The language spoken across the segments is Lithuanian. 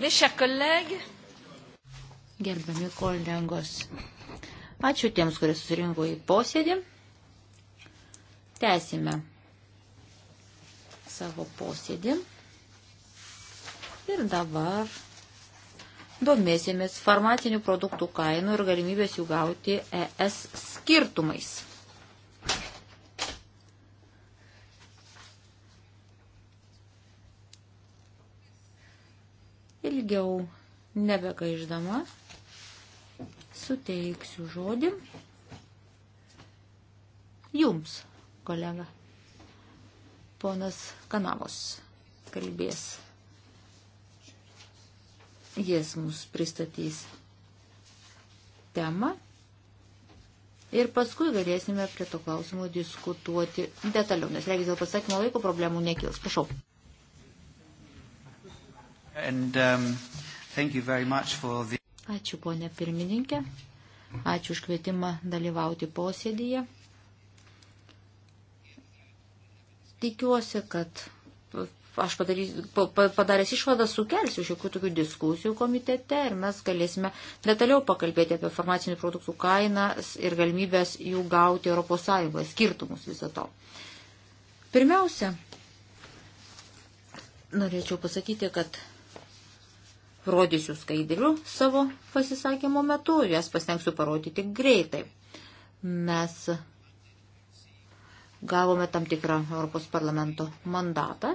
Mes chers collègues. Gerbiami kolegos. Ačiū tiems, kurie susirinko į posėdį. Tęsime savo posėdį. Ir dabar domėsimės farmacinių produktų kainų ir galimybės jų gauti ES skirtumais. Ilgiau nebegaiždama suteiksiu žodį jums, kolega. Ponas Kanavos kalbės. Jis mus pristatys temą ir paskui galėsime prie to klausimo diskutuoti detaliau, nes reikia dėl pasakymo laiko problemų nekils. Prašau. And, um, the... Ačiū, ponė pirmininkė. Ačiū už kvietimą dalyvauti posėdyje. Tikiuosi, kad aš padarys, padaręs išvadą sukelsiu šiokių tokių diskusijų komitete ir mes galėsime detaliau pakalbėti apie farmacinių produktų kainas ir galimybės jų gauti ES, skirtumus viso to. Pirmiausia, norėčiau pasakyti, kad rodysiu skaidrių savo pasisakymo metu, jas pasitengsiu parodyti greitai. Mes gavome tam tikrą Europos parlamento mandatą,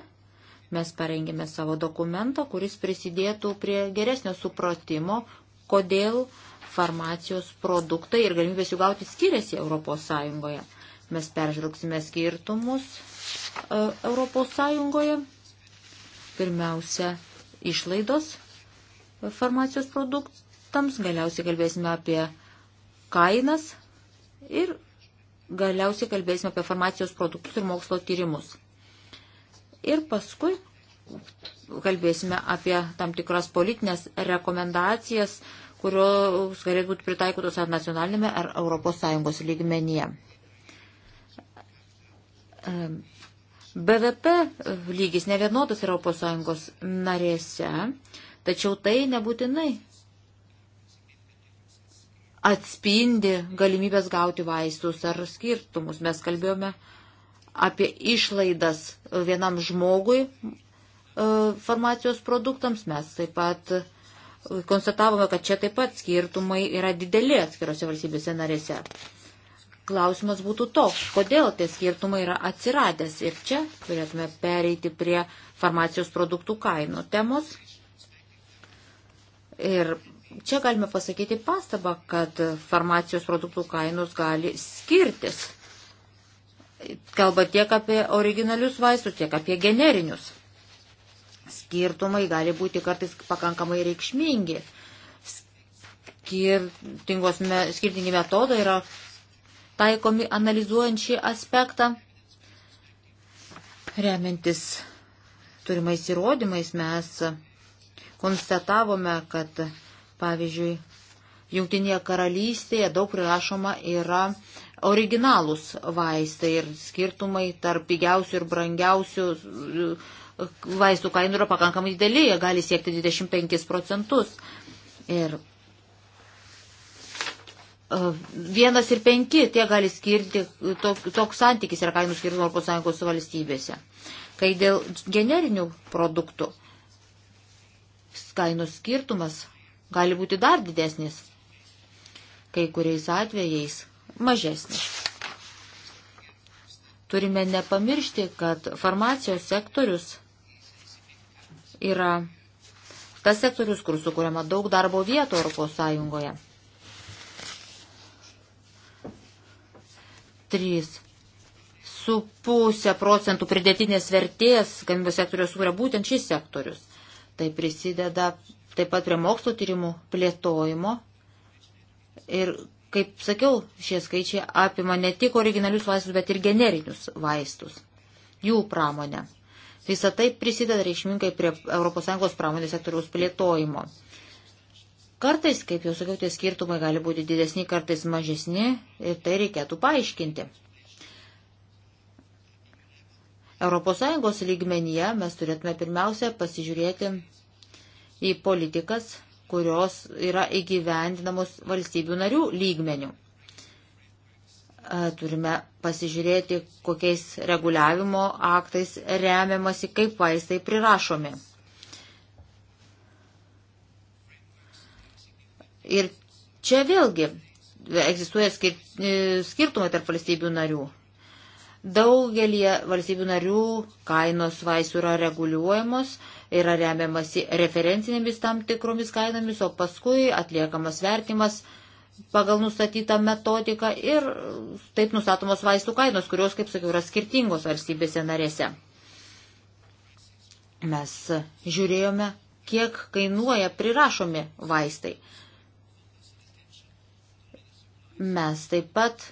mes parengėme savo dokumentą, kuris prisidėtų prie geresnio supratimo, kodėl farmacijos produktai ir galimybės jų gauti skiriasi Europos Sąjungoje. Mes peržvelgsime skirtumus e, Europos Sąjungoje. Pirmiausia, išlaidos farmacijos produktams, galiausiai kalbėsime apie kainas ir galiausiai kalbėsime apie farmacijos produktus ir mokslo tyrimus. Ir paskui kalbėsime apie tam tikras politinės rekomendacijas, kurios galėtų būti pritaikytos ar nacionalinėme, ar ES lygmenyje. BVP lygis nevienodas ES narėse. Tačiau tai nebūtinai atspindi galimybės gauti vaistus ar skirtumus. Mes kalbėjome apie išlaidas vienam žmogui e, farmacijos produktams. Mes taip pat konstatavome, kad čia taip pat skirtumai yra dideli atskirose valstybėse narėse. Klausimas būtų toks, kodėl tie skirtumai yra atsiradęs. Ir čia turėtume pereiti prie farmacijos produktų kainų temos. Ir čia galime pasakyti pastabą, kad farmacijos produktų kainos gali skirtis. Kalba tiek apie originalius vaistus, tiek apie generinius. Skirtumai gali būti kartais pakankamai reikšmingi. Me, skirtingi metodai yra taikomi analizuojant šį aspektą. Remiantis turimais įrodymais mes konstatavome, kad, pavyzdžiui, Jungtinėje karalystėje daug prirašoma yra originalūs vaistai ir skirtumai tarp pigiausių ir brangiausių e, vaistų kainų yra pakankamai dideli, jie gali siekti 25 procentus. Ir e, vienas ir penki tie gali skirti, toks, toks santykis yra kainų skirtumo Europos Sąjungos valstybėse. Kai dėl generinių produktų kainų skirtumas gali būti dar didesnis, kai kuriais atvejais mažesnis. Turime nepamiršti, kad farmacijos sektorius yra tas sektorius, kur sukūrėma daug darbo vietų Europos Sąjungoje. 3,5 procentų pridėtinės vertės gamybos sektorius sukūrė būtent šis sektorius. Tai prisideda taip pat prie mokslo tyrimų plėtojimo. Ir, kaip sakiau, šie skaičiai apima ne tik originalius vaistus, bet ir generinius vaistus. Jų pramonę. Visą tai prisideda reikšmingai prie ES pramonės sektoriaus plėtojimo. Kartais, kaip jau sakiau, tie skirtumai gali būti didesni, kartais mažesni ir tai reikėtų paaiškinti. ES lygmenyje mes turėtume pirmiausia pasižiūrėti į politikas, kurios yra įgyvendinamos valstybių narių lygmenių. Turime pasižiūrėti, kokiais reguliavimo aktais remiamasi, kaip vaistai prirašomi. Ir čia vėlgi egzistuoja e, skirtumai tarp valstybių narių. Daugelį valstybių narių kainos vaisių yra reguliuojamos, yra remiamasi referencinėmis tam tikromis kainomis, o paskui atliekamas vertimas pagal nustatytą metodiką ir taip nustatomos vaistų kainos, kurios, kaip sakiau, yra skirtingos valstybėse narėse. Mes žiūrėjome, kiek kainuoja prirašomi vaistai. Mes taip pat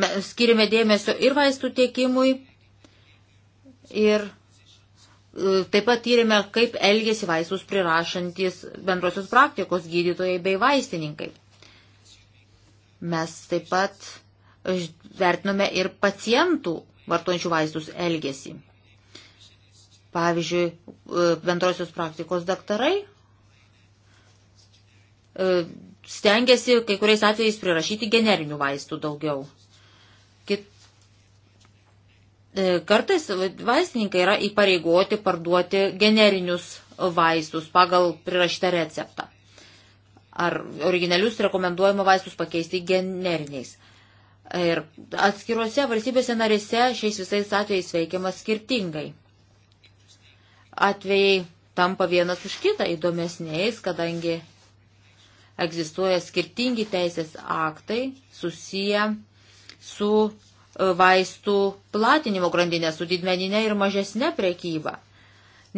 Mes skiriame dėmesio ir vaistų tiekimui, ir e, taip pat tyrėme, kaip elgėsi vaistus prirašantis bendrosios praktikos gydytojai bei vaistininkai. Mes taip pat vertinome ir pacientų vartojančių vaistus elgesį. Pavyzdžiui, e, bendrosios praktikos daktarai e, stengiasi kai kuriais atvejais prirašyti generinių vaistų daugiau. E, kartais vaistininkai yra įpareigoti parduoti generinius vaistus pagal prirašytą receptą. Ar originalius rekomenduojama vaistus pakeisti generiniais. Ir atskiruose valstybėse narėse šiais visais atvejais veikiama skirtingai. Atvejai tampa vienas už kitą įdomesniais, kadangi egzistuoja skirtingi teisės aktai susiję su vaistų platinimo grandinę su didmeninė ir mažesnė prekyba.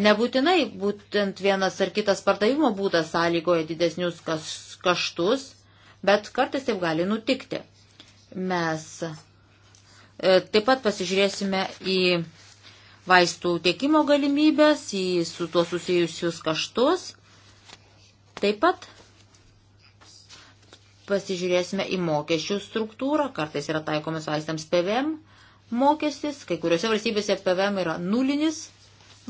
Nebūtinai būtent vienas ar kitas pardavimo būdas sąlygoja didesnius kas, kaštus, bet kartais taip gali nutikti. Mes e, taip pat pasižiūrėsime į vaistų tiekimo galimybės, į su tuo susijusius kaštus. Taip pat pasižiūrėsime į mokesčių struktūrą, kartais yra taikomas vaistams PVM mokestis, kai kuriuose valstybėse PVM yra nulinis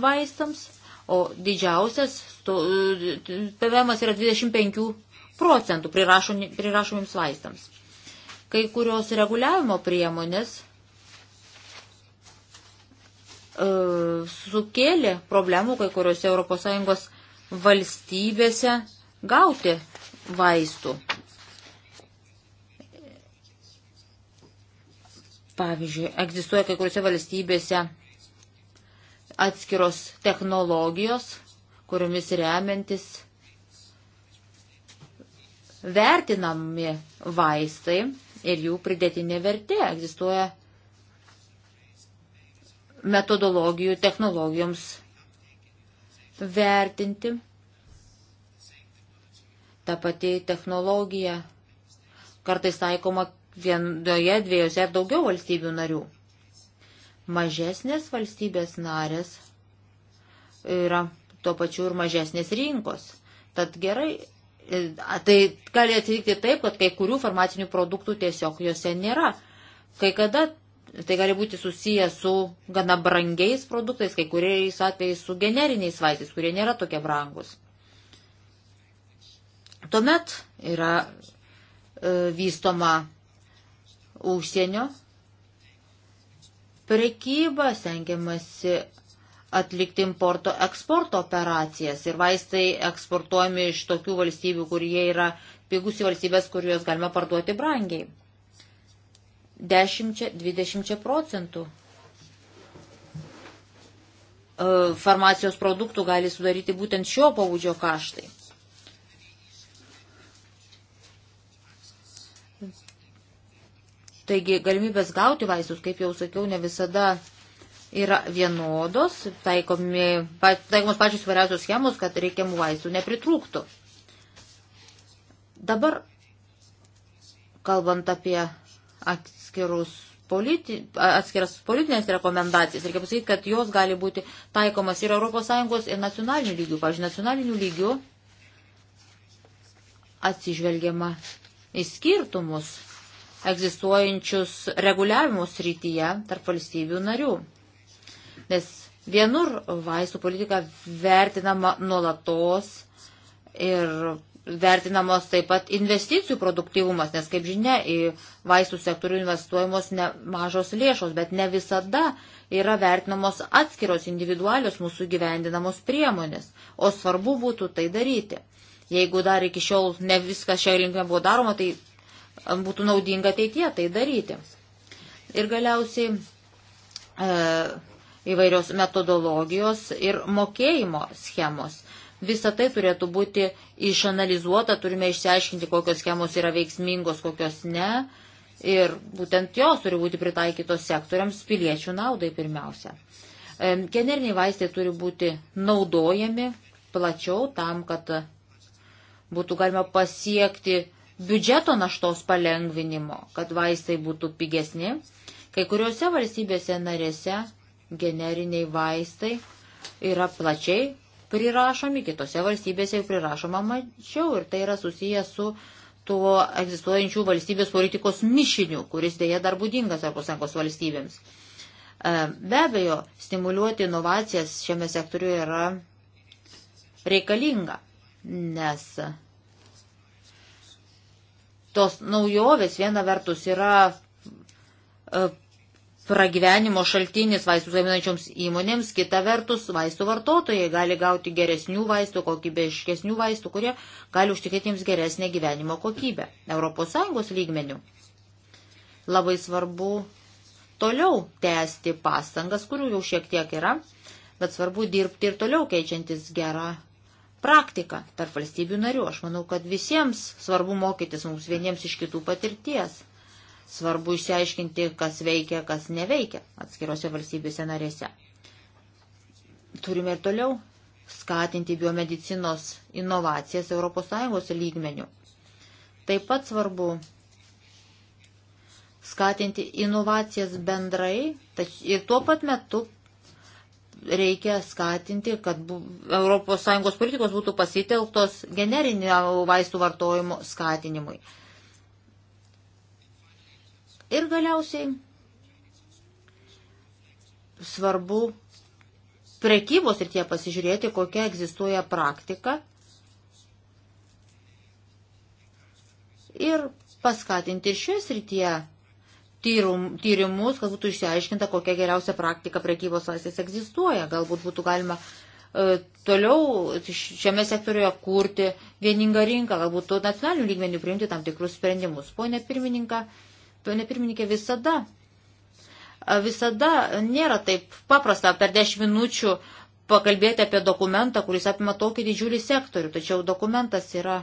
vaistams, o didžiausias PVM yra 25 procentų prirašomiems vaistams. Kai kurios reguliavimo priemonės e, sukėlė problemų kai kuriuose ES valstybėse gauti vaistų. Pavyzdžiui, egzistuoja kai kuriuose valstybėse atskiros technologijos, kuriomis remiantis vertinami vaistai ir jų pridėtinė vertė. Egzistuoja metodologijų technologijoms vertinti. Ta pati technologija kartais taikoma vienoje, dviejose ar daugiau valstybių narių. Mažesnės valstybės narės yra tuo pačiu ir mažesnės rinkos. Tad gerai, e, tai gali atsitikti taip, kad kai kurių farmacinių produktų tiesiog juose nėra. Kai kada tai gali būti susiję su gana brangiais produktais, kai kuriais atvejais su generiniais vaistais, kurie nėra tokie brangus. Tuomet yra e, vystoma užsienio prekybą, stengiamasi atlikti importo eksporto operacijas ir vaistai eksportuojami iš tokių valstybių, kur jie yra pigus į valstybės, kur juos galima parduoti brangiai. 10-20 procentų e, farmacijos produktų gali sudaryti būtent šio pavūdžio kaštai. Taigi galimybės gauti vaistus, kaip jau sakiau, ne visada yra vienodos, taikomi, taikomos pačios variausios schemos, kad reikiamų vaistų nepritrūktų. Dabar, kalbant apie atskirus politi, atskiras politinės rekomendacijas, reikia pasakyti, kad jos gali būti taikomas ir ES, ir nacionalinių lygių. Pavyzdžiui, nacionalinių lygių atsižvelgiama į skirtumus egzistuojančius reguliavimus rytyje tarp valstybių narių. Nes vienur vaistų politika vertinama nuolatos ir vertinamos taip pat investicijų produktyvumas, nes, kaip žinia, į vaistų sektorių investuojamos nemažos lėšos, bet ne visada yra vertinamos atskiros individualios mūsų gyvendinamos priemonės, o svarbu būtų tai daryti. Jeigu dar iki šiol ne viskas šioje linkme buvo daroma, tai būtų naudinga ateityje tai daryti. Ir galiausiai e, įvairios metodologijos ir mokėjimo schemos. Visa tai turėtų būti išanalizuota, turime išsiaiškinti, kokios schemos yra veiksmingos, kokios ne. Ir būtent jos turi būti pritaikytos sektoriams piliečių naudai pirmiausia. E, generiniai vaistai turi būti naudojami plačiau tam, kad būtų galima pasiekti biudžeto naštos palengvinimo, kad vaistai būtų pigesni. Kai kuriuose valstybėse narėse generiniai vaistai yra plačiai prirašomi, kitose valstybėse jau prirašoma mažiau ir tai yra susijęs su tuo egzistuojančių valstybės politikos mišiniu, kuris dėja dar būdingas Europos Sąjungos valstybėms. E, be abejo, stimuliuoti inovacijas šiame sektoriuje yra reikalinga, nes Tos naujovės viena vertus yra e, pragyvenimo šaltinis vaistus gaminančioms įmonėms, kita vertus vaistų vartotojai gali gauti geresnių vaistų, kokybiškesnių vaistų, kurie gali užtikrinti jiems geresnę gyvenimo kokybę. ES lygmenių labai svarbu toliau tęsti pastangas, kurių jau šiek tiek yra, bet svarbu dirbti ir toliau keičiantis gerą praktiką tarp valstybių narių. Aš manau, kad visiems svarbu mokytis mums vieniems iš kitų patirties. Svarbu išsiaiškinti, kas veikia, kas neveikia atskirose valstybėse narėse. Turime ir toliau skatinti biomedicinos inovacijas ES lygmenių. Taip pat svarbu skatinti inovacijas bendrai tač, ir tuo pat metu reikia skatinti, kad ES politikos būtų pasitelktos generinio vaistų vartojimo skatinimui. Ir galiausiai svarbu prekybos ir tie pasižiūrėti, kokia egzistuoja praktika ir paskatinti šioje srityje tyrimus, kad būtų išsiaiškinta, kokia geriausia praktika prekybos laisvės egzistuoja. Galbūt būtų galima e, toliau šiame sektoriuje kurti vieningą rinką, galbūt to nacionalinių lygmenių priimti tam tikrus sprendimus. Pone pirmininką, pone pirmininkė, visada, visada nėra taip paprasta per 10 minučių pakalbėti apie dokumentą, kuris apima tokį didžiulį sektorių, tačiau dokumentas yra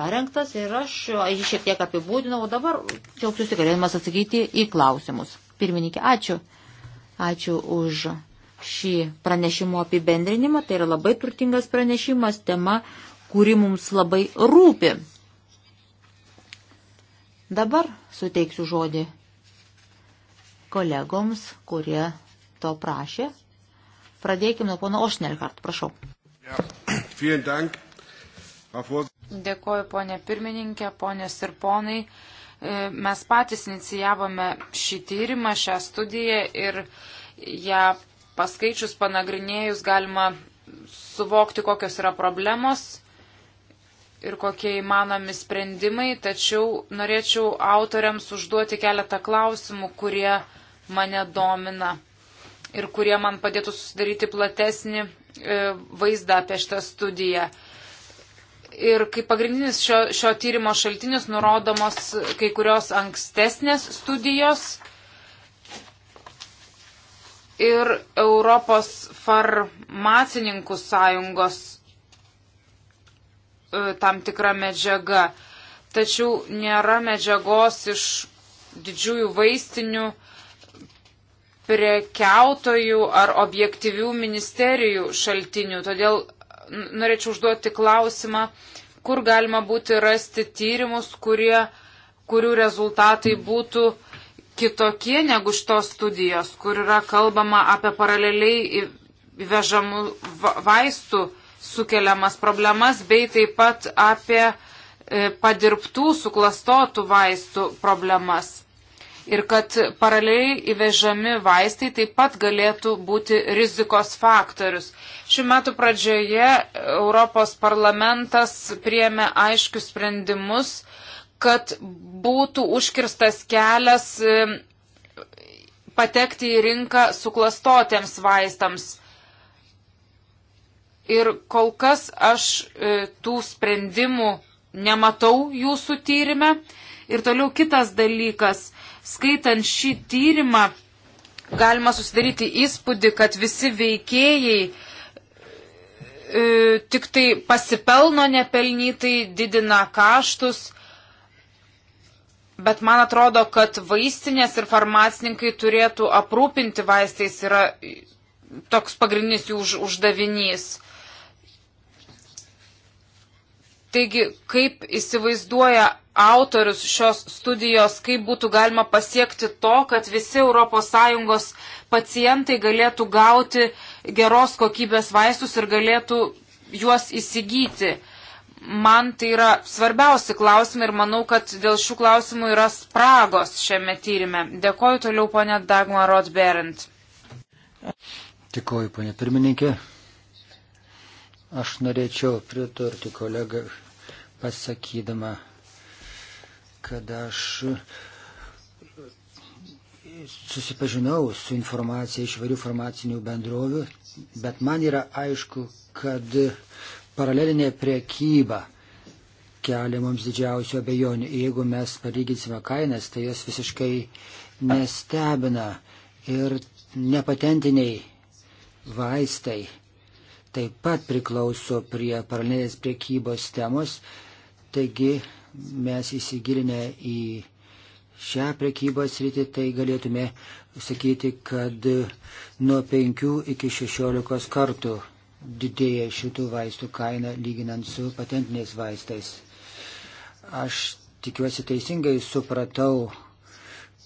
parengtas ir aš jį šiek tiek apibūdinau, o dabar džiaugsiuosi galėdamas atsakyti į klausimus. Pirmininkė, ačiū. Ačiū už šį pranešimo apibendrinimą. Tai yra labai turtingas pranešimas, tema, kuri mums labai rūpi. Dabar suteiksiu žodį kolegoms, kurie to prašė. Pradėkime nuo pono Ošnerhart, prašau. Ja, vielen Dank. Dėkoju, ponė pirmininkė, ponės ir ponai. E, mes patys inicijavome šį tyrimą, šią studiją ir ją paskaičius, panagrinėjus galima suvokti, kokios yra problemos ir kokie įmanomi sprendimai, tačiau norėčiau autoriams užduoti keletą klausimų, kurie mane domina ir kurie man padėtų susidaryti platesnį e, vaizdą apie šitą studiją ir kaip pagrindinis šio, šio tyrimo šaltinis nurodomos kai kurios ankstesnės studijos ir Europos farmacininkų sąjungos e, tam tikra medžiaga. Tačiau nėra medžiagos iš didžiųjų vaistinių prekiautojų ar objektyvių ministerijų šaltinių. Todėl norėčiau užduoti klausimą, kur galima būti rasti tyrimus, kurie, kurių rezultatai būtų kitokie negu šitos studijos, kur yra kalbama apie paraleliai įvežamų vaistų sukeliamas problemas, bei taip pat apie e, padirbtų, suklastotų vaistų problemas ir kad paraleliai įvežami vaistai taip pat galėtų būti rizikos faktorius. Šiuo metu pradžioje Europos parlamentas priemė aiškius sprendimus, kad būtų užkirstas kelias e, patekti į rinką suklastotiems vaistams. Ir kol kas aš e, tų sprendimų nematau jūsų tyrimę. Ir toliau kitas dalykas Skaitant šį tyrimą, galima susidaryti įspūdį, kad visi veikėjai e, tik tai pasipelno nepelnytai, didina kaštus. Bet man atrodo, kad vaistinės ir farmacininkai turėtų aprūpinti vaistais yra toks pagrindinis jų už, uždavinys. Taigi, kaip įsivaizduoja autorius šios studijos, kaip būtų galima pasiekti to, kad visi ES pacientai galėtų gauti geros kokybės vaistus ir galėtų juos įsigyti. Man tai yra svarbiausi klausimai ir manau, kad dėl šių klausimų yra spragos šiame tyrimė. Dėkoju toliau ponė Dagmar Rotberent. Dėkoju ponė pirmininkė. Aš norėčiau priturti kolegą pasakydama, kad aš susipažinau su informacija iš varių farmacinių bendrovių, bet man yra aišku, kad paralelinė priekyba kelia mums didžiausio abejonių. Jeigu mes palyginsime kainas, tai jos visiškai nestebina ir nepatentiniai vaistai taip pat priklauso prie paralelės priekybos temos, taigi mes įsigilinę į šią priekybos rytį, tai galėtume sakyti, kad nuo 5 iki 16 kartų didėja šitų vaistų kaina lyginant su patentiniais vaistais. Aš tikiuosi teisingai supratau,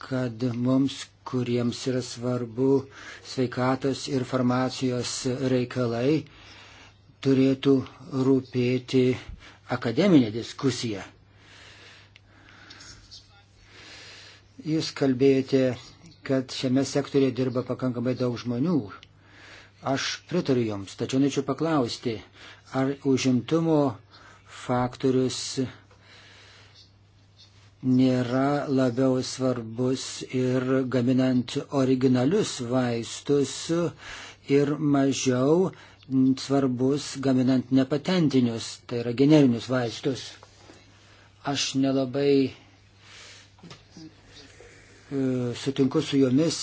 kad mums kuriems yra svarbu sveikatos ir farmacijos reikalai, turėtų rūpėti akademinė diskusija. Jūs kalbėjote, kad šiame sektorėje dirba pakankamai daug žmonių. Aš pritariu Jums, tačiau norėčiau paklausti, ar užimtumo faktorius nėra labiau svarbus ir gaminant originalius vaistus ir mažiau svarbus gaminant nepatentinius, tai yra generinius vaistus. Aš nelabai e, sutinku su jomis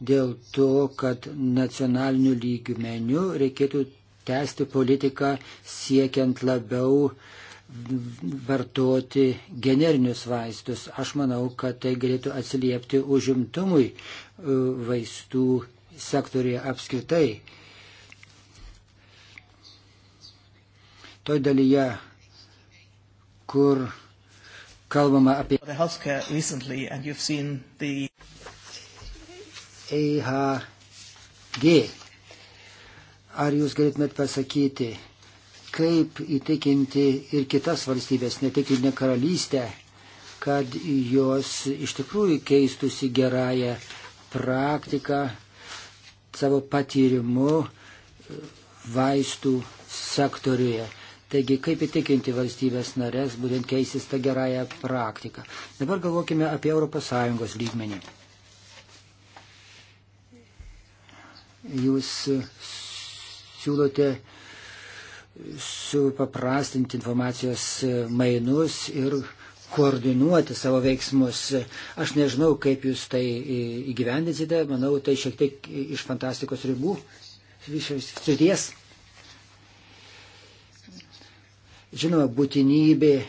dėl to, kad nacionaliniu lygmeniu reikėtų tęsti politiką siekiant labiau uh, vartoti generinius vaistus. Aš manau, kad tai galėtų atsiliepti užimtumui e, vaistų sektorija apskritai. Toj dalyje, kur kalbama apie EHG, ar jūs galėtumėt pasakyti, kaip įtikinti ir kitas valstybės, ne tik Junktinę karalystę, kad jos iš tikrųjų keistųsi gerąją praktiką savo patyrimu vaistų sektoriuje. Taigi, kaip įtikinti valstybės narės, būtent keisis tą gerąją praktiką. Dabar galvokime apie ES lygmenį. Jūs siūlote uh, supaprastinti informacijos mainus ir koordinuoti savo veiksmus. Aš nežinau, kaip jūs tai įgyvendinsite, manau, tai šiek tiek iš fantastikos ribų, iš studijas. Žinoma, būtinybė e,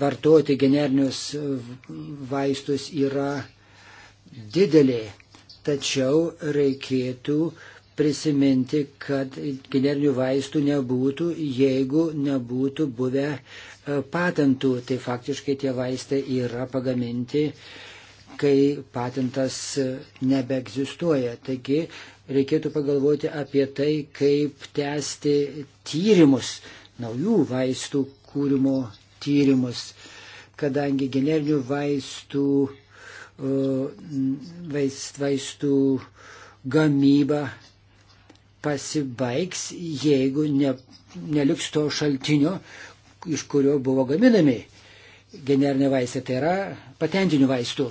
vartoti generinius vaistus yra didelė, tačiau reikėtų uh, prisiminti, kad generinių vaistų nebūtų, jeigu nebūtų buvę e, patentų. Tai faktiškai tie vaistai yra pagaminti, kai patentas e, nebeegzistuoja. Taigi reikėtų pagalvoti apie tai, kaip tęsti tyrimus, naujų vaistų kūrimo tyrimus, kadangi generinių vaistų, e, vaist, vaistų gamyba pasibaigs, jeigu ne, neliks to šaltinio, iš kurio buvo gaminami generiniai vaistai, tai yra patentinių vaistų.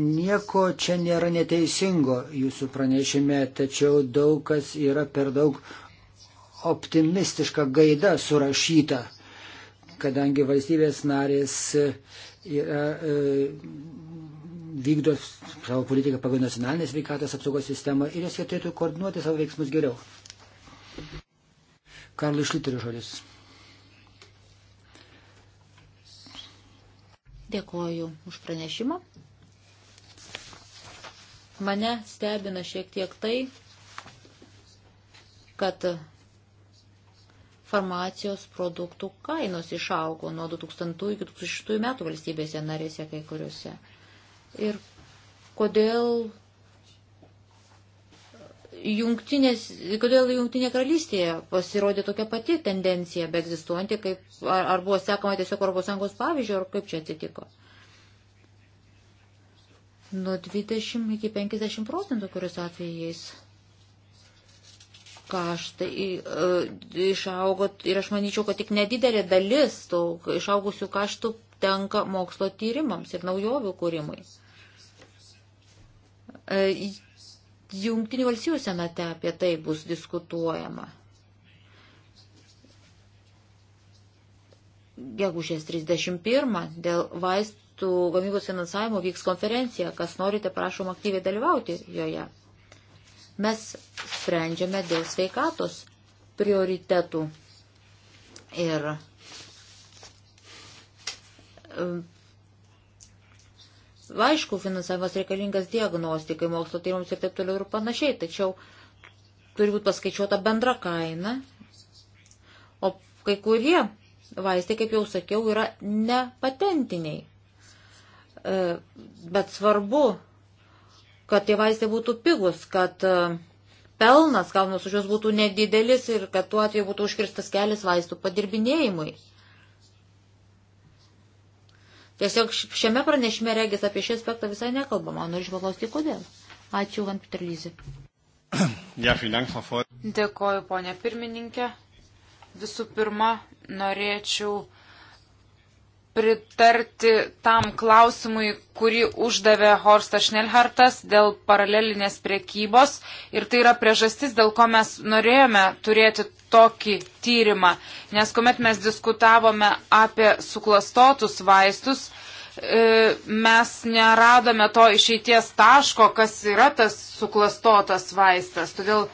Nieko čia nėra neteisingo jūsų pranešime, tačiau daug kas yra per daug optimistiška gaida surašyta, kadangi valstybės narės yra e, vykdo savo politiką pagal nacionalinę sveikatos apsaugos sistemą ir jos turėtų koordinuoti savo veiksmus geriau. Karlai Šliterio žodis. Dėkoju už pranešimą. Mane stebina šiek tiek tai, kad farmacijos produktų kainos išaugo nuo 2000 iki 2006 metų valstybėse narėse kai kuriuose ir kodėl jungtinės, kodėl jungtinė karalystėje pasirodė tokia pati tendencija, bet egzistuojanti, kaip, ar, ar buvo sekama tiesiog Europos Sąjungos pavyzdžio, ar kaip čia atsitiko? Nuo 20 iki 50 procentų, kuris atvejais kaštai e, išaugo ir aš manyčiau, kad tik nedidelė dalis to išaugusių kaštų tenka mokslo tyrimams ir naujovių kūrimais. E, Jungtinių valstybių senate apie tai bus diskutuojama. Gegužės 31 dėl vaistų gamybos finansavimo vyks konferencija. Kas norite, prašom aktyviai dalyvauti joje. Mes sprendžiame dėl sveikatos prioritetų ir aišku, finansavimas reikalingas diagnostikai, mokslo tyrimams ir taip toliau ir panašiai, tačiau turi būti paskaičiuota bendra kaina, o kai kurie vaistai, kaip jau sakiau, yra nepatentiniai. E, bet svarbu, kad tie vaistai būtų pigus, kad e, pelnas gaunamas už juos būtų nedidelis ir kad tuo atveju būtų užkirstas kelias vaistų padirbinėjimui. Tiesiog šiame pranešime regis apie šį aspektą visai nekalbama. Noriu išpaklausti, kodėl. Ačiū, Gan Peter Lyzi. Dėkoju, ponė pirmininkė. Visų pirma, norėčiau pritarti tam klausimui, kurį uždavė Horstas Šnelhartas dėl paralelinės priekybos. Ir tai yra priežastis, dėl ko mes norėjome turėti tokį tyrimą. Nes kuomet mes diskutavome apie suklastotus vaistus, e, mes neradome to išeities taško, kas yra tas suklastotas vaistas. Todėl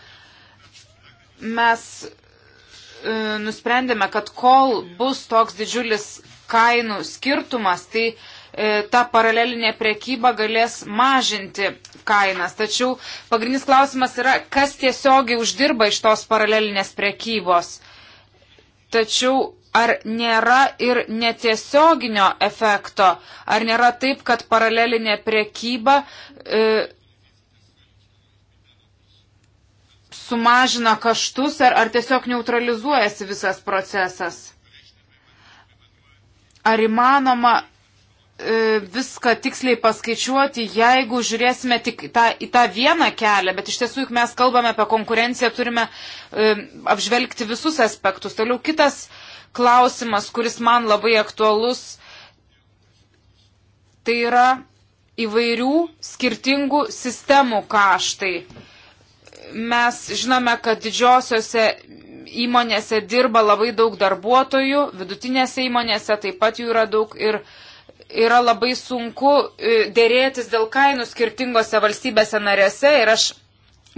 mes e, nusprendėme, kad kol bus toks didžiulis kainų skirtumas, tai e, ta paralelinė prekyba galės mažinti kainas. Tačiau pagrindinis klausimas yra, kas tiesiogiai uždirba iš tos paralelinės prekybos. Tačiau ar nėra ir netiesioginio efekto, ar nėra taip, kad paralelinė prekyba e, sumažina kaštus, ar, ar tiesiog neutralizuojasi visas procesas? ar įmanoma e, viską tiksliai paskaičiuoti, jeigu žiūrėsime tik tą, į tą vieną kelią, bet iš tiesų, juk mes kalbame apie konkurenciją, turime e, apžvelgti visus aspektus. Toliau kitas klausimas, kuris man labai aktualus, tai yra įvairių skirtingų sistemų kaštai. Mes žinome, kad didžiosiose įmonėse dirba labai daug darbuotojų, vidutinėse įmonėse taip pat jų yra daug ir yra labai sunku e, dėrėtis dėl kainų skirtingose valstybėse narėse ir aš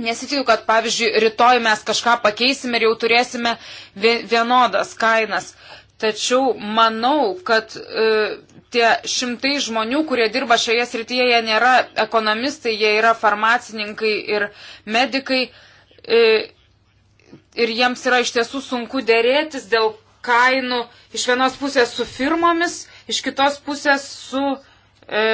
nesitikiu, kad pavyzdžiui rytoj mes kažką pakeisime ir jau turėsime vienodas kainas. Tačiau manau, kad e, tie šimtai žmonių, kurie dirba šioje srityje, jie nėra ekonomistai, jie yra farmacininkai ir medikai. E, ir jiems yra iš tiesų sunku dėrėtis dėl kainų iš vienos pusės su firmomis, iš kitos pusės su e,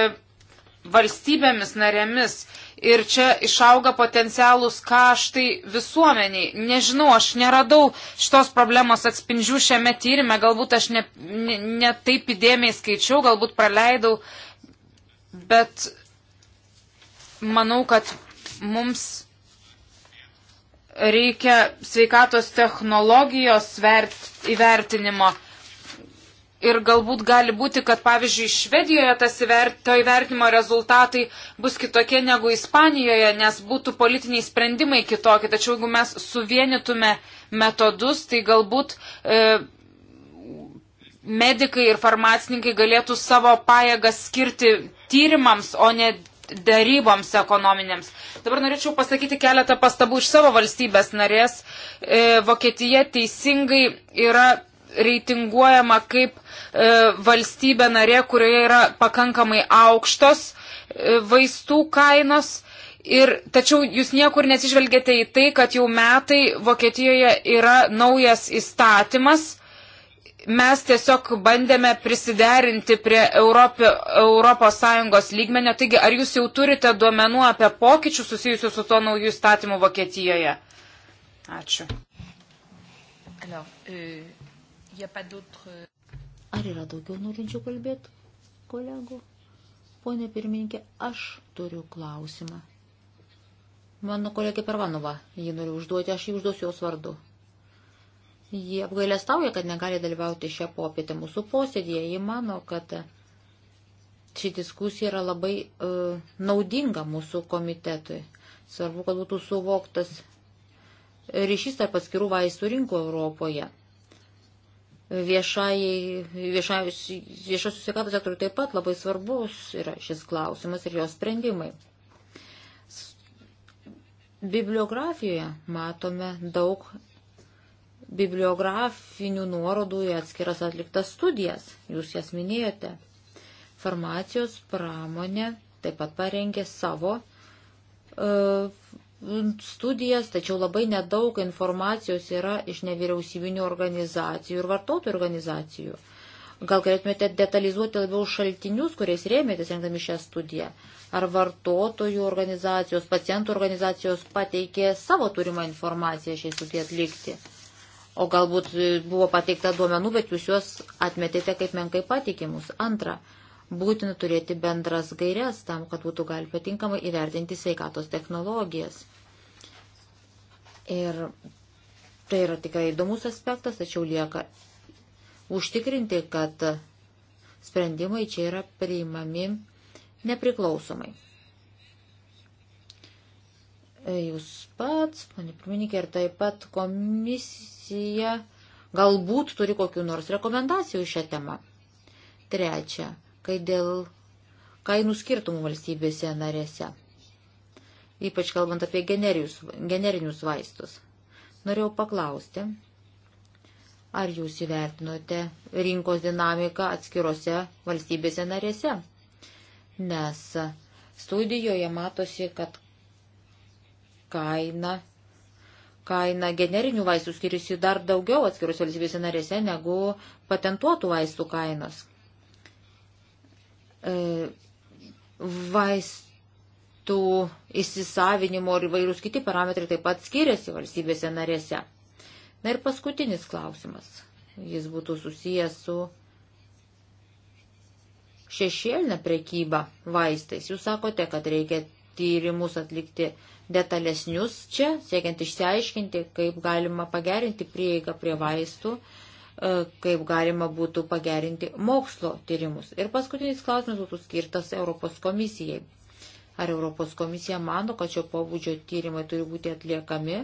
valstybėmis narėmis. Ir čia išauga potencialūs kaštai visuomeniai. Nežinau, aš neradau šitos problemos atspindžių šiame tyrimė, galbūt aš netaip ne, ne, ne įdėmiai skaičiau, galbūt praleidau, bet manau, kad mums reikia sveikatos technologijos svert, įvertinimo. Ir galbūt gali būti, kad pavyzdžiui Švedijoje tas įvert, to įvertinimo rezultatai bus kitokie negu Ispanijoje, nes būtų politiniai sprendimai kitokie. Tačiau jeigu mes suvienytume metodus, tai galbūt e, medikai ir farmacininkai galėtų savo pajėgas skirti tyrimams, o ne daryboms ekonominėms. Dabar norėčiau pasakyti keletą pastabų iš savo valstybės narės. E, Vokietija teisingai yra reitinguojama kaip e, valstybė narė, kurioje yra pakankamai aukštos e, vaistų kainos. Ir, tačiau jūs niekur nesižvelgėte į tai, kad jau metai Vokietijoje yra naujas įstatymas, mes tiesiog bandėme prisiderinti prie Europio, Europos Sąjungos lygmenio. Taigi, ar jūs jau turite duomenų apie pokyčių susijusių su to naujų įstatymu Vokietijoje? Ačiū. Euh, ar yra daugiau norinčių kalbėti, kolegų? Pone pirmininkė, aš turiu klausimą. Mano kolegė Pervanova, jį noriu užduoti, aš jį užduosiu jos vardu. Jie apgailestauja, kad negali dalyvauti šią popietę mūsų posėdėje. Jie mano, kad ši diskusija yra labai uh, naudinga mūsų komitetui. Svarbu, kad būtų suvoktas ryšys tarp atskirų vaistų rinkų Europoje. Viešai, viešai, viešas susikatos sektorių taip pat labai svarbus yra šis klausimas ir jos sprendimai. Bibliografijoje matome daug bibliografinių nuorodų į atskiras atliktas studijas, jūs jas minėjote. Farmacijos pramonė taip pat parengė savo e, studijas, tačiau labai nedaug informacijos yra iš nevyriausybinių organizacijų ir vartotojų organizacijų. Gal galėtumėte detalizuoti labiau šaltinius, kuriais rėmėtės rengdami šią studiją? Ar vartotojų organizacijos, pacientų organizacijos pateikė savo turimą informaciją šiai studijai atlikti? o galbūt buvo pateikta duomenų, bet jūs juos atmetėte kaip menkai patikimus. Antra, būtina turėti bendras gairias tam, kad būtų galima tinkamai įvertinti sveikatos technologijas. Ir tai yra tikrai įdomus aspektas, tačiau lieka užtikrinti, kad sprendimai čia yra priimami nepriklausomai. E, jūs pats, ponė pirmininkė, ir taip pat komisija galbūt turi kokiu nors rekomendacijų šią temą. Trečia, kai dėl kainų skirtumų valstybėse narėse, ypač kalbant apie generinius vaistus, norėjau paklausti, ar jūs įvertinote rinkos dinamiką atskirose valstybėse narėse, nes studijoje matosi, kad kaina, kaina generinių vaistų skiriasi dar daugiau atskirus valstybėse narėse negu patentuotų vaistų kainos. E, vaistų įsisavinimo ir įvairūs kiti parametrai taip pat skiriasi valstybėse narėse. Na ir paskutinis klausimas. Jis būtų susijęs su šešėlinę prekybą vaistais. Jūs sakote, kad reikia tyrimus atlikti detalesnius čia, siekiant išsiaiškinti, kaip galima pagerinti prieigą prie vaistų, e, kaip galima būtų pagerinti mokslo tyrimus. Ir paskutinis klausimas būtų skirtas Europos komisijai. Ar Europos komisija mano, kad šio pobūdžio tyrimai turi būti atliekami?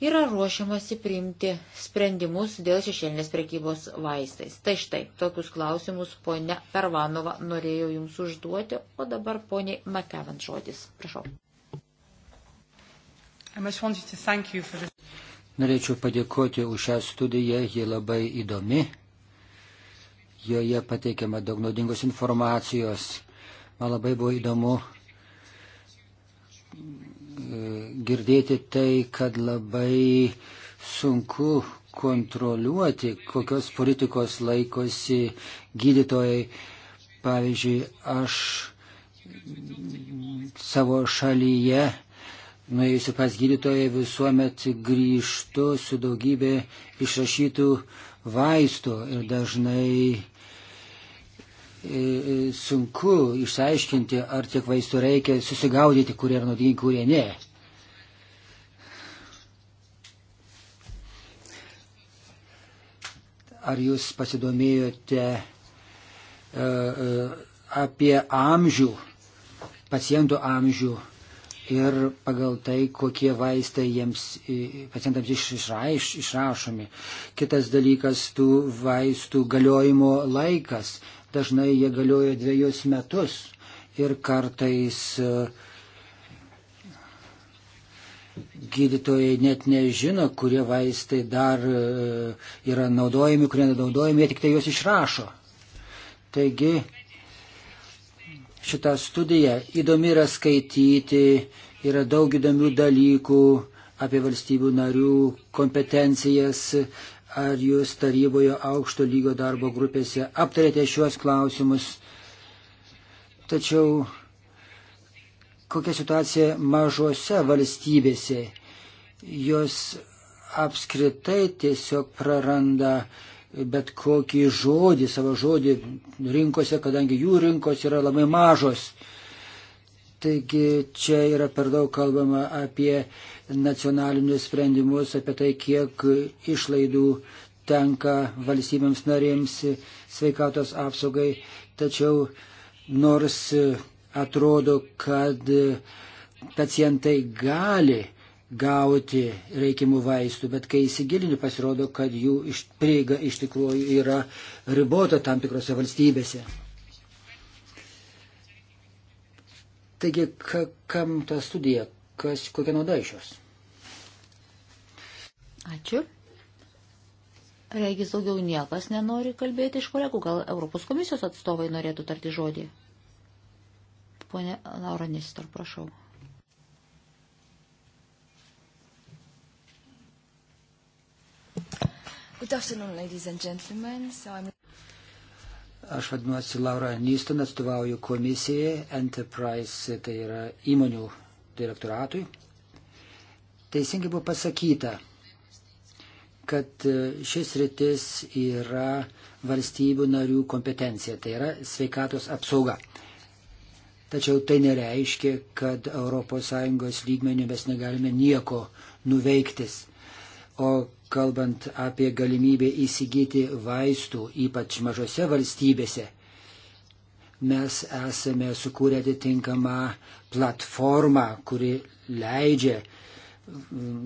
Yra ruošiamasi priimti sprendimus dėl šešėlinės prekybos vaistais. Tai štai, tokius klausimus ponia Pervanova norėjo jums užduoti, o dabar poniai Makevan žodis. Prašau. Norėčiau padėkoti už šią studiją, ji labai įdomi, joje pateikiama daug naudingos informacijos. Man labai buvo įdomu e, girdėti tai, kad labai sunku kontroliuoti, kokios politikos laikosi gydytojai. Pavyzdžiui, aš savo šalyje nuėjusi pas gydytoją visuomet grįžtu su daugybė išrašytų vaistų ir dažnai e, e, sunku išsiaiškinti, ar tiek vaistų reikia, susigaudyti, kurie yra naudingi, kurie ne. Ar jūs pasidomėjote uh, uh, apie amžių, pacientų amžių? Uh, ir pagal tai, kokie vaistai jiems e, pacientams išraiš, išrašomi. Kitas dalykas - tų vaistų galiojimo laikas. Dažnai jie galioja dviejus metus ir kartais e, gydytojai net nežino, kurie vaistai dar e, yra naudojami, kurie nenaudojami, jie tik tai juos išrašo. Taigi šitą studiją. Įdomi yra skaityti, yra daug įdomių dalykų apie valstybių narių kompetencijas. Ar jūs taryboje aukšto lygio darbo grupėse aptarėte šiuos klausimus? Tačiau kokia situacija mažose valstybėse? Jos apskritai tiesiog praranda uh, bet kokį žodį, savo žodį rinkose, kadangi jų rinkos yra labai mažos. Taigi čia yra per daug kalbama apie nacionalinius sprendimus, apie tai, kiek išlaidų tenka valstybėms narėms sveikatos apsaugai. Tačiau nors atrodo, kad pacientai gali gauti reikiamų vaistų, bet kai įsigilini pasirodo, kad jų iš, prieiga iš tikrųjų yra ribota tam tikrose valstybėse. Taigi, ka, kam ta studija, kas, kokia nauda iš jos? Ačiū. Regis daugiau niekas nenori kalbėti iš kolegų, gal Europos komisijos atstovai norėtų tarti žodį. Pone Laura Nistor, prašau. Good afternoon, ladies and gentlemen. So I'm... Aš vadinuosi Laura Nyston, atstovauju komisijai Enterprise, tai yra įmonių direktoratui. Teisingai buvo pasakyta, kad e, šis rytis yra valstybių narių kompetencija, tai yra sveikatos apsauga. Tačiau tai nereiškia, kad ES lygmenių mes negalime nieko nuveiktis. O kalbant apie galimybę įsigyti vaistų, ypač mažose valstybėse. Mes esame sukūrę atitinkamą platformą, kuri leidžia mm,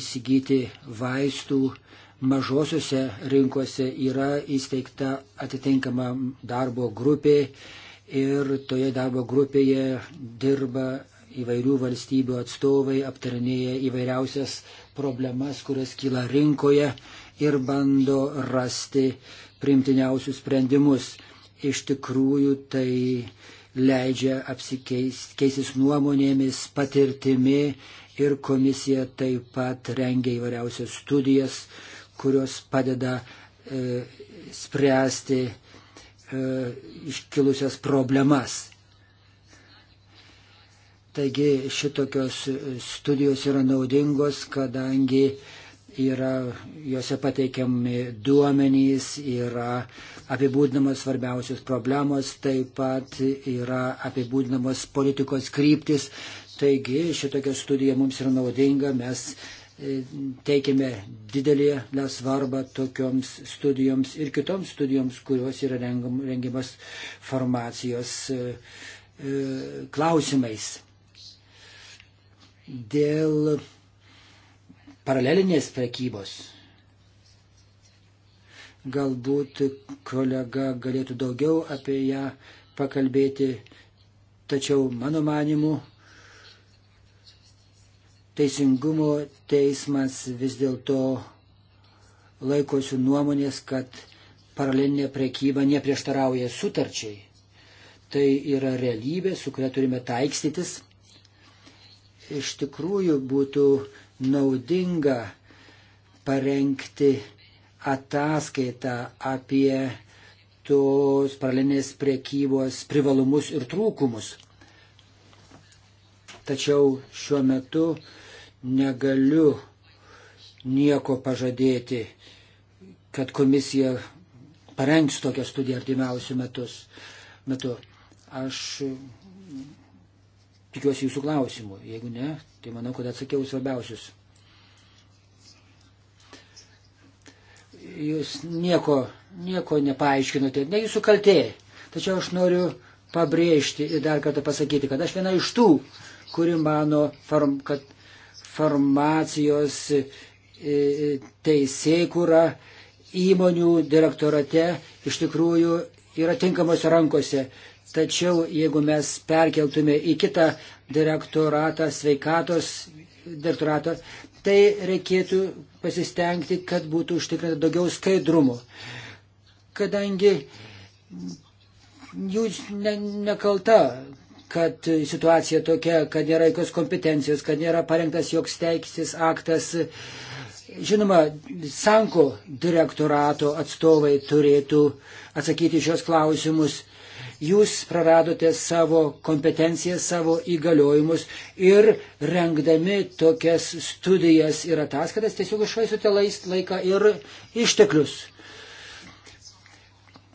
įsigyti vaistų mažosiuose rinkose. Yra įsteigta atitinkama darbo grupė ir toje darbo grupėje dirba įvairių valstybių atstovai, aptarinėja įvairiausias problemas, kurios kyla rinkoje ir bando rasti primtiniausius sprendimus. Iš tikrųjų tai leidžia apsikeisis nuomonėmis, patirtimi ir komisija taip pat rengia įvairiausias studijas, kurios padeda e, spręsti e, iškilusias problemas. Taigi šitokios studijos yra naudingos, kadangi yra juose pateikiami duomenys, yra apibūdinamos svarbiausios problemos, taip pat yra apibūdinamos politikos kryptis. Taigi šitokia studija mums yra naudinga, mes e, teikime didelį svarbą tokioms studijoms ir kitoms studijoms, kurios yra rengiamas formacijos e, e, klausimais dėl paralelinės prekybos. Galbūt kolega galėtų daugiau apie ją pakalbėti, tačiau mano manimu, teisingumo teismas vis dėlto laikosi nuomonės, kad paralelinė prekyba neprieštarauja sutarčiai. Tai yra realybė, su kuria turime taikstytis iš tikrųjų būtų naudinga parengti ataskaitą apie tos paralelinės priekybos privalumus ir trūkumus. Tačiau šiuo metu negaliu nieko pažadėti, kad komisija parengs tokią studiją artimiausių metus. metu. Aš tikiuosi jūsų klausimų. Jeigu ne, tai manau, kad atsakiau svarbiausius. Jūs nieko, nieko nepaaiškinote, ne jūsų kaltė. Tačiau aš noriu pabrėžti ir dar kartą pasakyti, kad aš viena iš tų, kuri mano, farm, kad farmacijos e, e, teisėkūra įmonių direktorate iš tikrųjų yra tinkamose rankose. Tačiau jeigu mes perkeltume į kitą direktoratą sveikatos direktoratą, tai reikėtų pasistengti, kad būtų užtikrinta daugiau skaidrumo. Kadangi jūs ne, nekalta, kad situacija tokia, kad nėra jokios kompetencijos, kad nėra parengtas joks teiksis aktas. Žinoma, Sanko direktorato atstovai turėtų atsakyti šios klausimus jūs praradote savo kompetenciją, savo įgaliojimus ir rengdami tokias studijas ir ataskaitas tiesiog išvaistote laiką ir išteklius.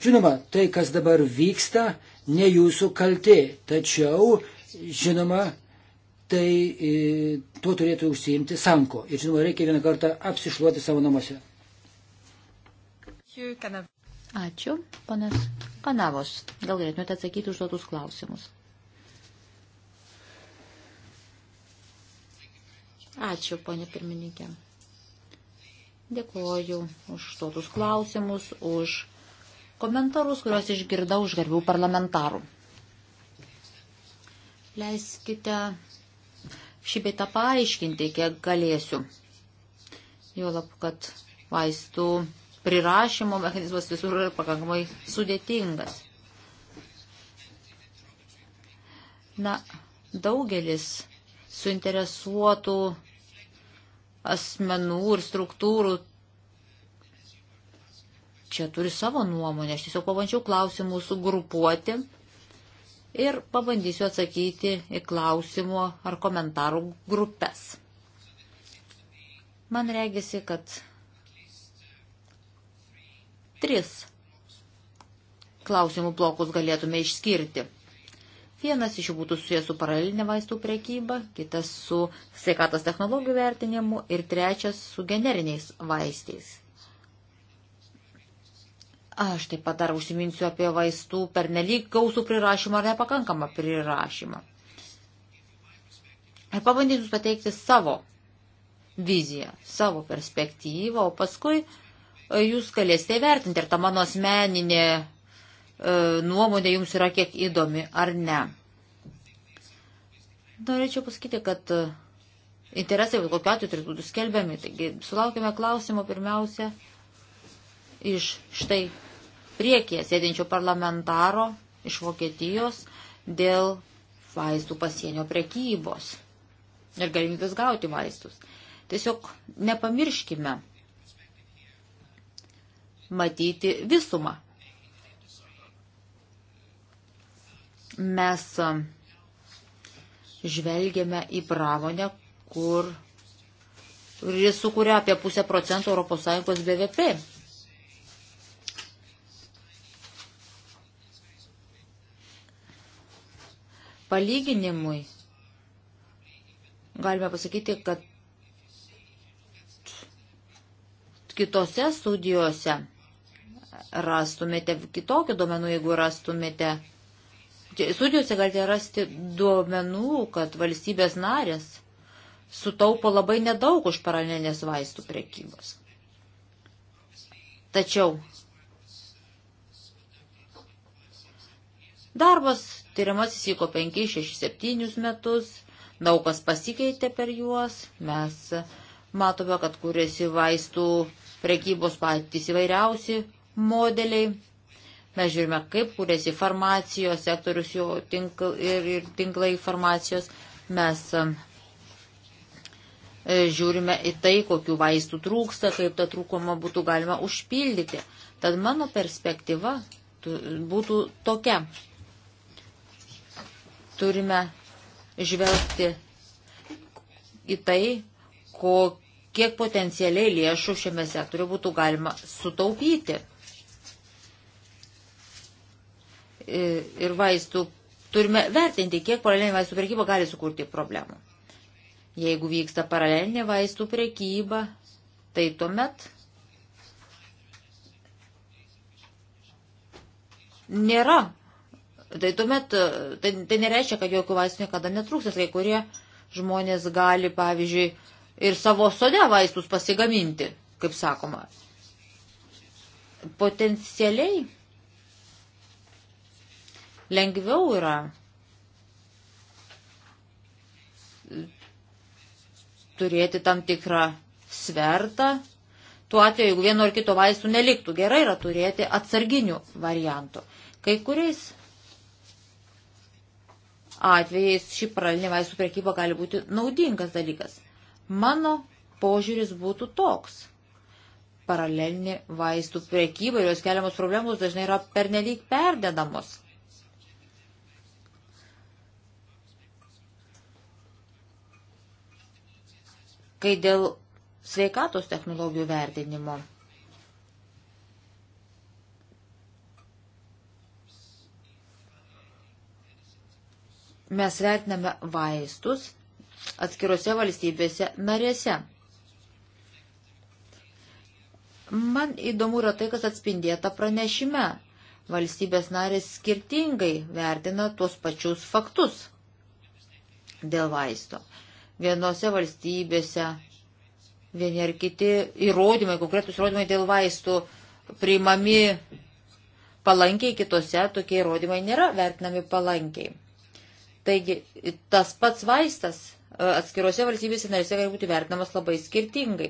Žinoma, tai, kas dabar vyksta, ne jūsų kalti, tačiau, žinoma, tai e, tuo turėtų užsiimti Sanko. Ir žinoma, reikia vieną kartą apsišluoti savo namuose. Ačiū, panas Kanavos. Gal galėtumėte atsakyti užduotus klausimus. Ačiū, ponė pirmininkė. Dėkuoju už totus klausimus, už komentarus, kuriuos išgirdau iš garbių parlamentarų. Leiskite šį beitą paaiškinti, kiek galėsiu. Juolab, kad vaistų prirašymo mechanizmas visur yra pakankamai sudėtingas. Na, daugelis suinteresuotų asmenų ir struktūrų čia turi savo nuomonę. Aš tiesiog pabandžiau klausimų sugrupuoti ir pabandysiu atsakyti į klausimų ar komentarų grupės. Man regisi, kad Tris klausimų blokus galėtume išskirti. Vienas iš jų būtų susijęs su paralelinė vaistų prekyba, kitas su sveikatos technologijų vertinimu ir trečias su generiniais vaistais. Aš taip pat dar užsiminsiu apie vaistų per nelik gausų prirašymą ar nepakankamą prirašymą. Ir pabandysiu pateikti savo viziją, savo perspektyvą, o paskui uh, jūs galėsite įvertinti, ar ta mano asmeninė e, nuomonė jums yra kiek įdomi ar ne. Norėčiau pasakyti, kad e, interesai bet kokiu atveju turėtų būti skelbiami. Taigi sulaukime klausimo pirmiausia iš štai priekyje sėdinčio parlamentaro iš Vokietijos dėl vaistų pasienio prekybos ir galimybės gauti vaistus. Tiesiog nepamirškime matyti visumą. Mes žvelgiame į pramonę, kur jis sukuria apie pusę procentų ES BVP. Palyginimui galime pasakyti, kad kitose studijose rastumėte kitokių duomenų, jeigu rastumėte. Studijose galite rasti duomenų, kad valstybės narės sutaupo labai nedaug už paralelinės vaistų prekybos. Tačiau darbas tyriamasis vyko 5, 6, 7 metus, daug kas pasikeitė per juos, mes matome, kad kūrėsi vaistų prekybos patys įvairiausi modeliai. Mes žiūrime, kaip kūrėsi farmacijos sektorius jo tinkl, ir, ir tinklai farmacijos. Mes um, e, žiūrime į tai, kokiu vaistų trūksta, kaip tą trūkumą būtų galima užpildyti. Tad mano perspektyva būtų tokia. Turime žvelgti į tai, ko, kiek potencialiai lėšų šiame sektoriu būtų galima sutaupyti. ir vaistų, turime vertinti, kiek paralelinė vaistų prekyba gali sukurti problemų. Jeigu vyksta paralelinė vaistų prekyba, tai tuomet nėra. Tai tuomet, tai, tai nereiškia, kad jokių vaistų niekada netrūksės. Kai kurie žmonės gali, pavyzdžiui, ir savo sode vaistus pasigaminti, kaip sakoma. Potencialiai lengviau yra turėti tam tikrą svertą. Tuo atveju, jeigu vieno ar kito vaistų neliktų, gerai yra turėti atsarginių variantų. Kai kuriais atvejais ši pralinė vaistų prekyba gali būti naudingas dalykas. Mano požiūris būtų toks. Paralelinė vaistų prekyba ir jos keliamos problemos dažnai yra pernelyg perdedamos. Kai dėl sveikatos technologijų vertinimo. Mes vertiname vaistus atskiruose valstybėse narėse. Man įdomu yra tai, kas atspindėta pranešime. Valstybės narės skirtingai vertina tuos pačius faktus dėl vaisto vienose valstybėse vieni ar kiti įrodymai, konkretus įrodymai dėl vaistų priimami palankiai, kitose tokie įrodymai nėra vertinami palankiai. Taigi tas pats vaistas e, atskiruose valstybėse narėse gali būti vertinamas labai skirtingai.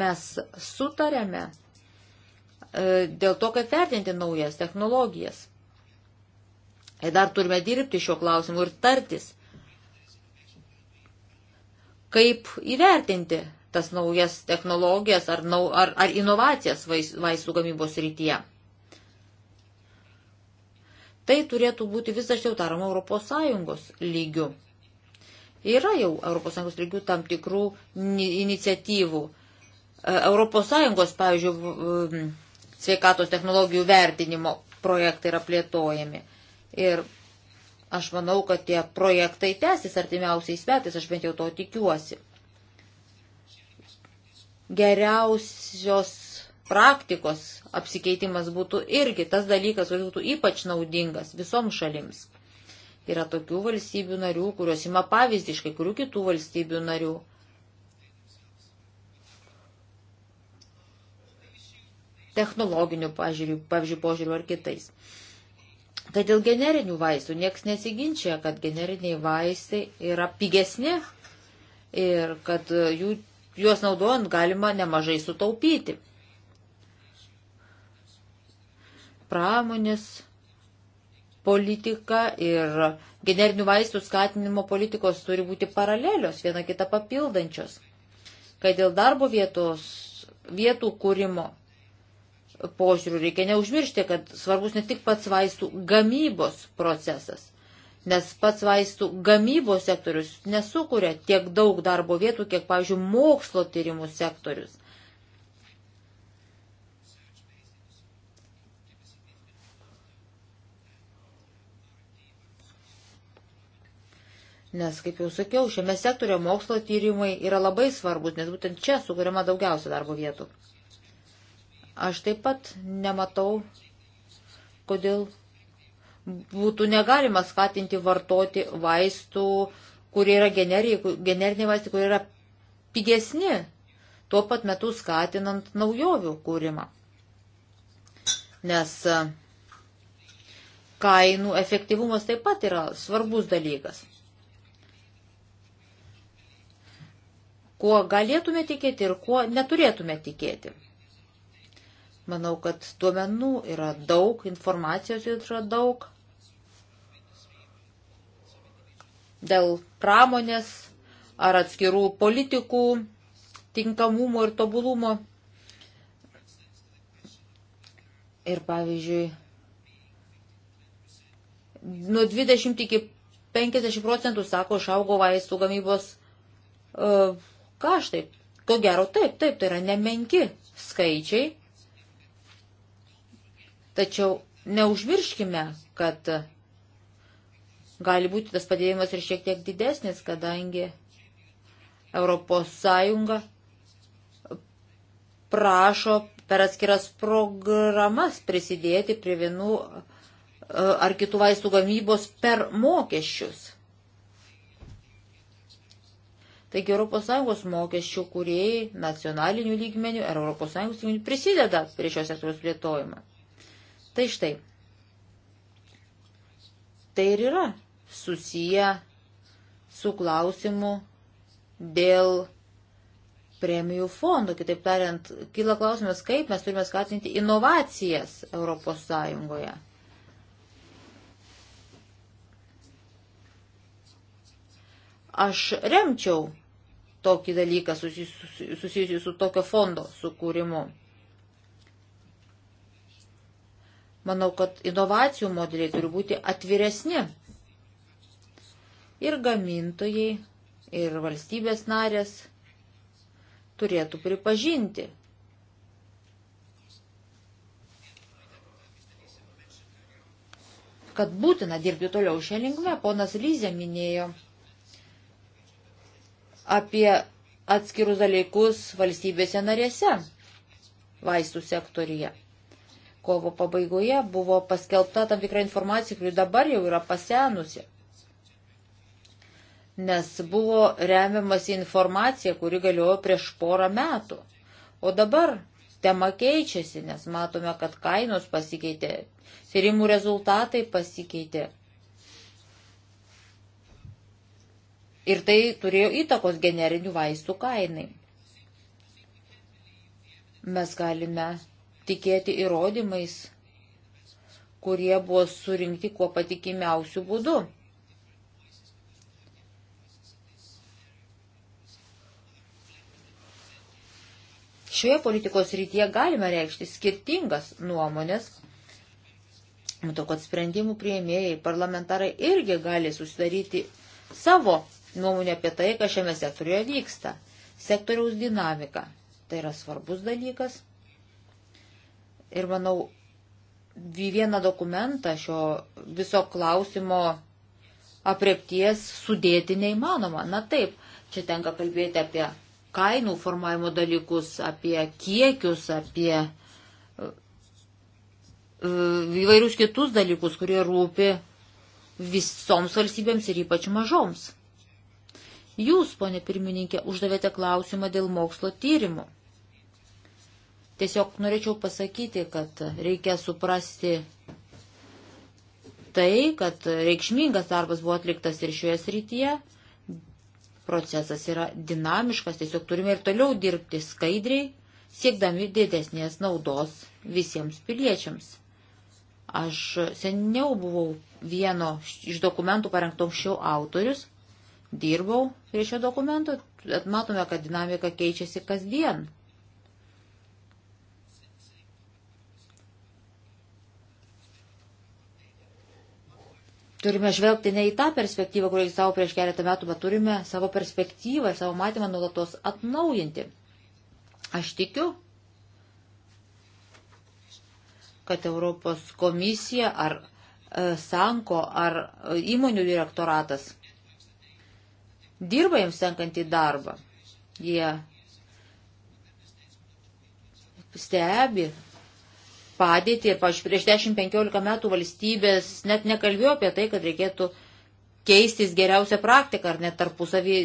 Mes sutarėme e, dėl to, kaip vertinti naujas technologijas. E dar turime dirbti šio klausimu ir tartis, kaip įvertinti tas naujas technologijas ar, nau, ar, ar inovacijas vais, vaistų gamybos rytyje. Tai turėtų būti vis dažniau daroma ES lygių. Yra jau ES lygių tam tikrų iniciatyvų. ES, pavyzdžiui, sveikatos technologijų vertinimo projektai yra plėtojami. Ir aš manau, kad tie projektai tęsis artimiausiais metais, aš bent jau to tikiuosi. Geriausios praktikos apsikeitimas būtų irgi tas dalykas, kuris būtų ypač naudingas visoms šalims. Yra tokių valstybių narių, kurios ima pavyzdį iš kai kurių kitų valstybių narių. Technologinių, pažiūrėjų, pavyzdžiui, požiūrių ar kitais. Kai dėl generinių vaistų niekas nesiginčia, kad generiniai vaistai yra pigesni ir kad e, jų, juos naudojant galima nemažai sutaupyti. Pramonės politika ir generinių vaistų skatinimo politikos turi būti paralelios, viena kita papildančios. Kai dėl darbo vietos, vietų kūrimo požiūrių. Reikia neužmiršti, kad svarbus ne tik pats vaistų gamybos procesas, nes pats vaistų gamybos sektorius nesukuria tiek daug darbo vietų, kiek, pavyzdžiui, mokslo tyrimų sektorius. Nes, kaip jau sakiau, šiame sektorio mokslo tyrimai yra labai svarbus, nes būtent čia sukuriama daugiausia darbo vietų. Aš taip pat nematau, kodėl būtų negalima skatinti vartoti vaistų, kurie yra generiniai vaistai, kurie yra pigesni, tuo pat metu skatinant naujovių kūrimą. Nes e, kainų efektyvumas taip pat yra svarbus dalykas. Kuo galėtume tikėti ir kuo neturėtume tikėti. Manau, kad duomenų yra daug, informacijos yra daug. Dėl pramonės ar atskirų politikų tinkamumo ir tobulumo. Ir pavyzdžiui, nuo 20 iki 50 procentų, sako, išaugo vaistų gamybos uh, kaštai. Ko gero, taip, taip, tai yra nemenki skaičiai. Tačiau neužmirškime, kad gali būti tas padėjimas ir šiek tiek didesnis, kadangi Europos Sąjunga prašo per atskiras programas prisidėti prie vienų e, ar kitų vaistų gamybos per mokesčius. Taigi ES mokesčių kuriejai nacionalinių lygmenių ar ES lygmenių prisideda prie šios sektoriaus plėtojimą. Tai štai. Tai ir yra susiję su klausimu dėl premijų fondo. Kitaip tariant, kyla klausimas, kaip mes turime skatinti inovacijas Europos Sąjungoje. Aš remčiau tokį dalyką susijusiu su tokio fondo sukūrimu. Manau, kad inovacijų modeliai turi būti atviresni. Ir gamintojai, ir valstybės narės turėtų pripažinti. kad būtina dirbti toliau šią linkmę, ponas Lyzė minėjo apie atskirus dalykus valstybėse narėse vaistų sektorija kovo pabaigoje buvo paskelbta tam tikra informacija, kuri dabar jau yra pasenusi. Nes buvo remiamas informacija, kuri galiojo prieš porą metų. O dabar tema keičiasi, nes matome, kad kainos pasikeitė, tyrimų rezultatai pasikeitė. Ir tai turėjo įtakos generinių vaistų kainai. Mes galime tikėti įrodymais, kurie buvo surinkti kuo patikimiausių būdų. Šioje politikos rytyje galime reikšti skirtingas nuomonės. Matau, kad sprendimų prieimėjai parlamentarai irgi gali susidaryti savo nuomonę apie tai, kas šiame sektoriuje vyksta. Sektoriaus dinamika. Tai yra svarbus dalykas. Ir manau, vieną dokumentą šio viso klausimo apriepties sudėti neįmanoma. Na taip, čia tenka kalbėti apie kainų formavimo dalykus, apie kiekius, apie e, e, įvairius kitus dalykus, kurie rūpi visoms valstybėms ir ypač mažoms. Jūs, ponė pirmininkė, uždavėte klausimą dėl mokslo tyrimų. Tiesiog norėčiau pasakyti, kad reikia suprasti tai, kad reikšmingas darbas buvo atliktas ir šioje srityje. Procesas yra dinamiškas, tiesiog turime ir toliau dirbti skaidriai, siekdami didesnės naudos visiems piliečiams. Aš seniau buvau vieno iš dokumentų parengto anksčiau autorius, dirbau prie šio dokumento, matome, kad dinamika keičiasi kasdien. turime žvelgti ne į tą perspektyvą, kurią savo prieš keletą metų, bet turime savo perspektyvą ir savo matymą nuolatos atnaujinti. Aš tikiu, kad Europos komisija ar e, Sanko ar e, įmonių direktoratas dirba jiems tenkantį darbą. Jie stebi padėtį. Pavyzdžiui, prieš 10-15 metų valstybės net nekalbėjo apie tai, kad reikėtų keistis geriausią praktiką ar net tarpusavį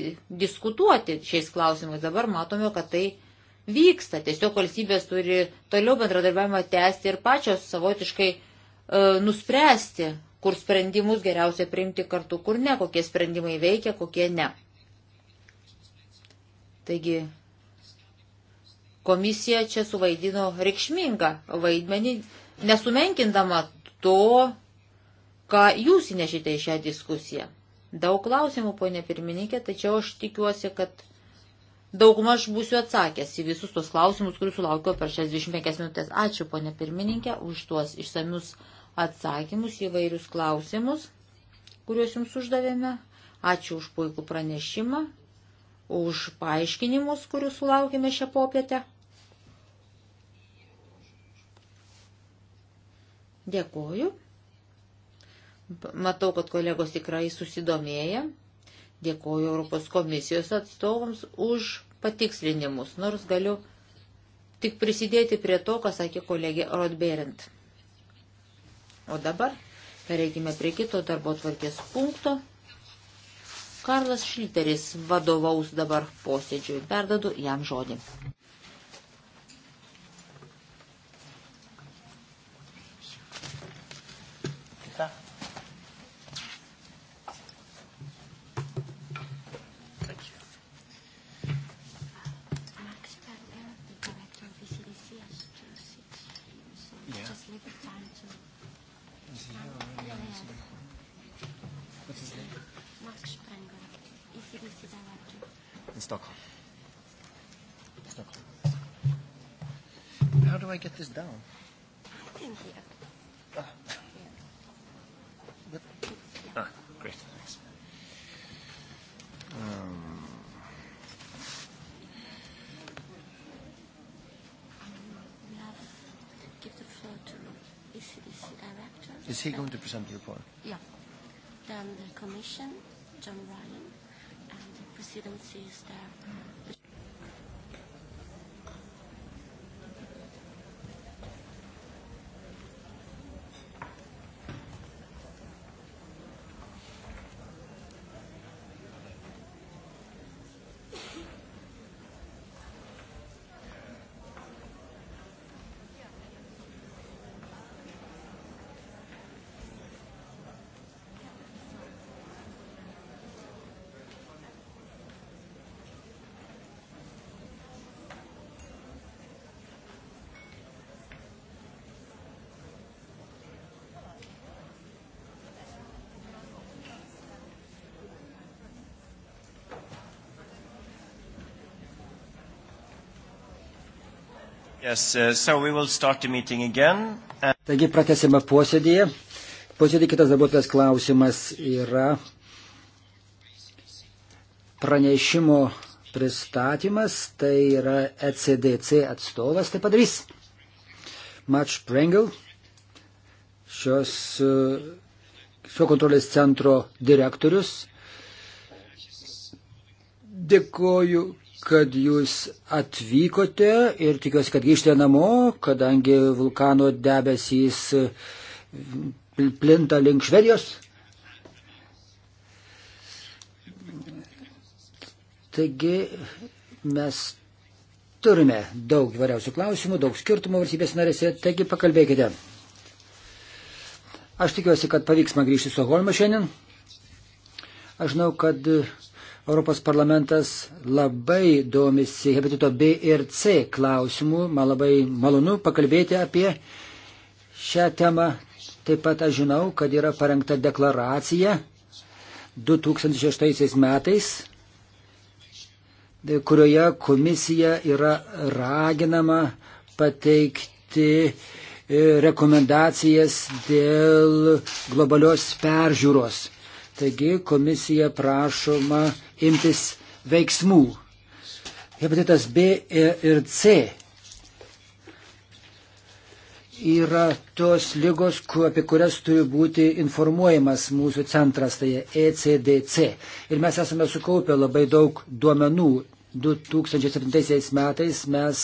diskutuoti šiais klausimais. Dabar matome, kad tai vyksta. Tiesiog valstybės turi toliau bendradarbiavimą tęsti ir pačios savotiškai e, nuspręsti, kur sprendimus geriausia priimti kartu, kur ne, kokie sprendimai veikia, kokie ne. Taigi Komisija čia suvaidino reikšmingą vaidmenį, nesumenkindama to, ką jūs įnešite į šią diskusiją. Daug klausimų, ponė pirmininkė, tačiau aš tikiuosi, kad daugmaž būsiu atsakęs į visus tos klausimus, kurių sulaukiau per šias 25 minutės. Ačiū, ponė pirmininkė, už tuos išsamius atsakymus į vairius klausimus, kuriuos jums uždavėme. Ačiū už puikų pranešimą už paaiškinimus, kurių sulaukėme šią popietę. Dėkoju. Matau, kad kolegos tikrai susidomėja. Dėkoju Europos komisijos atstovams už patikslinimus, nors galiu tik prisidėti prie to, ką sakė kolegė Rodberint. O dabar pereikime prie kito darbo tvarkės punkto. Karlas Šliteris vadovaus dabar posėdžiui. Perdodu jam žodį. he going to present the report? Yeah. Then the Commission, John Ryan, and the presidency is there. Mm-hmm. Yes, uh, so Taigi pratesime posėdėje. Posėdė kitas darbuotojas klausimas yra pranešimo pristatymas. Tai yra ECDC atstovas, tai padarys. Mač Pringle, šios, uh, šio kontrolės centro direktorius. Dėkoju kad jūs atvykote ir tikiuosi, kad grįžtė namo, kadangi vulkano debesys e, plinta link Švedijos. Taigi mes turime daug variausių klausimų, daug skirtumų valstybės narėse, taigi pakalbėkite. Aš tikiuosi, kad pavyks man grįžti į Stokholmą šiandien. Aš žinau, kad Europos parlamentas labai domisi hepatito B ir C klausimų. Man labai malonu pakalbėti apie šią temą. Taip pat aš žinau, kad yra parengta deklaracija 2006 metais, kurioje komisija yra raginama pateikti e, rekomendacijas dėl globalios peržiūros. Taigi komisija prašoma imtis veiksmų. Hepatitas B e ir C yra tos lygos, apie kurias turi būti informuojamas mūsų centras, tai ECDC. Ir mes esame sukaupę labai daug duomenų. 2007 metais mes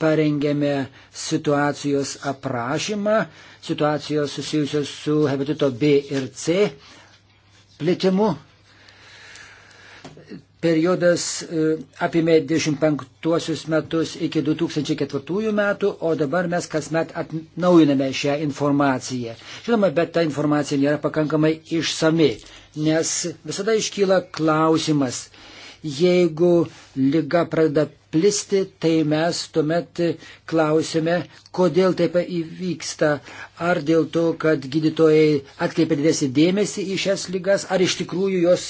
parengėme situacijos aprašymą, situacijos susijusios su hepatito B ir C plėtimu. Periodas e, apimė 25 metus iki 2004 metų, o dabar mes kasmet atnaujiname šią informaciją. Žinoma, bet ta informacija nėra pakankamai išsami, nes visada iškyla klausimas, Jeigu lyga pradeda plisti, tai mes tuomet klausime, kodėl taip įvyksta. Ar dėl to, kad gydytojai atkreipia didesnį dėmesį į šias lygas, ar iš tikrųjų jos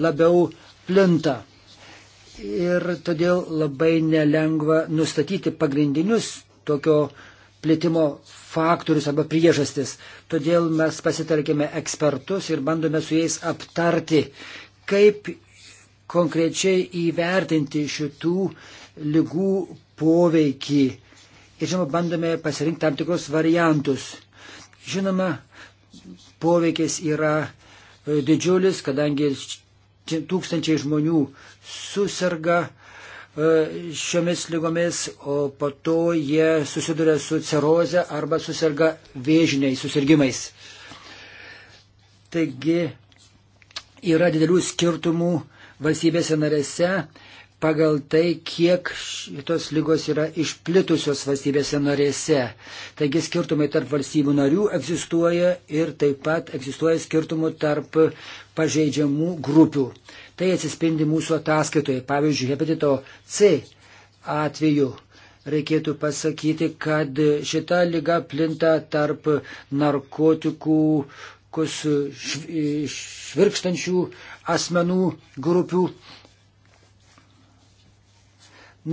labiau plinta. Ir todėl labai nelengva nustatyti pagrindinius tokio plitimo faktorius arba priežastis. Todėl mes pasitelkime ekspertus ir bandome su jais aptarti, kaip konkrečiai įvertinti šitų lygų poveikį. Ir žinoma, bandome pasirinkti tam tikrus variantus. Žinoma, poveikis yra e, didžiulis, kadangi tūkstančiai žmonių susirga e, šiomis lygomis, o po to jie susiduria su ceroze arba susirga vėžiniais susirgymais. Taigi yra didelių skirtumų valstybėse narėse pagal tai, kiek šitos lygos yra išplitusios valstybėse narėse. Taigi skirtumai tarp valstybių narių egzistuoja ir taip pat egzistuoja skirtumų tarp pažeidžiamų grupių. Tai atsispindi mūsų ataskaitoje. Pavyzdžiui, hepatito C atveju reikėtų pasakyti, kad šita lyga plinta tarp narkotikų, kus švirkštančių asmenų grupių.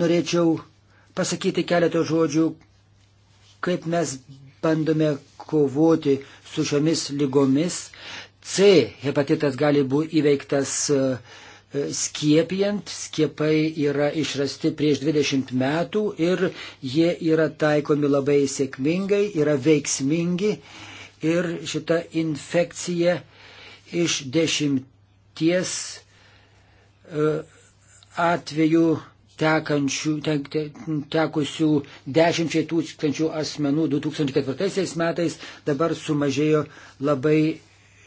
Norėčiau pasakyti keletą žodžių, kaip mes bandome kovoti su šiomis lygomis. C hepatitas gali būti įveiktas e, e, skiepijant, skiepai yra išrasti prieš 20 metų ir jie yra taikomi labai sėkmingai, yra veiksmingi ir šita infekcija iš dešimties e, atvejų tekančių, te, te, tekusių dešimčiai tūkstančių asmenų 2004 metais dabar sumažėjo labai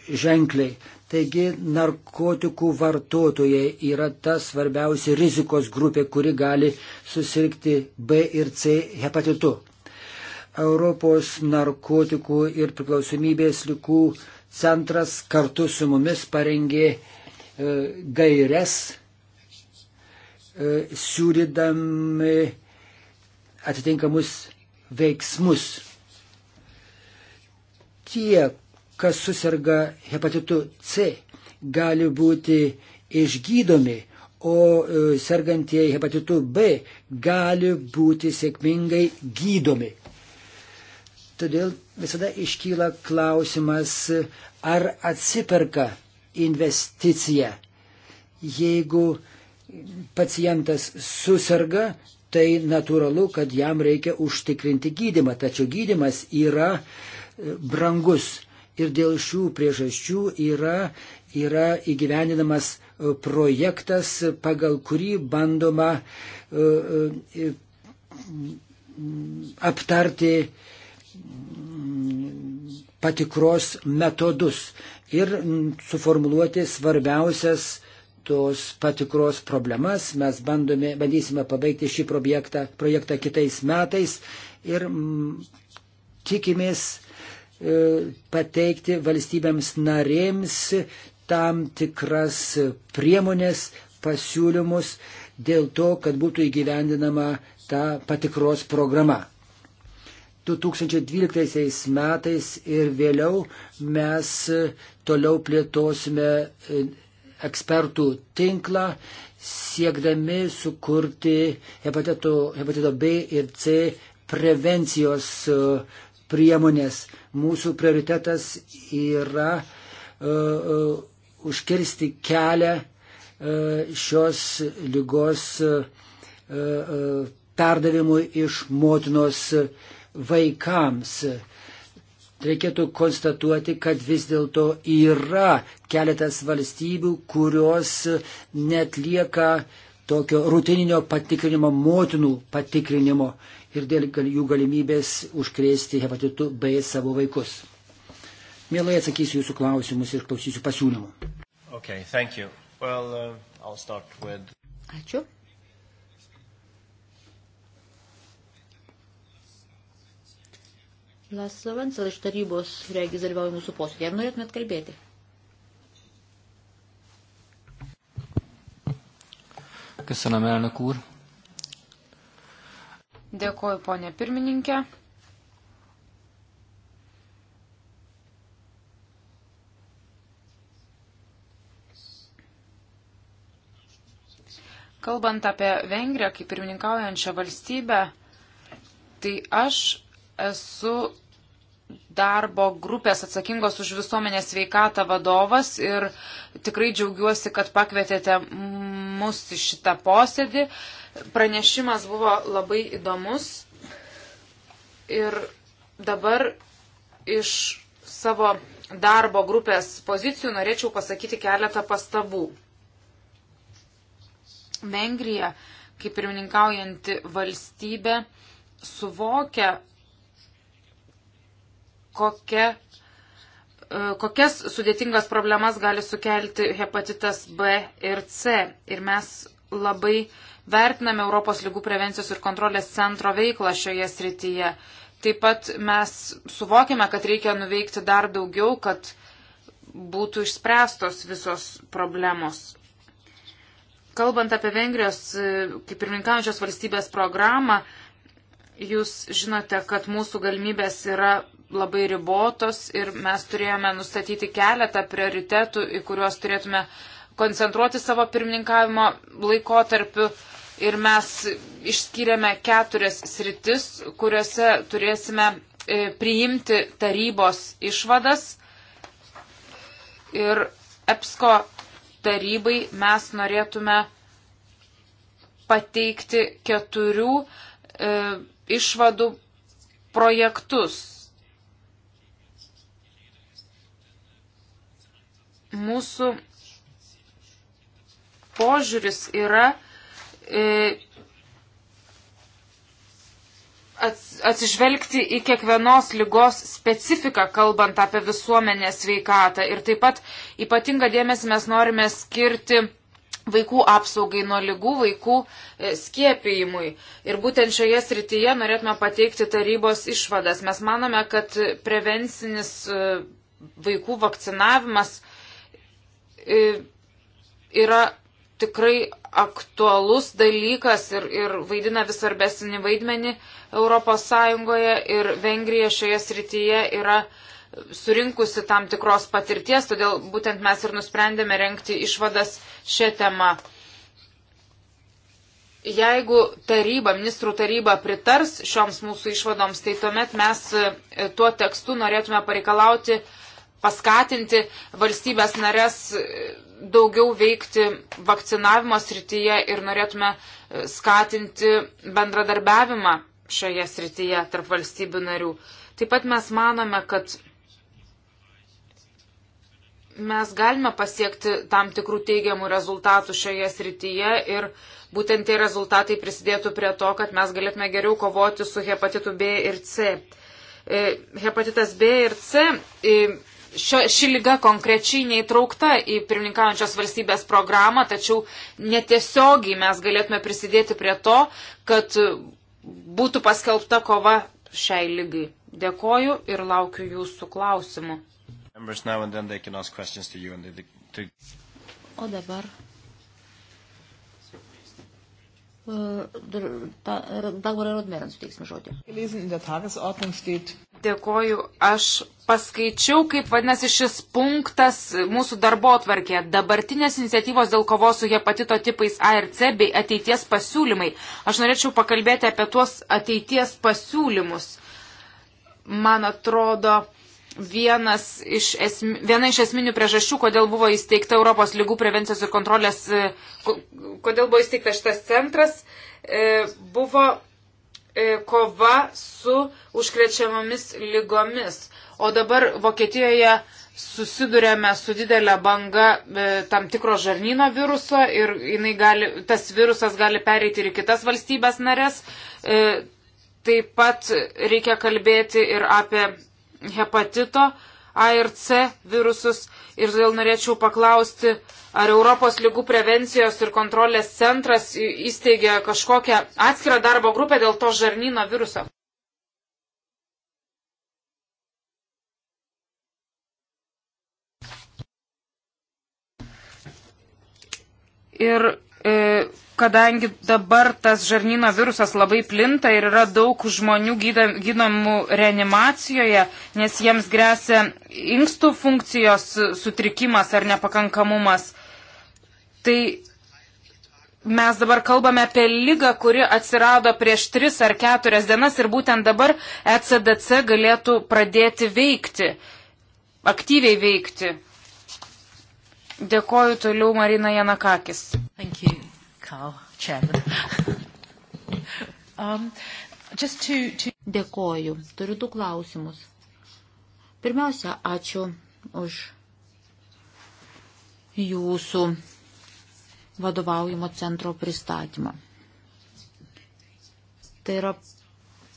ženkliai. Taigi narkotikų vartotojai yra ta svarbiausia rizikos grupė, kuri gali susirgti B ir C hepatitu. Europos narkotikų ir priklausomybės likų centras kartu su mumis parengė e, gairias, e, siūlydami atitinkamus veiksmus. Tie, kas susirga hepatitu C, gali būti išgydomi, o e, sergantieji hepatitu B gali būti sėkmingai gydomi. Todėl visada iškyla klausimas, ar atsiperka investicija. Jeigu pacientas susirga, tai natūralu, kad jam reikia užtikrinti gydimą, tačiau gydimas yra e, brangus ir dėl šių priežasčių yra, yra įgyveninamas e, projektas, pagal kurį bandoma e, aptarti uh, uh, aptarti patikros metodus ir suformuluoti svarbiausias tos patikros problemas. Mes bandome, bandysime pabaigti šį projektą, projektą kitais metais ir m, mm, tikimės e, pateikti valstybėms narėms tam tikras priemonės, pasiūlymus dėl to, kad būtų įgyvendinama ta patikros programa. 2012 metais ir vėliau mes toliau plėtosime e, ekspertų tinklą, siekdami sukurti hepatito, hepatito B ir C prevencijos e, priemonės. Mūsų prioritetas yra uh, uh, užkirsti kelią uh, šios lygos uh, uh, perdavimui iš motinos uh, vaikams. Reikėtų konstatuoti, kad vis dėlto yra keletas valstybių, kurios net lieka tokio rutininio patikrinimo, motinų patikrinimo ir dėl jų galimybės užkrėsti hepatitu B savo vaikus. Mielai atsakysiu jūsų klausimus ir klausysiu pasiūlymų. Okay, well, uh, with... Ačiū. Laslo Vensel iš tarybos regis dalyvauja mūsų posėdį. Ar norėtumėt kalbėti? Köszönöm, elnök úr. Dėkoju, ponė pirmininkė. Kalbant apie Vengriją kaip pirmininkaujančią valstybę, tai aš esu darbo grupės atsakingos už visuomenės sveikatą vadovas ir tikrai džiaugiuosi, kad pakvietėte mus į šitą posėdį. Pranešimas buvo labai įdomus ir dabar iš savo darbo grupės pozicijų norėčiau pasakyti keletą pastabų. Vengrija, kaip pirmininkaujanti valstybė, suvokia kokia, e, kokias sudėtingas problemas gali sukelti hepatitas B ir C. Ir mes labai vertiname Europos lygų prevencijos ir kontrolės centro veiklą šioje srityje. Taip pat mes suvokime, kad reikia nuveikti dar daugiau, kad būtų išspręstos visos problemos. Kalbant apie Vengrijos e, kaip pirmininkaujančios valstybės programą, jūs žinote, kad mūsų galimybės yra labai ribotos ir mes turėjome nustatyti keletą prioritetų, į kuriuos turėtume koncentruoti savo pirmininkavimo laikotarpiu. Ir mes išskiriame keturias sritis, kuriuose turėsime e, priimti tarybos išvadas. Ir EPSCO tarybai mes norėtume pateikti keturių e, išvadų projektus. mūsų požiūris yra e, atsižvelgti į kiekvienos lygos specifiką, kalbant apie visuomenės sveikatą. Ir taip pat ypatingą dėmesį mes norime skirti vaikų apsaugai nuo lygų, vaikų e, skiepijimui. Ir būtent šioje srityje norėtume pateikti tarybos išvadas. Mes manome, kad prevencinis e, vaikų vakcinavimas yra tikrai aktualus dalykas ir, ir vaidina vis svarbesnį vaidmenį Europos Sąjungoje ir Vengrija šioje srityje yra surinkusi tam tikros patirties, todėl būtent mes ir nusprendėme renkti išvadas šią temą. Jeigu taryba, ministrų taryba pritars šioms mūsų išvadoms, tai tuomet mes e, tuo tekstu norėtume pareikalauti uh, paskatinti valstybės narės daugiau veikti vakcinavimo srityje ir norėtume e, skatinti bendradarbiavimą šioje srityje tarp valstybių narių. Taip pat mes manome, kad mes galime pasiekti tam tikrų teigiamų rezultatų šioje srityje ir būtent tie rezultatai prisidėtų prie to, kad mes galėtume geriau kovoti su hepatitu B ir C. E, hepatitas B ir C e, šio, ši lyga konkrečiai neįtraukta į pirmininkaujančios valstybės programą, tačiau netiesiogiai mes galėtume prisidėti prie to, kad būtų paskelbta kova šiai lygai. Dėkoju ir laukiu jūsų klausimų. O dabar Dagmarai Rodmeran suteiksime žodį. Dėkoju, aš paskaičiau, kaip vadinasi šis punktas mūsų darbo atvarkė. Dabartinės iniciatyvos dėl kovos su hepatito tipais A ir C bei ateities pasiūlymai. Aš norėčiau pakalbėti apie tuos ateities pasiūlymus. Man atrodo, vienas iš esmi, viena iš esminių priežasčių, kodėl buvo įsteigta Europos lygų prevencijos ir kontrolės, e, kodėl buvo įsteigtas šitas centras, e, buvo e, kova su užkrečiamomis lygomis. O dabar Vokietijoje susidurėme su didelė banga tam tikro žarnyno viruso ir gali, tas virusas gali pereiti ir į kitas valstybės narės. Taip pat reikia kalbėti ir apie hepatito A ir C virusus. Ir todėl norėčiau paklausti, ar Europos lygų prevencijos ir kontrolės centras įsteigė kažkokią atskirą darbo grupę dėl to žarnyno viruso. Ir e, kadangi dabar tas žarnyno virusas labai plinta ir yra daug žmonių gydomų reanimacijoje, nes jiems grėsia inkstų funkcijos sutrikimas ar nepakankamumas. Tai mes dabar kalbame apie lygą, kuri atsirado prieš tris ar keturias dienas ir būtent dabar ECDC galėtų pradėti veikti, aktyviai veikti. Dėkoju toliau Marina Janakakis. Thank you cow, chairman. um, just to, to... Dėkoju. Turiu du klausimus. Pirmiausia, ačiū už jūsų vadovaujimo centro pristatymą. Tai yra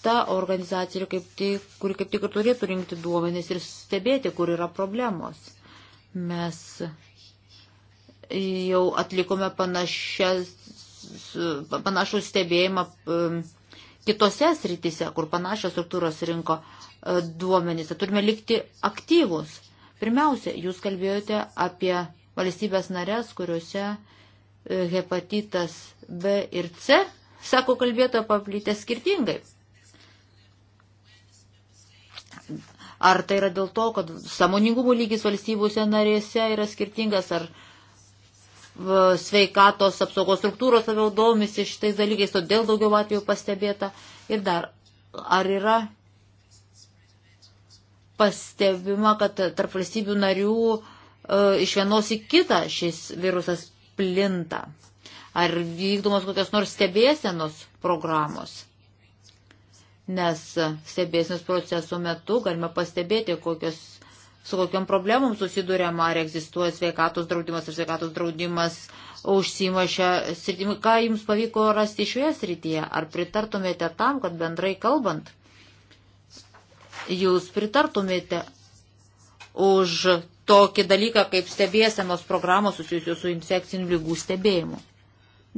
ta organizacija, kaip tik, kuri kaip tik ir turėtų rinkti duomenis ir stebėti, kur yra problemos. Mes jau atlikome panašias, panašų stebėjimą um, kitose srityse, kur panašios struktūros rinko uh, duomenys. Turime likti aktyvus. Pirmiausia, jūs kalbėjote apie valstybės narės, kuriuose uh, hepatitas B ir C, sako kalbėtoja, paplytė skirtingai. Ar tai yra dėl to, kad samoningumo lygis valstybėse narėse yra skirtingas, ar uh, sveikatos apsaugos struktūros labiau domisi šitais dalykais, todėl daugiau atvejų pastebėta. Ir dar, ar yra pastebima, kad tarp valstybių narių e, iš vienos į kitą šis virusas plinta? Ar vykdomos kokios nors stebėsenos programos? Nes stebėsenos proceso metu galime pastebėti, kokios su kokiam problemom susidurėma, ar egzistuoja sveikatos draudimas, ar sveikatos draudimas užsima šią sritimą. Ką jums pavyko rasti šioje srityje? Ar pritartumėte tam, kad bendrai kalbant, jūs pritartumėte už tokį dalyką kaip stebėsenos programos susijusios su infekcinių lygų stebėjimu?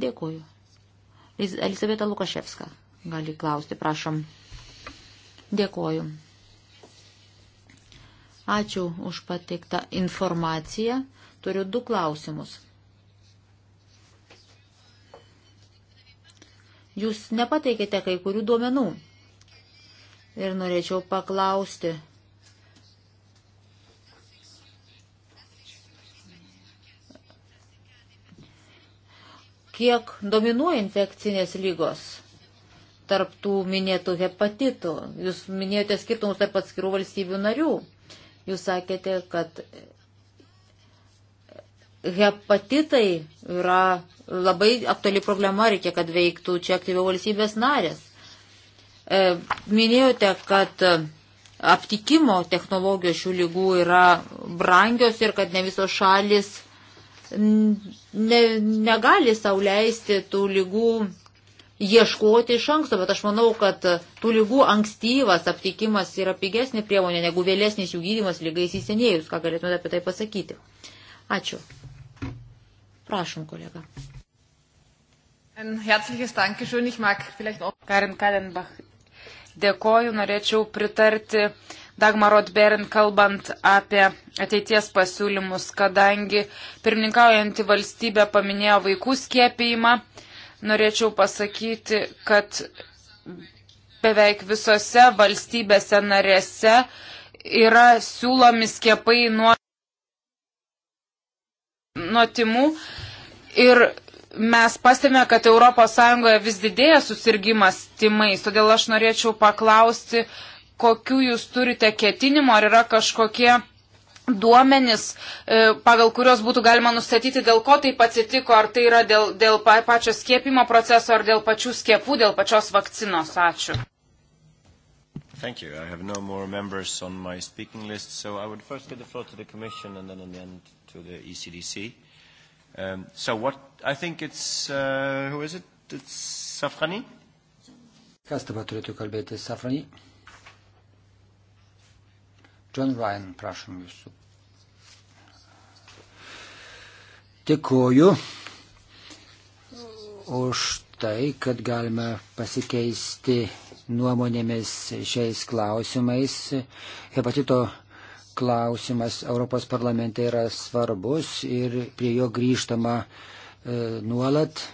Dėkuoju. Elisabeta Lukaševska gali klausti, prašom. Dėkuoju. Ačiū už pateiktą informaciją. Turiu du klausimus. Jūs nepateikėte kai kurių duomenų. Ir norėčiau paklausti. Kiek dominuoja infekcinės lygos tarp tų minėtų hepatitų? Jūs minėjote skirtumus tarp atskirų valstybių narių. Jūs sakėte, kad hepatitai yra labai aktuali problema, reikia, kad veiktų čia aktyviau valstybės narės. E, minėjote, kad aptikimo technologijos šių lygų yra brangios ir kad ne visos šalis ne, negali sauliaisti tų lygų ieškoti iš anksto, bet aš manau, kad e, tų lygų ankstyvas aptikimas yra pigesnė priemonė negu vėlesnis jų gydimas lygais įsienėjus. Ką galėtumėte apie tai pasakyti? Ačiū. Prašom, kolega. Karin Kadenbach, dėkoju, norėčiau pritarti Dagmarot Berin kalbant apie ateities pasiūlymus, kadangi pirmininkaujanti valstybė paminėjo vaikų skiepijimą norėčiau pasakyti, kad beveik visose valstybėse narėse yra siūlomi skiepai nuo, nuo timų. Ir mes pastebime, kad ES vis didėja susirgymas timais. Todėl aš norėčiau paklausti, kokiu jūs turite ketinimu, ar yra kažkokie duomenis, e, pagal kurios būtų galima nustatyti, dėl ko taip atsitiko, ar tai yra dėl, dėl pačio skiepimo proceso, ar dėl pačių skiepų, dėl pačios vakcinos. Ačiū. Thank you. I have no more members on my speaking list, so I would first give the floor to the Commission and then in the end to the ECDC. Um, so what, I think it's, uh, who is it? It's Safrani? Kas dabar turėtų kalbėti? Safrani? Safrani? John Ryan, prašom jūsų. Dėkuoju už tai, kad galime pasikeisti nuomonėmis šiais klausimais. Hepatito klausimas Europos parlamente yra svarbus ir prie jo grįžtama e, nuolat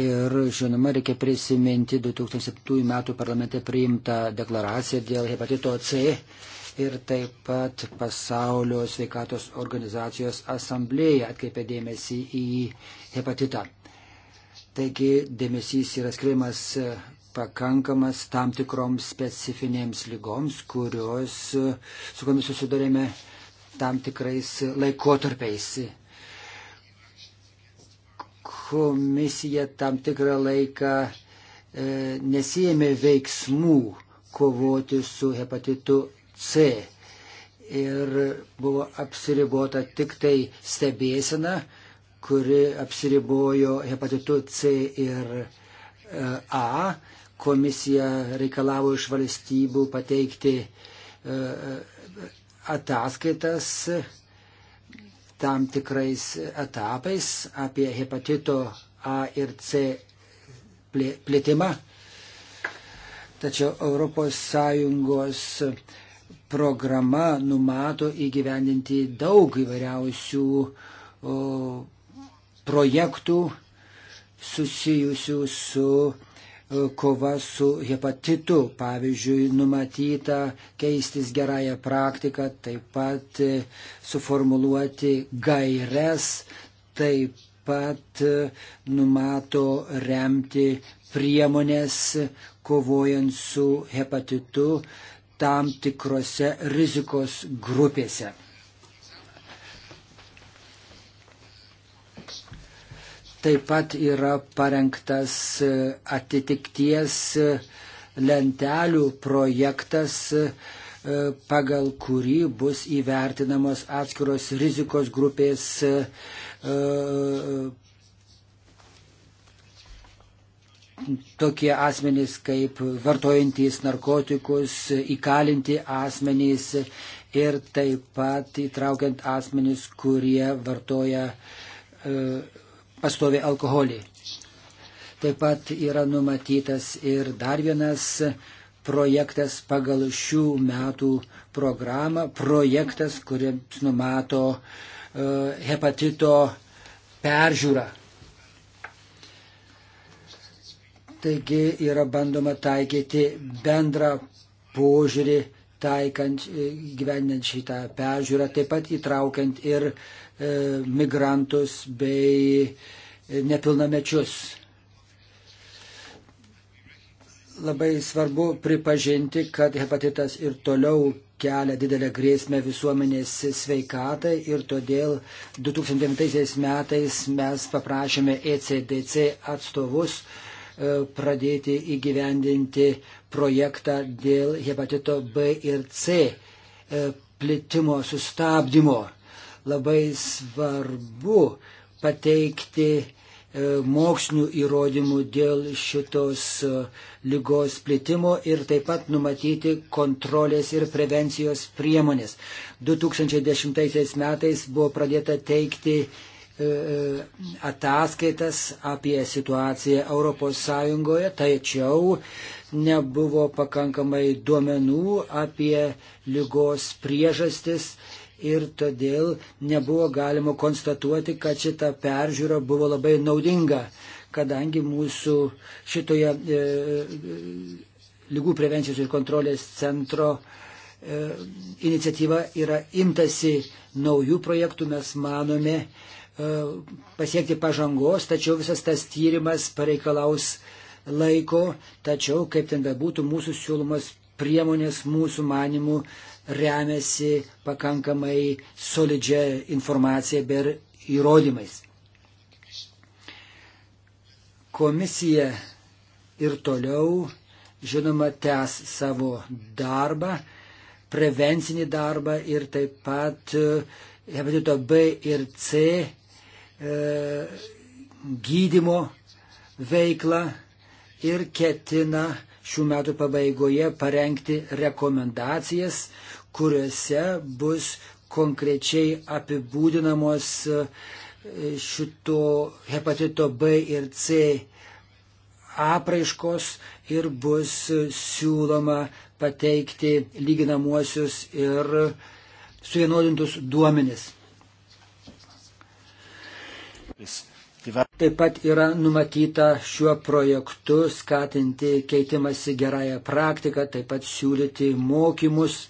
Ir žinoma, reikia prisiminti 2007 metų parlamente priimtą deklaraciją dėl hepatito C ir taip pat pasaulio sveikatos organizacijos asamblėja atkreipė dėmesį į hepatitą. Taigi dėmesys yra skiriamas pakankamas tam tikroms specifinėms lygoms, kurios, su kuriomis susidurėme tam tikrais laikotarpiais komisija tam tikrą laiką e, nesijėmė veiksmų kovoti su hepatitu C ir buvo apsiribota tik tai stebėsena, kuri apsiribojo hepatitu C ir e, A. Komisija reikalavo iš valstybių pateikti e, ataskaitas tam tikrais etapais apie hepatito A ir C plėtimą. Tačiau ES programa numato įgyvendinti daug įvairiausių o, projektų susijusių su kova su hepatitu, pavyzdžiui, numatyta keistis gerąją praktiką, taip pat e, suformuluoti gairias, taip pat e, numato remti priemonės kovojant su hepatitu tam tikrose rizikos grupėse. Taip pat yra parengtas e, atitikties e, lentelių projektas, e, pagal kurį bus įvertinamos atskiros rizikos grupės tokie asmenys kaip vartojantys narkotikus, įkalinti asmenys ir taip pat įtraukiant asmenys, kurie vartoja pastovi alkoholį. Taip pat yra numatytas ir dar vienas projektas pagal šių metų programą, projektas, kuriems numato uh, hepatito peržiūrą. Taigi yra bandoma taikyti bendrą požiūrį, taikant, e, gyvenant šitą peržiūrą, taip pat įtraukiant ir E, migrantus bei e, nepilnamečius. Labai svarbu pripažinti, kad hepatitas ir toliau kelia didelę grėsmę visuomenės sveikatai ir todėl 2009 metais mes paprašėme ECDC atstovus e, pradėti įgyvendinti projektą dėl hepatito B ir C plitimo sustabdymo labai svarbu pateikti e, mokslinių įrodymų dėl šitos e, lygos plitimo ir taip pat numatyti kontrolės ir prevencijos priemonės. 2010 metais buvo pradėta teikti e, ataskaitas apie situaciją ES, tačiau nebuvo pakankamai duomenų apie lygos priežastis ir todėl nebuvo galima konstatuoti, kad šita peržiūra buvo labai naudinga, kadangi mūsų šitoje e, e lygų prevencijos ir kontrolės centro e, iniciatyva yra imtasi naujų projektų, mes manome e, pasiekti pažangos, tačiau visas tas tyrimas pareikalaus laiko, tačiau kaip ten bebūtų mūsų siūlomas priemonės mūsų manimų remiasi pakankamai solidžia informacija ir įrodymais. Komisija ir toliau, žinoma, tęs savo darbą, prevencinį darbą ir taip pat e, hepatito B ir C e, gydimo veiklą ir ketina šių metų pabaigoje parengti rekomendacijas, kuriuose bus konkrečiai apibūdinamos e, šito hepatito B ir C apraiškos ir bus siūloma pateikti lyginamuosius ir suvienodintus duomenis. Taip pat yra numatyta šiuo projektu skatinti keitimąsi gerąją praktiką, taip pat siūlyti mokymus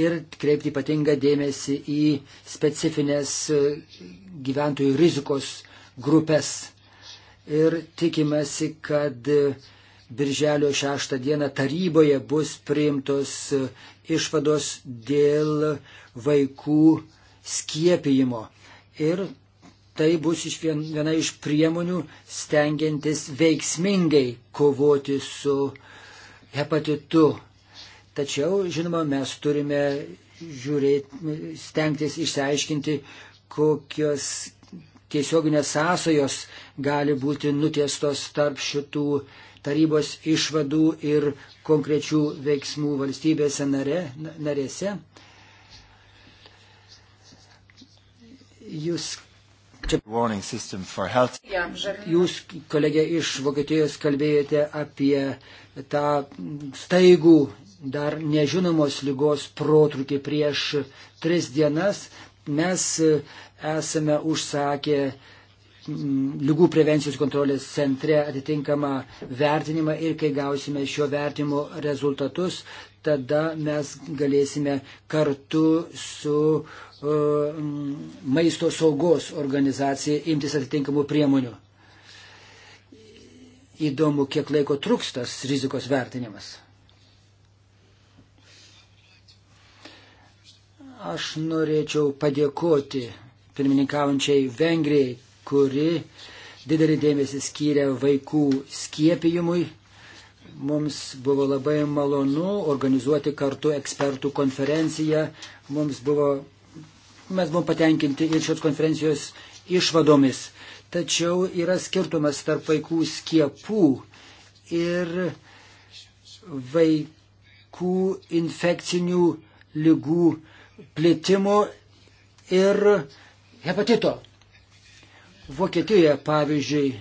ir kreipti ypatingą dėmesį į specifines e, gyventojų rizikos grupės. Ir tikimasi, kad e, Birželio 6 dieną taryboje bus priimtos e, išvados dėl vaikų skiepijimo. Ir tai bus iš vien, viena iš priemonių stengiantis veiksmingai kovoti su hepatitu Tačiau, žinoma, mes turime žiūrėti, stengtis išsiaiškinti, kokios tiesioginės sąsajos gali būti nutiestos tarp šitų tarybos išvadų ir konkrečių veiksmų valstybėse nare, narėse. Jūs Čia, jūs, kolegė, iš Vokietijos kalbėjote apie tą staigų dar nežinomos lygos protrukį prieš tris dienas mes e, esame užsakę lygų prevencijos kontrolės centre atitinkamą vertinimą ir kai gausime šio vertimo rezultatus, tada mes galėsime kartu su uh, maisto saugos organizacija imtis atitinkamų priemonių. Įdomu, kiek laiko truks tas rizikos vertinimas. Aš norėčiau padėkoti pirmininkaujančiai Vengrijai, kuri didelį dėmesį skyrė vaikų skiepijimui. Mums buvo labai malonu organizuoti kartu ekspertų konferenciją. Mums buvo, mes buvom patenkinti ir šios konferencijos išvadomis. Tačiau yra skirtumas tarp vaikų skiepų ir vaikų infekcinių lygų plitimo ir hepatito. Vokietijoje, pavyzdžiui,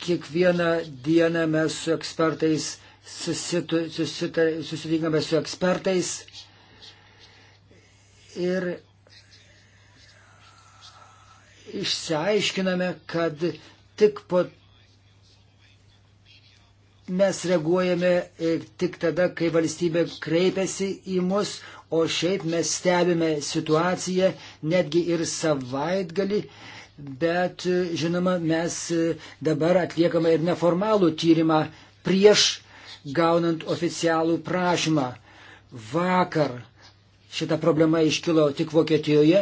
kiekvieną dieną mes su ekspertais susitu, susita, susitinkame su ekspertais ir išsiaiškiname, kad tik po mes reaguojame e, tik tada, kai valstybė kreipiasi į mus, o šiaip mes stebime situaciją netgi ir savaitgalį, bet žinoma, mes dabar atliekame ir neformalų tyrimą prieš gaunant oficialų prašymą. Vakar šita problema iškilo tik Vokietijoje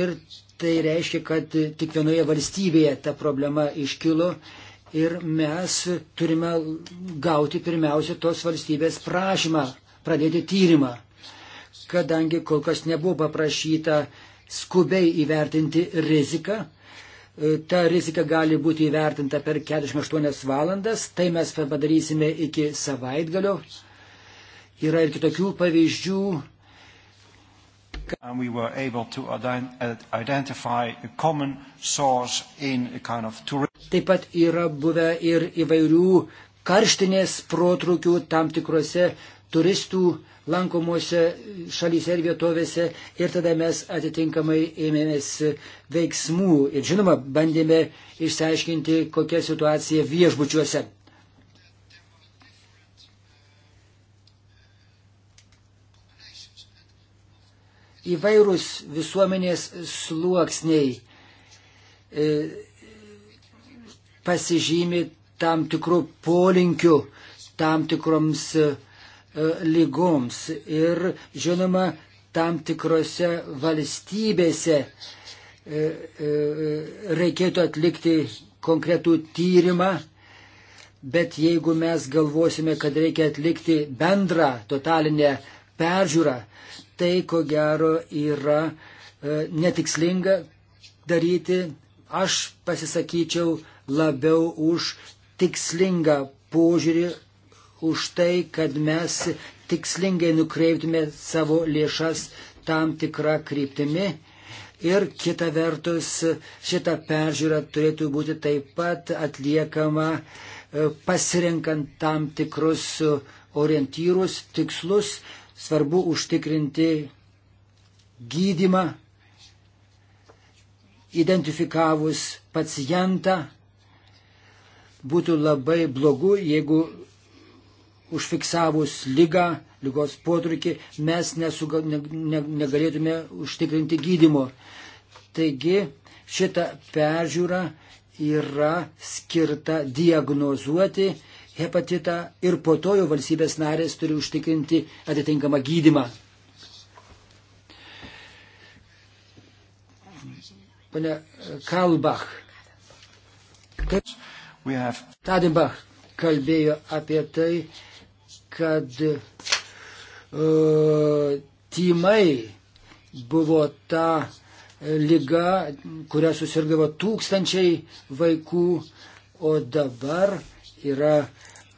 ir tai reiškia, kad tik vienoje valstybėje ta problema iškilo ir mes turime gauti pirmiausia tos valstybės prašymą pradėti tyrimą kadangi kol kas nebuvo paprašyta skubiai įvertinti riziką. E, ta rizika gali būti įvertinta per 48 valandas, tai mes padarysime iki savaitgalio. Yra ir kitokių pavyzdžių. And we were able to identify a common source in a kind of tourism. Taip pat yra buvę ir įvairių karštinės protrukių tam tikrose turistų uh, lankomuose šalyse ir vietovėse ir tada mes atitinkamai ėmėmės veiksmų ir žinoma bandėme išsiaiškinti, kokia situacija viešbučiuose. Įvairūs visuomenės sluoksniai e, pasižymi tam tikrų polinkių, tam tikroms e, E, lygoms ir žinoma tam tikrose valstybėse e, e, reikėtų atlikti konkretų tyrimą, bet jeigu mes galvosime, kad reikia atlikti bendrą totalinę peržiūrą, tai ko gero yra netikslinga daryti. Aš pasisakyčiau labiau už tikslingą požiūrį už tai, kad mes tikslingai nukreiptume savo lėšas tam tikrą kryptimį. Ir kita vertus, šita peržiūra turėtų būti taip pat atliekama e, pasirinkant tam tikrus orientyrus, tikslus. Svarbu užtikrinti gydimą, identifikavus pacientą. Būtų labai blogu, jeigu užfiksavus lygą, lygos potrukį, mes nesuga, ne, ne, negalėtume užtikrinti gydimo. Taigi šita peržiūra yra skirta diagnozuoti hepatitą ir po to jau valstybės narės turi užtikrinti atitinkamą gydimą. Pane Kalbach. Have... Tadimbach kalbėjo apie tai, kad uh, tymai buvo ta lyga, kurią susirgavo tūkstančiai vaikų, o dabar yra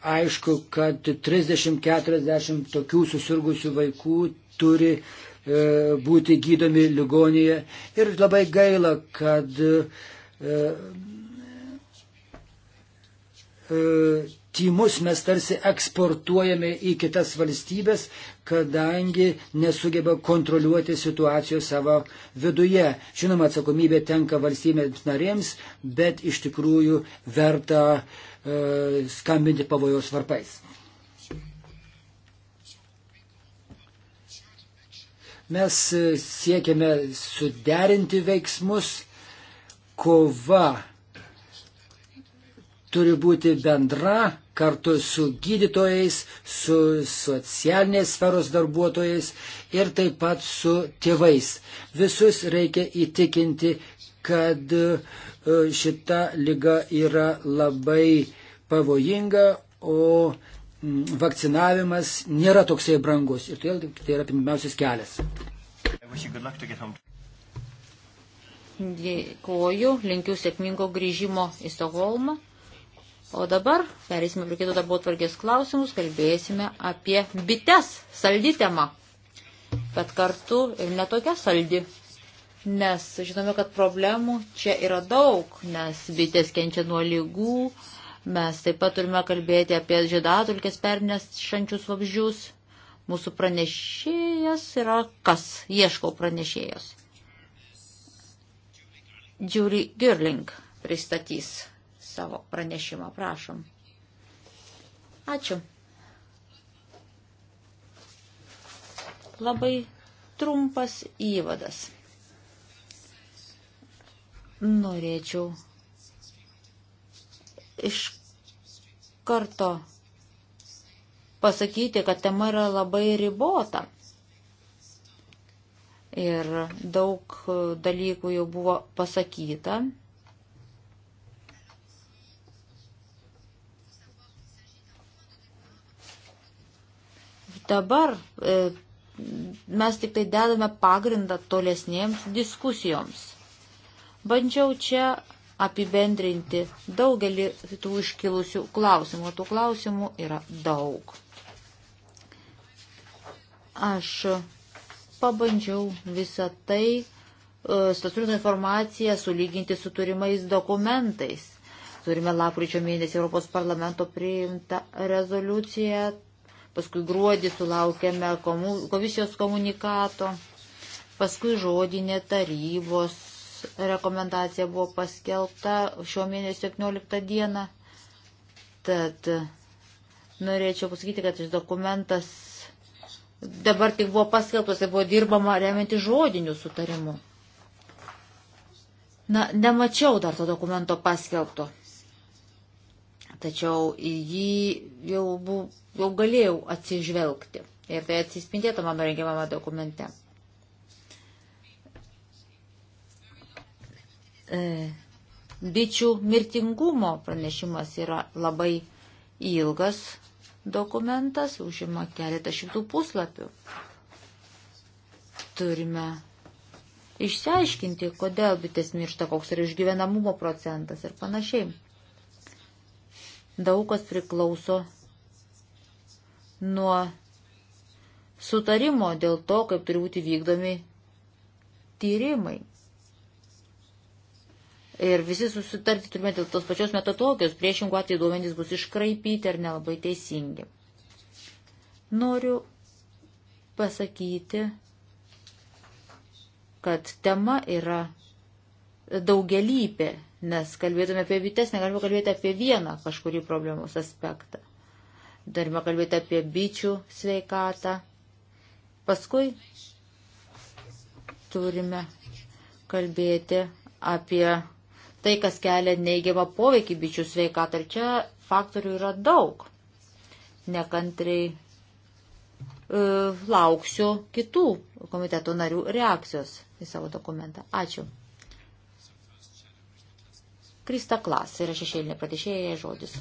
aišku, kad 30-40 tokių susirgusių vaikų turi e, būti gydomi ligonėje. Ir labai gaila, kad e, e, tymus mes tarsi eksportuojame į kitas valstybės, kadangi nesugeba kontroliuoti situacijos savo viduje. Žinoma, atsakomybė tenka valstybėms narėms, bet iš tikrųjų verta e, skambinti pavojos varpais. Mes e, siekiame suderinti veiksmus, kova turi būti bendra, kartu su gydytojais, su socialinės sferos darbuotojais ir taip pat su tėvais. Visus reikia įtikinti, kad e, šita lyga yra labai pavojinga, o vakcinavimas nėra toksai brangus. Ir todėl tai yra pirmiausias kelias. Dėkoju, linkiu sėkmingo grįžimo į Stokholmą. O dabar perėsime prie kito darbo tvarkės klausimus, kalbėsime apie bites, saldy temą, bet kartu ir netokia saldi, nes žinome, kad problemų čia yra daug, nes bitės kenčia nuo lygų, mes taip pat turime kalbėti apie žiedatulkės pernešančius vabzdžius. Mūsų pranešėjas yra kas? Ieškau pranešėjos. Julie Girling pristatys savo pranešimą. Prašom. Ačiū. Labai trumpas įvadas. Norėčiau iš karto pasakyti, kad tema yra labai ribota. Ir daug dalykų jau buvo pasakyta, Dabar e, mes tik tai dedame pagrindą tolesnėms diskusijoms. Bandžiau čia apibendrinti daugelį tų iškilusių klausimų. Tų klausimų yra daug. Aš pabandžiau visą tai, e, statutinę informaciją sulyginti su turimais dokumentais. Turime lapkričio mėnesį Europos parlamento priimtą rezoliuciją, paskui gruodį sulaukėme komisijos komunikato, paskui žodinė tarybos rekomendacija buvo paskelbta šio mėnesio 17 dieną. Tad norėčiau pasakyti, kad šis dokumentas dabar tik buvo paskelbtas ir tai buvo dirbama remianti žodiniu sutarimu. Na, nemačiau dar to dokumento paskelbto. Tačiau į jį jau, bu, jau galėjau atsižvelgti. Ir tai atsispindėta mano rengiamame dokumente. E, bičių mirtingumo pranešimas yra labai ilgas dokumentas, užima keletą šimtų puslapių. Turime išsiaiškinti, kodėl bitės miršta, koks yra išgyvenamumo procentas ir panašiai daug kas priklauso nuo sutarimo dėl to, kaip turi būti vykdomi tyrimai. Ir visi susitarti turime dėl tos pačios metodologijos, priešingų atveju duomenys bus iškraipyti ar nelabai teisingi. Noriu pasakyti, kad tema yra daugelypė Nes kalbėtume apie bites, negalime kalbėti apie vieną kažkurį problemos aspektą. Darime kalbėti apie bičių sveikatą. Paskui turime kalbėti apie tai, kas kelia neigiamą poveikį bičių sveikatą. Ir čia faktorių yra daug. Nekantriai e, lauksiu kitų komiteto narių reakcijos į savo dokumentą. Ačiū. Krista Klas yra šešėlinė pradėšėja žodis.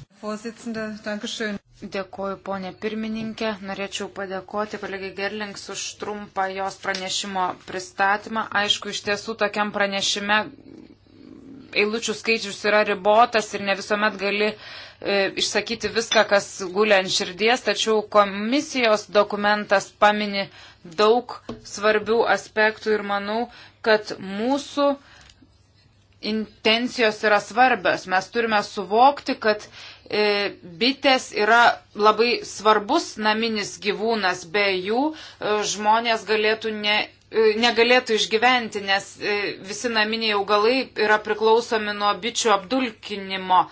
Dėkuoju, ponė pirmininkė. Norėčiau padėkoti kolegai Gerlings už trumpą jos pranešimo pristatymą. Aišku, iš tiesų tokiam pranešime eilučių skaičius yra ribotas ir ne visuomet gali e, išsakyti viską, kas gulia ant širdies, tačiau komisijos dokumentas pamini daug svarbių aspektų ir manau, kad mūsų e, intencijos yra svarbios. Mes turime suvokti, kad e, bitės yra labai svarbus naminis gyvūnas, be jų e, žmonės galėtų ne, e, negalėtų išgyventi, nes visi naminiai augalai yra priklausomi nuo bičių apdulkinimo.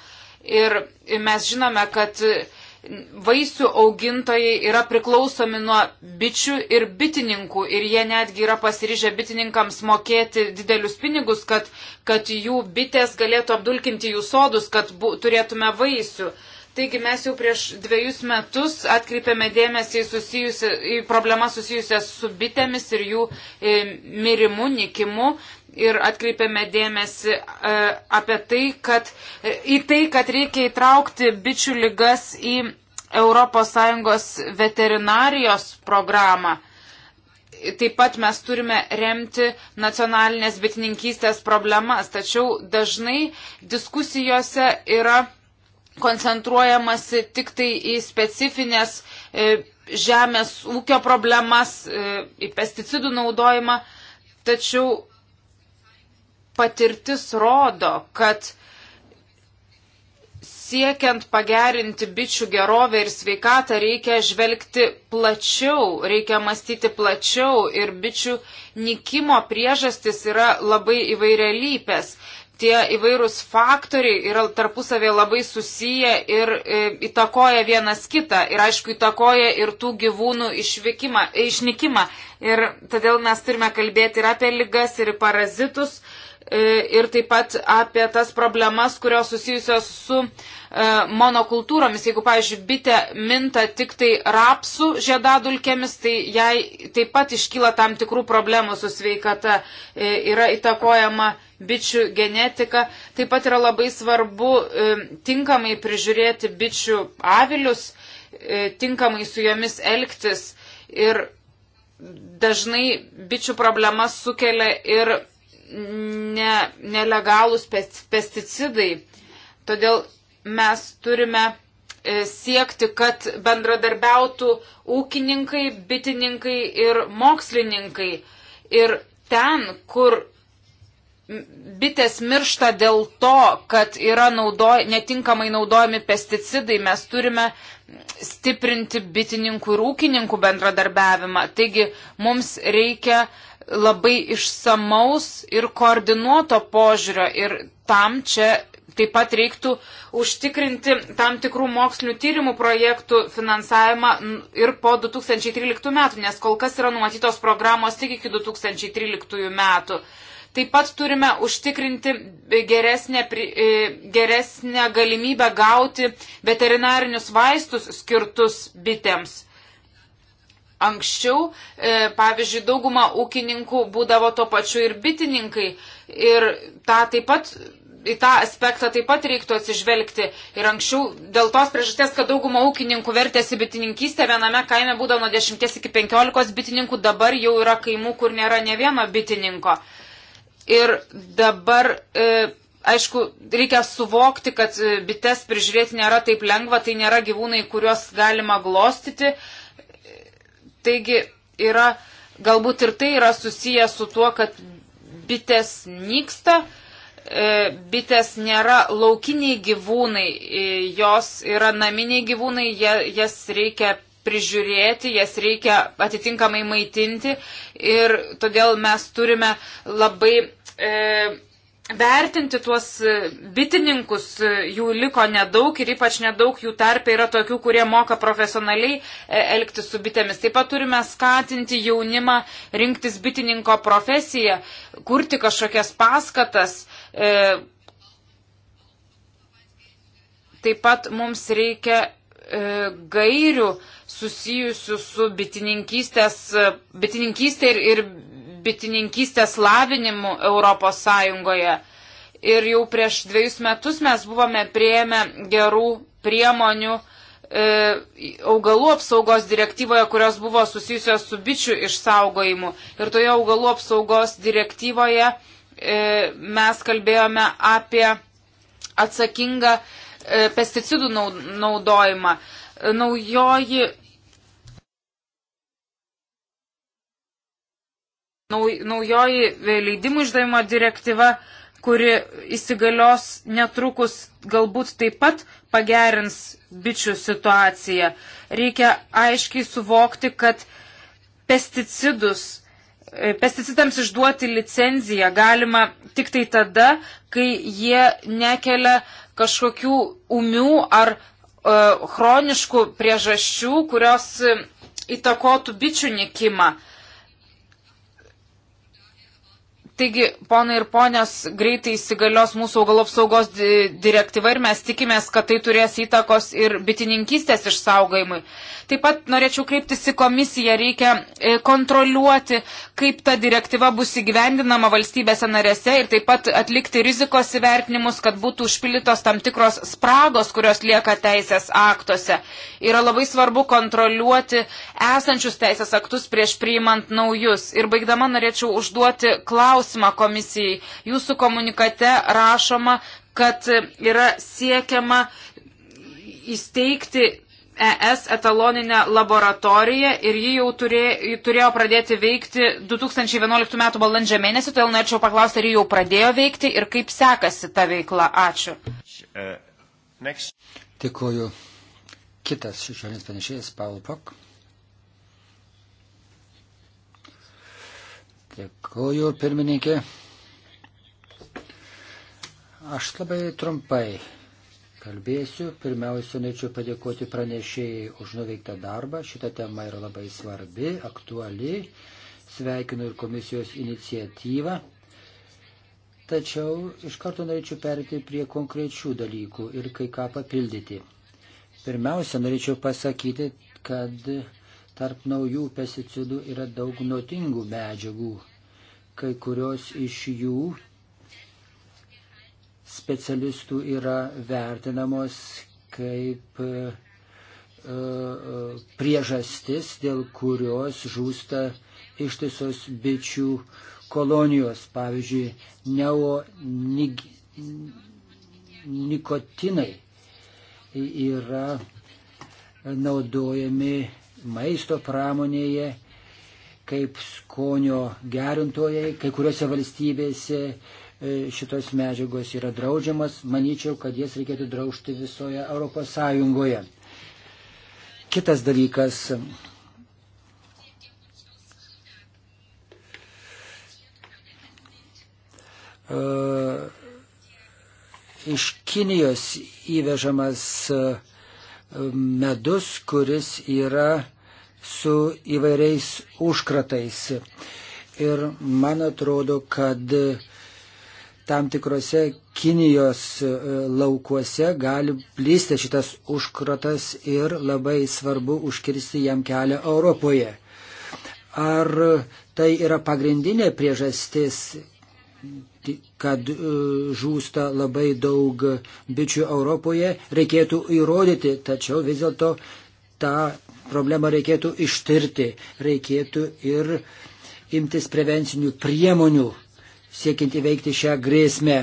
Ir mes žinome, kad vaisių augintojai yra priklausomi nuo bičių ir bitininkų ir jie netgi yra pasiryžę bitininkams mokėti didelius pinigus, kad, kad jų bitės galėtų apdulkinti jų sodus, kad bu, turėtume vaisių. Taigi mes jau prieš dviejus metus atkreipėme dėmesį į, susijusi, į problemą susijusias su bitėmis ir jų e, mirimu, nikimu. Ir atkreipėme dėmesį e, apie tai, kad, e, į tai, kad reikia įtraukti bičių lygas į ES veterinarijos programą taip pat mes turime remti nacionalinės bitininkystės problemas, tačiau dažnai diskusijose yra koncentruojamasi tik tai į specifines e, žemės ūkio problemas, e, į pesticidų naudojimą, tačiau patirtis rodo, kad siekiant pagerinti bičių gerovę ir sveikatą reikia žvelgti plačiau, reikia mąstyti plačiau ir bičių nikimo priežastis yra labai įvairialypės tie įvairūs faktoriai yra tarpusavėje labai susiję ir e, įtakoja vienas kitą ir aišku įtakoja ir tų gyvūnų išnykimą. Ir todėl mes turime kalbėti ir apie ligas, ir parazitus, e, ir taip pat apie tas problemas, kurios susijusios su e, monokultūromis. Jeigu, pavyzdžiui, bitė minta tik tai rapsų žiedadulkėmis, tai jai taip pat iškyla tam tikrų problemų su sveikata, e, yra įtakojama bičių genetiką. Taip pat yra labai svarbu e, tinkamai prižiūrėti bičių avilius, e, tinkamai su jomis elgtis. Ir dažnai bičių problemas sukelia ir ne, nelegalūs pesticidai. Todėl mes turime e, siekti, kad bendradarbiautų ūkininkai, bitininkai ir mokslininkai. Ir ten, kur bitės miršta dėl to, kad yra naudoj, netinkamai naudojami pesticidai, mes turime stiprinti bitininkų ir ūkininkų bendradarbiavimą. Taigi mums reikia labai išsamaus ir koordinuoto požiūrio ir tam čia taip pat reiktų užtikrinti tam tikrų mokslinių tyrimų projektų finansavimą ir po 2013 metų, nes kol kas yra numatytos programos tik iki 2013 metų. Taip pat turime užtikrinti geresnę, e, geresnę galimybę gauti veterinarinius vaistus skirtus bitėms. Anksčiau, e, pavyzdžiui, dauguma ūkininkų būdavo to pačiu ir bitininkai. Ir tą taip pat į tą aspektą taip pat reiktų atsižvelgti. Ir anksčiau dėl tos priežasties, kad dauguma ūkininkų vertėsi bitininkystę, viename kaime būdavo nuo 10 iki 15 bitininkų, dabar jau yra kaimų, kur nėra ne vieno bitininko. E, Ir dabar, e, aišku, reikia suvokti, kad e, bites prižiūrėti nėra taip lengva, tai nėra gyvūnai, kuriuos galima glostyti. Taigi yra, galbūt ir tai yra susiję su tuo, kad bitės nyksta, e, bitės nėra laukiniai gyvūnai, jos yra naminiai gyvūnai, jas reikia prižiūrėti, jas reikia atitinkamai maitinti ir todėl mes turime labai e, vertinti tuos e, bitininkus, e, jų liko nedaug ir ypač nedaug jų tarpe yra tokių, kurie moka profesionaliai e, elgtis su bitėmis. Taip pat turime skatinti jaunimą rinktis bitininko profesiją, kurti kažkokias paskatas. E, taip pat mums reikia E, gairių susijusių su bitininkystės, e, bitininkystė ir, ir bitininkystės lavinimu Europos Sąjungoje. Ir jau prieš dviejus metus mes buvome prieėmę gerų priemonių e, augalų apsaugos direktyvoje, kurios buvo susijusios su bičių išsaugojimu. Ir toje augalų apsaugos direktyvoje e, mes kalbėjome apie atsakingą e, E, pesticidų naudojimą. E, naujoji naujoji leidimų išdavimo direktyva, kuri įsigalios netrukus, galbūt taip pat pagerins bičių situaciją. Reikia aiškiai suvokti, kad pesticidus, e, pesticidams išduoti licenciją galima tik tai tada, kai jie nekelia uh, kažkokių umių ar e, chroniškų priežasčių, kurios e, įtakotų bičių nikimą. E, Taigi, ponai ir ponios, greitai įsigalios mūsų augalų apsaugos direktyva ir mes tikimės, kad tai turės įtakos ir bitininkystės išsaugojimui. Taip pat norėčiau kreiptis į komisiją, reikia e, kontroliuoti, kaip ta direktyva bus įgyvendinama valstybėse narėse ir taip pat atlikti rizikos įvertinimus, kad būtų užpildytos tam tikros spragos, kurios lieka teisės aktuose. Yra labai svarbu kontroliuoti esančius teisės aktus prieš priimant naujus. Ir baigdama norėčiau užduoti klausimą klausimą komisijai. Jūsų komunikate rašoma, kad yra siekiama įsteigti ES etaloninę laboratoriją ir ji jau turėjo, turėjo pradėti veikti 2011 m. balandžio mėnesį, todėl norėčiau paklausti, ar ji jau pradėjo veikti ir kaip sekasi ta veikla. Ačiū. Uh, Dėkuoju. Kitas šešionis panešėjas Paul Pok. Dėkuoju, pirmininkė. Aš labai trumpai kalbėsiu. Pirmiausia, norėčiau padėkoti pranešėjai už nuveiktą darbą. Šita tema yra labai svarbi, aktuali. Sveikinu ir komisijos iniciatyvą. Tačiau iš karto norėčiau perėti prie konkrečių dalykų ir kai ką papildyti. Pirmiausia, norėčiau pasakyti, kad Tarp naujų pesticidų yra daug nuotingų medžiagų. Kai kurios iš jų specialistų yra vertinamos kaip e, e, priežastis, dėl kurios žūsta ištisos bičių kolonijos, pavyzdžiui, neonikotinai yra naudojami maisto pramonėje, kaip skonio gerintojai, kai kuriuose valstybėse e, šitos medžiagos yra draudžiamas, manyčiau, kad jas reikėtų draužti visoje Europos Sąjungoje. Kitas dalykas. E, iš Kinijos įvežamas e, medus, kuris yra su įvairiais užkratais. Ir man atrodo, kad tam tikrose Kinijos e, laukuose gali plysti šitas užkratas ir labai svarbu užkirsti jam kelią Europoje. Ar tai yra pagrindinė priežastis kad e, žūsta labai daug bičių Europoje, reikėtų įrodyti, tačiau vis dėlto tą problemą reikėtų ištirti, reikėtų ir imtis prevencinių priemonių, siekiant įveikti šią grėsmę.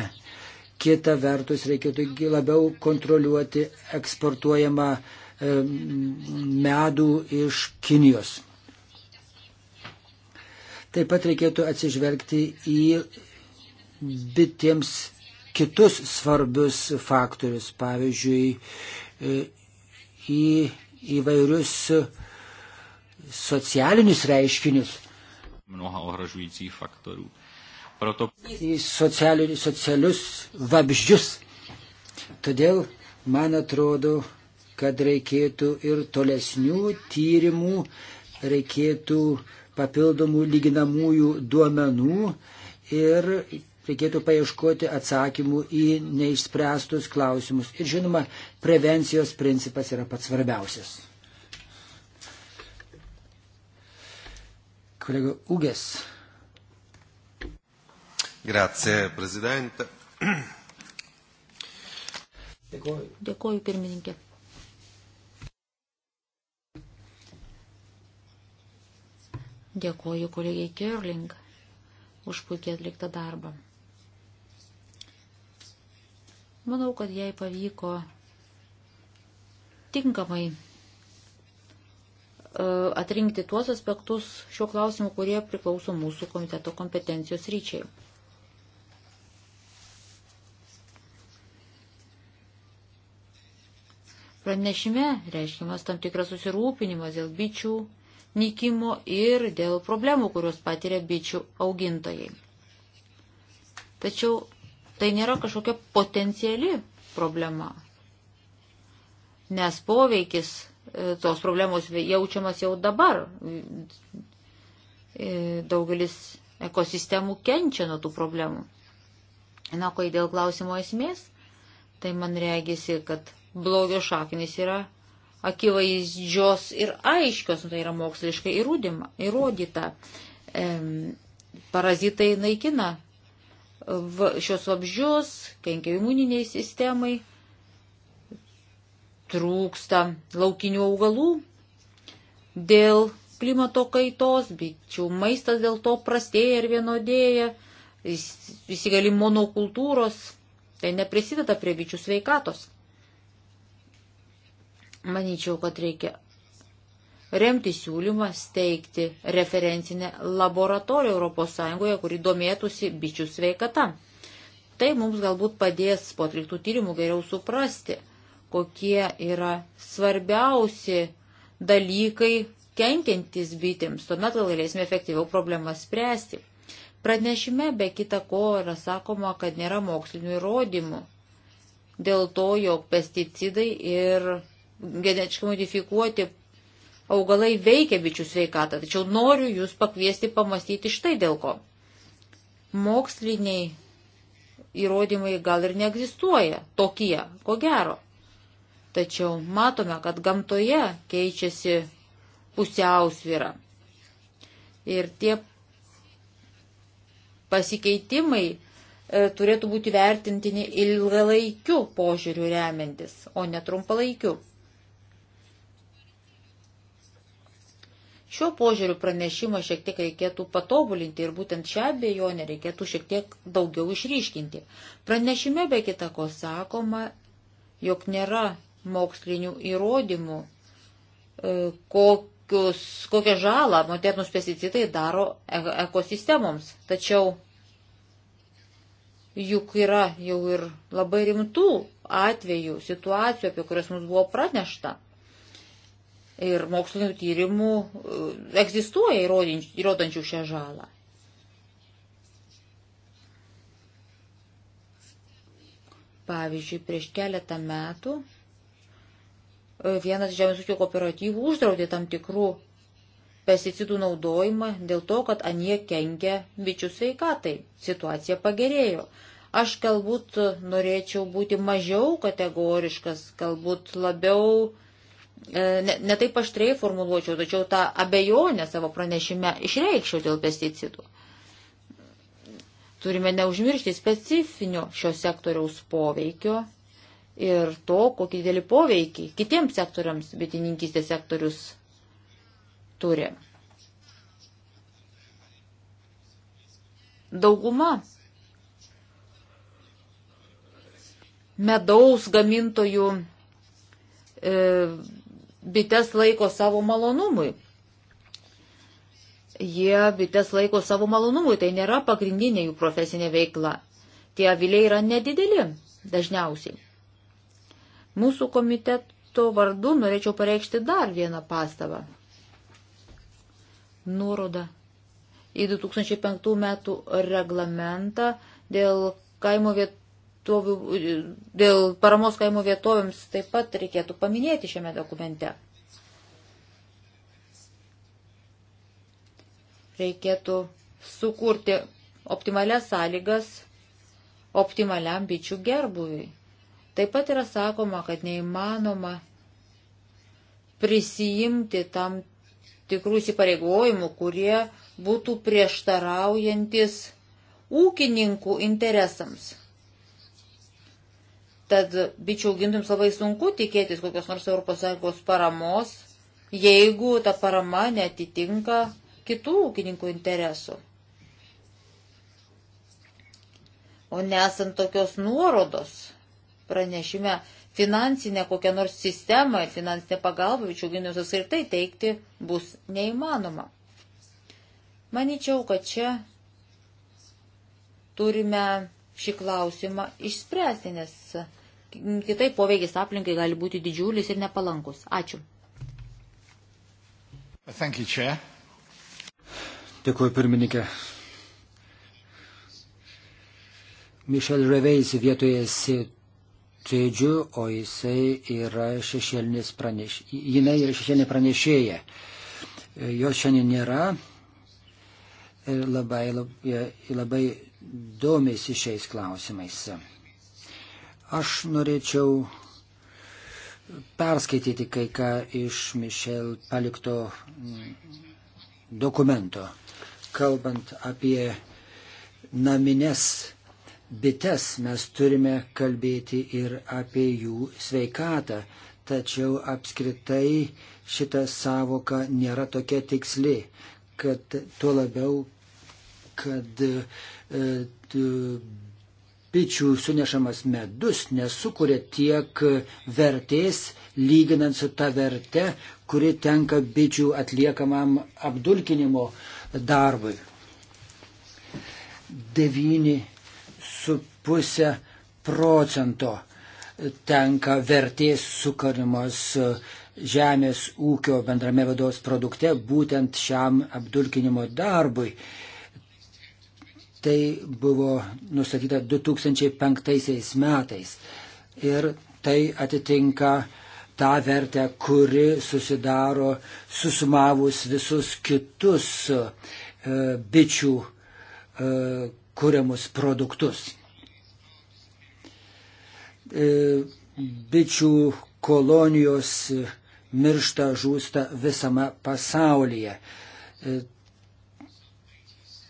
Kita vertus, reikėtų labiau kontroliuoti eksportuojamą medų iš Kinijos. Taip pat reikėtų atsižvelgti į bitiems kitus svarbius faktorius, pavyzdžiui, e, į įvairius socialinius reiškinius. Mnoha ohražující faktorų. Proto... Į socialini, socialius vabždžius. Todėl, man atrodo, kad reikėtų ir tolesnių tyrimų, reikėtų papildomų lyginamųjų duomenų ir reikėtų paieškoti atsakymų į neišspręstus klausimus. Ir žinoma, prevencijos principas yra pats svarbiausias. Kolega Ugės. Grazie, prezidente. Dėkuoju. Dėkuoju, pirmininkė. Dėkuoju kolegiai Kerling už puikiai atliktą darbą. Manau, kad jai pavyko tinkamai e, atrinkti tuos aspektus šiuo klausimu, kurie priklauso mūsų komiteto kompetencijos ryčiai. Pranešime reiškiamas tam tikras susirūpinimas dėl bičių nykimo ir dėl problemų, kurios patiria bičių augintojai. Tačiau Tai nėra kažkokia potenciali problema, nes poveikis e, tos problemos jaučiamas jau dabar. E, daugelis ekosistemų kenčia nuo tų problemų. Na, kai dėl klausimo esmės, tai man reagisi, kad blogio šaknis yra akivaizdžios ir aiškios, tai yra moksliškai įrūdyma, įrodyta. E, parazitai naikina šios vabžius, kenkia imuniniai sistemai, trūksta laukinių augalų dėl klimato kaitos, bičių maistas dėl to prastėja ir vienodėja, įsigali monokultūros, tai neprisideda prie bičių sveikatos. Manyčiau, kad reikia remti siūlymą steigti referencinę laboratoriją ES, kuri domėtųsi bičių sveikata. Tai mums galbūt padės po atliktų tyrimų geriau suprasti, kokie yra svarbiausi dalykai kenkiantis bitėms. Tuomet gal galėsime efektyviau problemas spręsti. Pranešime be kita ko yra sakoma, kad nėra mokslinių įrodymų dėl to, jog pesticidai ir genetiškai modifikuoti augalai veikia bičių sveikatą, tačiau noriu jūs pakviesti pamastyti štai dėl ko. Moksliniai įrodymai gal ir neegzistuoja tokie, ko gero. Tačiau matome, kad gamtoje keičiasi pusiausvyra. Ir tie pasikeitimai e, turėtų būti vertintini ilgalaikiu požiūriu remiantis, o ne trumpalaikiu. Šiuo požiūriu pranešimą šiek tiek reikėtų patobulinti ir būtent šią abejonę reikėtų šiek tiek daugiau išryškinti. Pranešime be kitako sakoma, jog nėra mokslinių įrodymų, e, kokius, kokią žalą modernus pesticidai daro e, ekosistemoms. Tačiau juk yra jau ir labai rimtų atvejų, situacijų, apie kurias mums buvo pranešta ir mokslinio tyrimų e, egzistuoja įrodančių šią žalą. Pavyzdžiui, prieš keletą metų e, vienas žemės ūkio kooperatyvų uždraudė tam tikrų pesticidų naudojimą dėl to, kad anie kenkia bičių sveikatai. Situacija pagerėjo. Aš galbūt norėčiau būti mažiau kategoriškas, galbūt labiau uh, E, ne, ne taip aštriai formuluočiau, tačiau tą abejonę savo pranešime išreikščiau dėl pesticidų. Turime neužmiršti specifinio šio sektoriaus poveikio ir to, kokį didelį poveikį kitiems sektoriams bitininkystės sektorius turi. Dauguma medaus gamintojų e, bites laiko savo malonumui. Jie bites laiko savo malonumui, tai nėra pagrindinė jų profesinė veikla. Tie aviliai yra nedideli dažniausiai. Mūsų komiteto vardu norėčiau pareikšti dar vieną pastabą. Nuroda į 2005 metų reglamentą dėl kaimo vietų dėl paramos kaimo vietovėms taip pat reikėtų paminėti šiame dokumente. Reikėtų sukurti optimalias sąlygas optimaliam bičių gerbuviui. Taip pat yra sakoma, kad neįmanoma prisijimti tam tikrų įsipareigojimų, kurie būtų prieštaraujantis ūkininkų interesams. Tad bičių augintojams labai sunku tikėtis kokios nors ES paramos, jeigu ta parama netitinka kitų ūkininkų interesų. O nesant tokios nuorodos pranešime finansinę kokią nors sistemą ir finansinę pagalbą bičių augintojams apskritai teikti bus neįmanoma. Maničiau, kad čia turime šį klausimą išspręsti, nes kitaip poveikis aplinkai gali būti didžiulis ir nepalankus. Ačiū. Thank you, Chair. Dėkuoju, pirmininkė. Mišel Reveis vietoje sėdžiu, o jisai yra šešėlinis pranešėjas. Jinai yra šešėlinė pranešėja. E, Jos šiandien nėra. E, labai, labai, e, labai domisi šiais klausimais. Aš norėčiau perskaityti kai ką iš Mišel palikto dokumento, kalbant apie namines bites mes turime kalbėti ir apie jų sveikatą, tačiau apskritai šita savoka nėra tokia tiksli, kad tuo labiau, kad e, bičių sunešamas medus nesukuria tiek vertės, lyginant su ta verte, kuri tenka bičių atliekamam apdulkinimo darbui. 9,5 procento tenka vertės sukūrimas žemės ūkio bendrame vados produkte būtent šiam apdulkinimo darbui. Tai buvo nustatyta 2005 metais. Ir tai atitinka tą vertę, kuri susidaro susumavus visus kitus e, bičių e, kuriamus produktus. E, bičių kolonijos miršta, žūsta visame pasaulyje. E,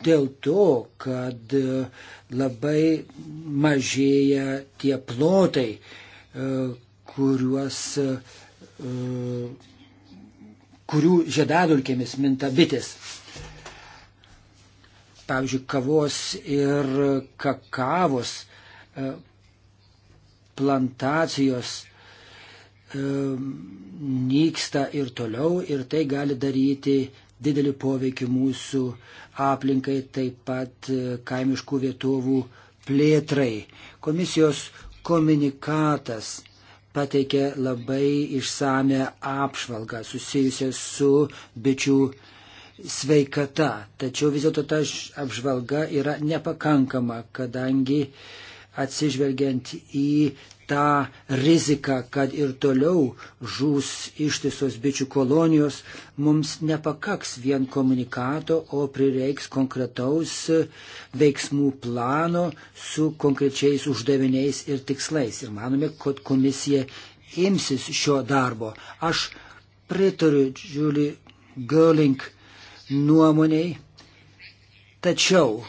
dėl to, kad e, labai mažėja tie plotai, e, kuriuos, e, kurių žiedadulkėmis minta bitės. Pavyzdžiui, kavos ir kakavos plantacijos nyksta ir toliau ir tai gali daryti didelį poveikį mūsų aplinkai, taip pat e, kaimiškų vietovų plėtrai. Komisijos komunikatas pateikė labai išsame apžvalgą susijusią su bičių sveikata. Tačiau vis dėlto ta apžvalga yra nepakankama, kadangi atsižvelgiant į tą riziką, kad ir toliau žūs ištisos bičių kolonijos, mums nepakaks vien komunikato, o prireiks konkretaus veiksmų plano su konkrečiais uždaviniais ir tikslais. Ir manome, kad komisija imsis šio darbo. Aš pritariu Julie Gerling nuomoniai, tačiau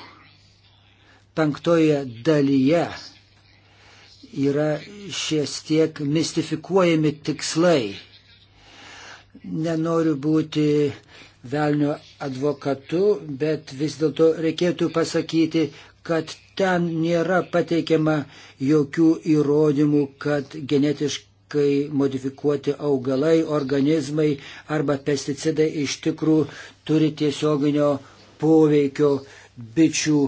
penktoje dalyje yra šies tiek mistifikuojami tikslai. Nenoriu būti velnio advokatu, bet vis dėlto reikėtų pasakyti, kad ten nėra pateikiama jokių įrodymų, kad genetiškai modifikuoti augalai, organizmai arba pesticidai iš tikrųjų turi tiesioginio poveikio bičių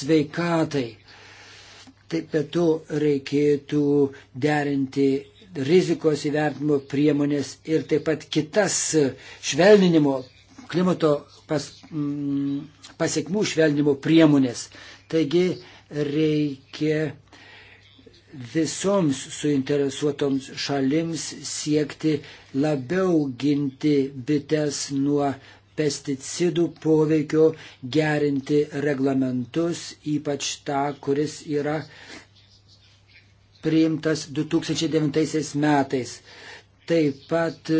sveikatai. Taip pat reikėtų derinti rizikos įvertinimo priemonės ir taip pat kitas švelninimo, klimato pas, mm, pasiekmių švelninimo priemonės. Taigi reikia visoms suinteresuotoms šalims siekti labiau ginti bites nuo pesticidų poveikio, gerinti reglamentus, ypač tą, kuris yra priimtas 2009 metais. Taip pat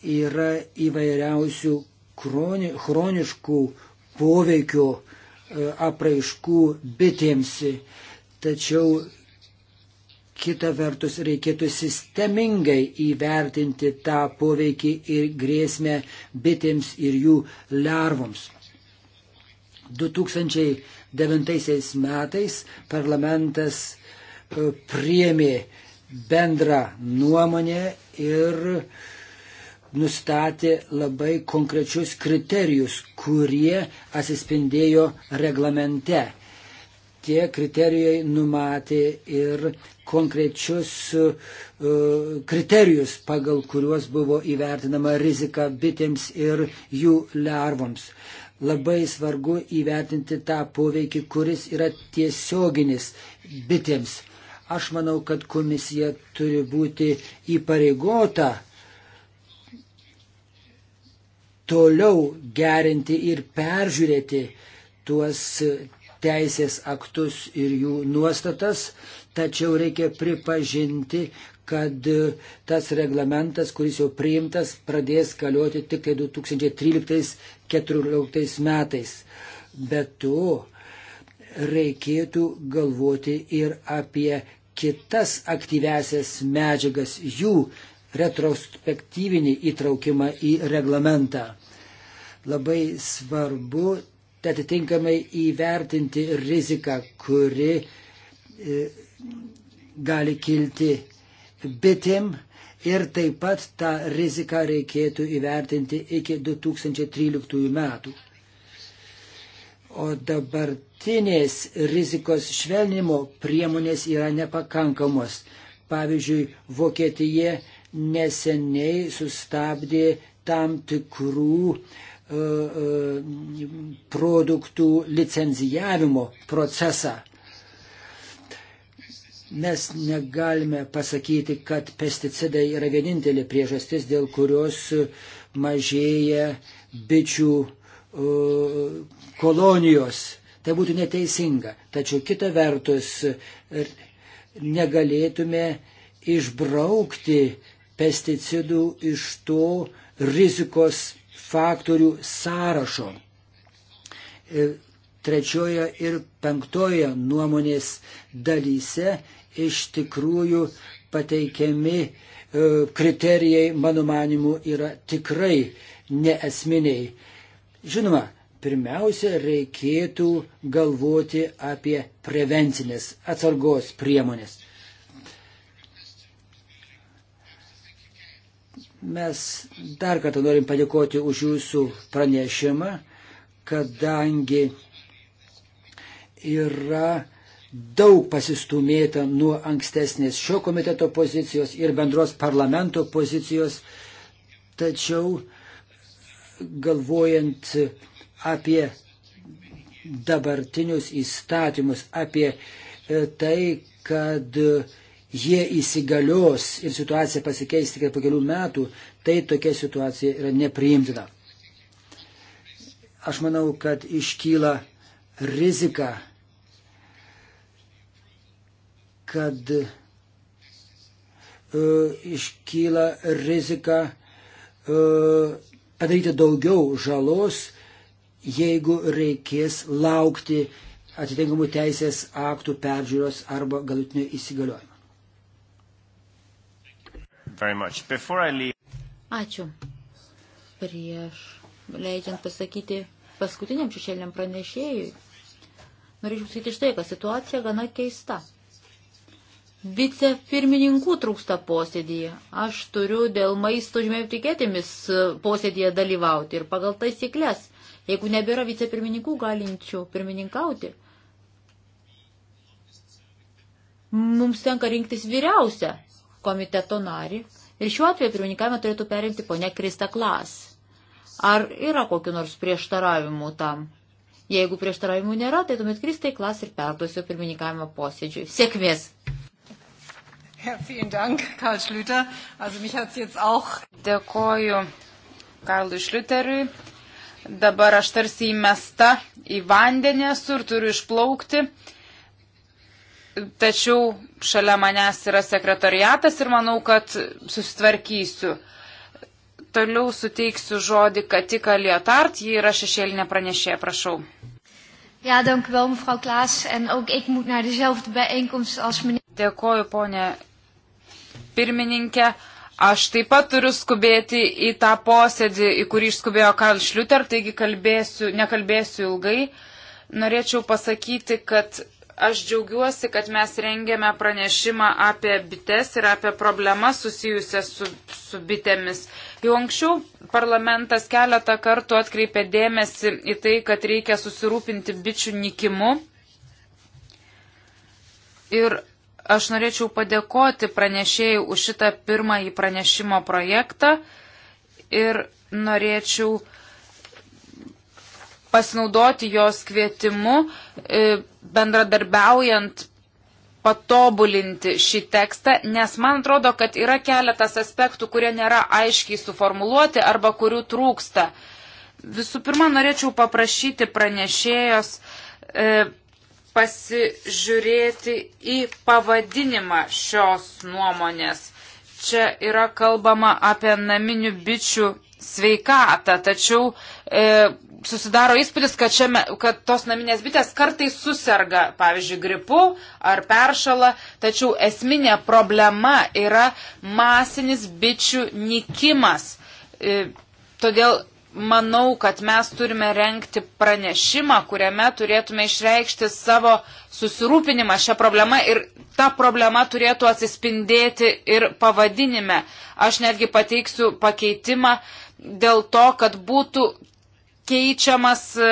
yra įvairiausių chroniškų poveikio e, apraiškų bitėms. Tačiau Kita vertus, reikėtų sistemingai įvertinti tą poveikį ir grėsmę bitėms ir jų lervoms. 2009 metais parlamentas e, priemė bendrą nuomonę ir nustatė labai konkrečius kriterijus, kurie atsispindėjo reglamente tie kriterijai numatė ir konkrečius uh, kriterijus, pagal kuriuos buvo įvertinama rizika bitėms ir jų lervoms. Labai svarbu įvertinti tą poveikį, kuris yra tiesioginis bitėms. Aš manau, kad komisija turi būti įpareigota toliau gerinti ir peržiūrėti tuos teisės aktus ir jų nuostatas, tačiau reikia pripažinti, kad e, tas reglamentas, kuris jau priimtas, pradės galioti tik 2013-2014 metais. Bet to reikėtų galvoti ir apie kitas aktyvesias medžiagas, jų retrospektyvinį įtraukimą į reglamentą. Labai svarbu atitinkamai įvertinti riziką, kuri e, gali kilti bitėm ir taip pat tą riziką reikėtų įvertinti iki 2013 metų. O dabartinės rizikos švelnimo priemonės yra nepakankamos. Pavyzdžiui, Vokietija neseniai sustabdė tam tikrų uh, E, e, produktų licenzijavimo procesą. Mes negalime pasakyti, kad pesticidai yra vienintelė priežastis, dėl kurios mažėja bičių e, kolonijos. Tai būtų neteisinga. Tačiau kita vertus, negalėtume išbraukti pesticidų iš to rizikos faktorių sąrašo. Ir trečiojo ir penktojo nuomonės dalyse iš tikrųjų pateikiami e, kriterijai, mano manimu, yra tikrai neesminiai. Žinoma, pirmiausia, reikėtų galvoti apie prevencinės atsargos priemonės. Mes dar kartą norim padėkoti už jūsų pranešimą, kadangi yra daug pasistumėta nuo ankstesnės šio komiteto pozicijos ir bendros parlamento pozicijos, tačiau galvojant apie dabartinius įstatymus, apie e, tai, kad uh, jie įsigalios ir situacija pasikeis tik po kelių metų, tai tokia situacija yra nepriimtina. Aš manau, kad iškyla rizika, kad uh, iškyla rizika uh, padaryti daugiau žalos, jeigu reikės laukti atitinkamų teisės aktų peržiūros arba galutinio įsigaliojimo very much. Before I leave... Ačiū. Prieš leidžiant pasakyti paskutiniam šešėliniam pranešėjui, norėčiau sakyti štai, kad situacija gana keista. Vice pirmininkų trūksta posėdėje. Aš turiu dėl maisto žymėjų tikėtėmis e, posėdėje dalyvauti ir pagal taisyklės. Jeigu nebėra vice pirmininkų galinčių pirmininkauti, mums tenka rinktis vyriausią komiteto narį. Ir šiuo atveju pirmininkavimą turėtų perimti ponia Krista Klas. Ar yra kokiu nors prieštaravimu tam? Jeigu prieštaravimų nėra, tai tuomet Kristai Klas ir perduosiu pirmininkavimo posėdžiui. Sėkmės! Ja, dank, Karl Schlüter. Also mich hat's jetzt auch... Dėkoju Karlui Šliuteriui. Dabar aš tarsi įmesta į vandenį esu ir turiu išplaukti tačiau šalia manęs yra sekretariatas ir manau, kad susitvarkysiu. Toliau suteiksiu žodį Katika Liotart, ji yra šešėlinė pranešėja, prašau. Ja, dank u wel, mevrouw Klaas. En ook ik moet naar dezelfde bijeenkomst als meneer. Dėkoju, ponė pirmininkė. Aš taip pat turiu skubėti į tą posėdį, į kurį išskubėjo Karl Šliuter, taigi kalbėsiu, nekalbėsiu ilgai. Norėčiau pasakyti, kad Aš džiaugiuosi, kad mes rengėme pranešimą apie bites ir apie problemas susijusias su, su bitėmis. Jau anksčiau parlamentas keletą kartų atkreipė dėmesį į tai, kad reikia susirūpinti bičių nikimu. Ir aš norėčiau padėkoti pranešėjai už šitą pirmąjį pranešimo projektą ir norėčiau pasinaudoti jos kvietimu, e, bendradarbiaujant patobulinti šį tekstą, nes man atrodo, kad yra keletas aspektų, kurie nėra aiškiai suformuluoti arba kurių trūksta. Visų pirma, norėčiau paprašyti pranešėjos e, pasižiūrėti į pavadinimą šios nuomonės. Čia yra kalbama apie naminių bičių sveikatą, tačiau e, susidaro įspūdis, kad, šiame, kad tos naminės bitės kartais susirga, pavyzdžiui, gripu ar peršala, tačiau esminė problema yra masinis bičių nikimas. E, todėl manau, kad mes turime renkti pranešimą, kuriame turėtume išreikšti savo susirūpinimą šią problemą ir ta problema turėtų atsispindėti ir pavadinime. Aš netgi pateiksiu pakeitimą dėl to, kad būtų keičiamas e,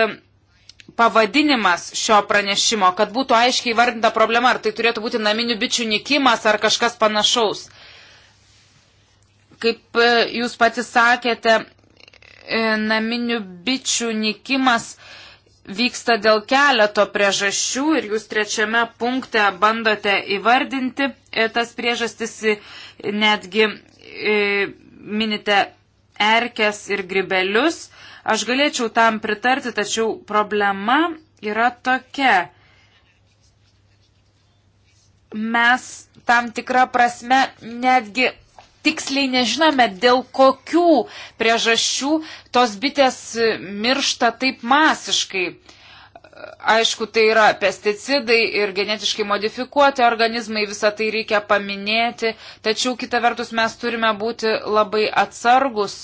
pavadinimas šio pranešimo, kad būtų aiškiai vardinta problema, ar tai turėtų būti naminių bičių nikimas ar kažkas panašaus. Kaip e, jūs patys sakėte, e, naminių bičių nikimas vyksta dėl keleto priežasčių ir jūs trečiame punkte bandote įvardinti tas priežastis, netgi minite erkes ir gribelius. Aš galėčiau tam pritarti, tačiau problema yra tokia. Mes tam tikrą prasme netgi tiksliai nežinome, dėl kokių priežasčių tos bitės miršta taip masiškai. Aišku, tai yra pesticidai ir genetiškai modifikuoti organizmai, visą tai reikia paminėti, tačiau kita vertus mes turime būti labai atsargus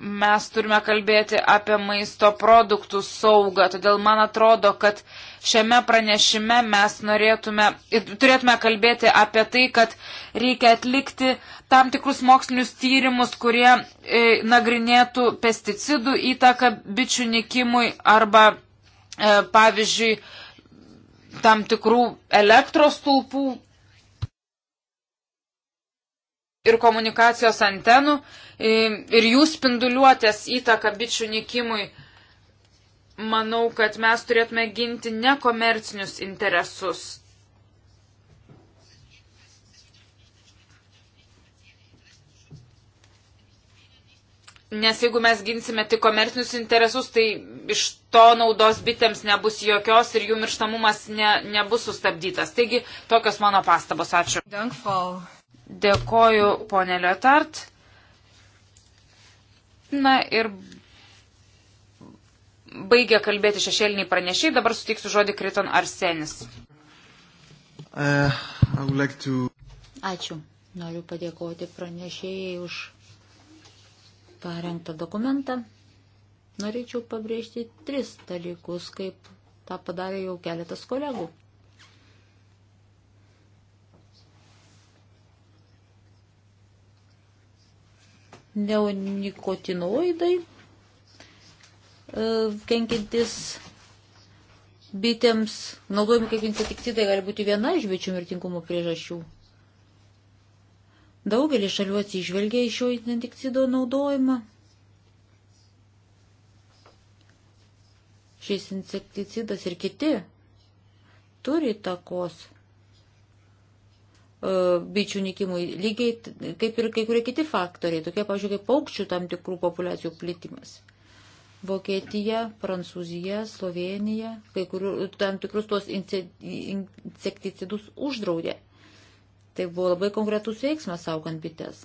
mes turime kalbėti apie maisto produktų saugą. Todėl man atrodo, kad šiame pranešime mes norėtume ir turėtume kalbėti apie tai, kad reikia atlikti tam tikrus mokslinius tyrimus, kurie e, nagrinėtų pesticidų įtaką bičių nikimui arba, e, pavyzdžiui, tam tikrų elektros stulpų ir komunikacijos antenų ir jų spinduliuotės įtaka bičių nikimui. Manau, kad mes turėtume ginti nekomercinius interesus. Nes jeigu mes ginsime tik komercinius interesus, tai iš to naudos bitėms nebus jokios ir jų mirštamumas ne, nebus sustabdytas. Taigi, tokios mano pastabos. Ačiū. Dankfall. Dėkoju, ponė Liotart. Na ir baigė kalbėti šešėliniai pranešiai, dabar sutiksiu žodį Kriton Arsenis. Uh, like to... Ačiū. Noriu padėkoti pranešėjai už parengtą dokumentą. Norėčiau pabrėžti tris dalykus, kaip tą padarė jau keletas kolegų. neonikotinoidai, e, kenkintis bitėms, naudojami kaip insekticidai, gali būti viena iš bičių mirtingumo priežasčių. Daugelį šalių atsižvelgia iš šio insekticido naudojimą. Šis insekticidas ir kiti turi takos E, bičių nikimui, lygiai kaip ir kai kurie kiti faktoriai, tokie, pažiūrėk, kaip paukščių tam tikrų populiacijų plitimas. Vokietija, Prancūzija, Slovenija, kai kurių tam tikrus tuos insekticidus uždraudė. Tai buvo labai konkretus veiksmas saugant bites.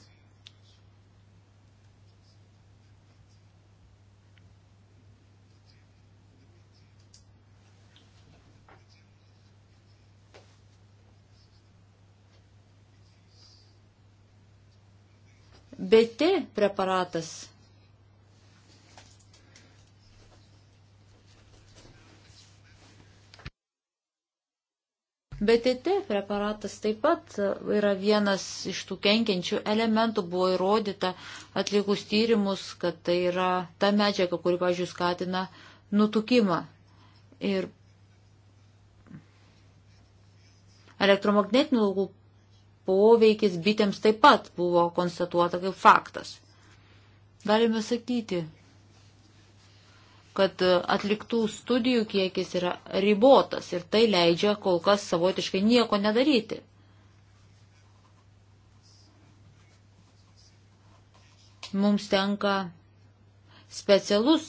BT preparatas BTT preparatas taip pat yra vienas iš tų kenkiančių elementų, buvo įrodyta atlikus tyrimus, kad tai yra ta medžiaga, kuri, pažiūrėjau, skatina nutukimą. Ir elektromagnetinių laukų poveikis bitėms taip pat buvo konstatuota kaip faktas. Galime sakyti, kad atliktų studijų kiekis yra ribotas ir tai leidžia kol kas savotiškai nieko nedaryti. Mums tenka specialus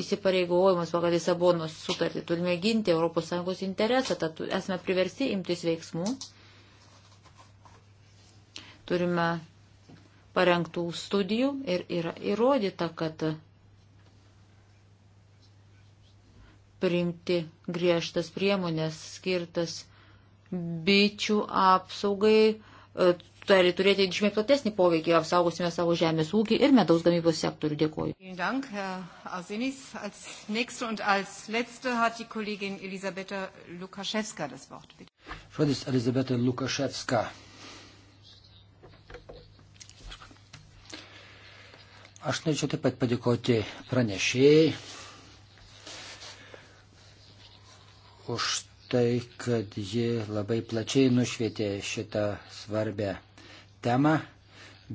įsipareigojimas pagal Lisabonos sutartį. Turime ginti ES interesą, tad esame priversti imtis veiksmų Turime parengtų studijų ir yra įrodyta, kad priimti griežtas priemonės skirtas bičių apsaugai, e, turi turėti žymiai platesnį poveikį, apsaugosime savo žemės ūkį ir medaus gamybos sektorių. Dėkuoju. Žodis Elizabeta Lukaševska. Aš norėčiau taip pat padėkoti pranešėjai už tai, kad ji labai plačiai nušvietė šitą svarbę temą.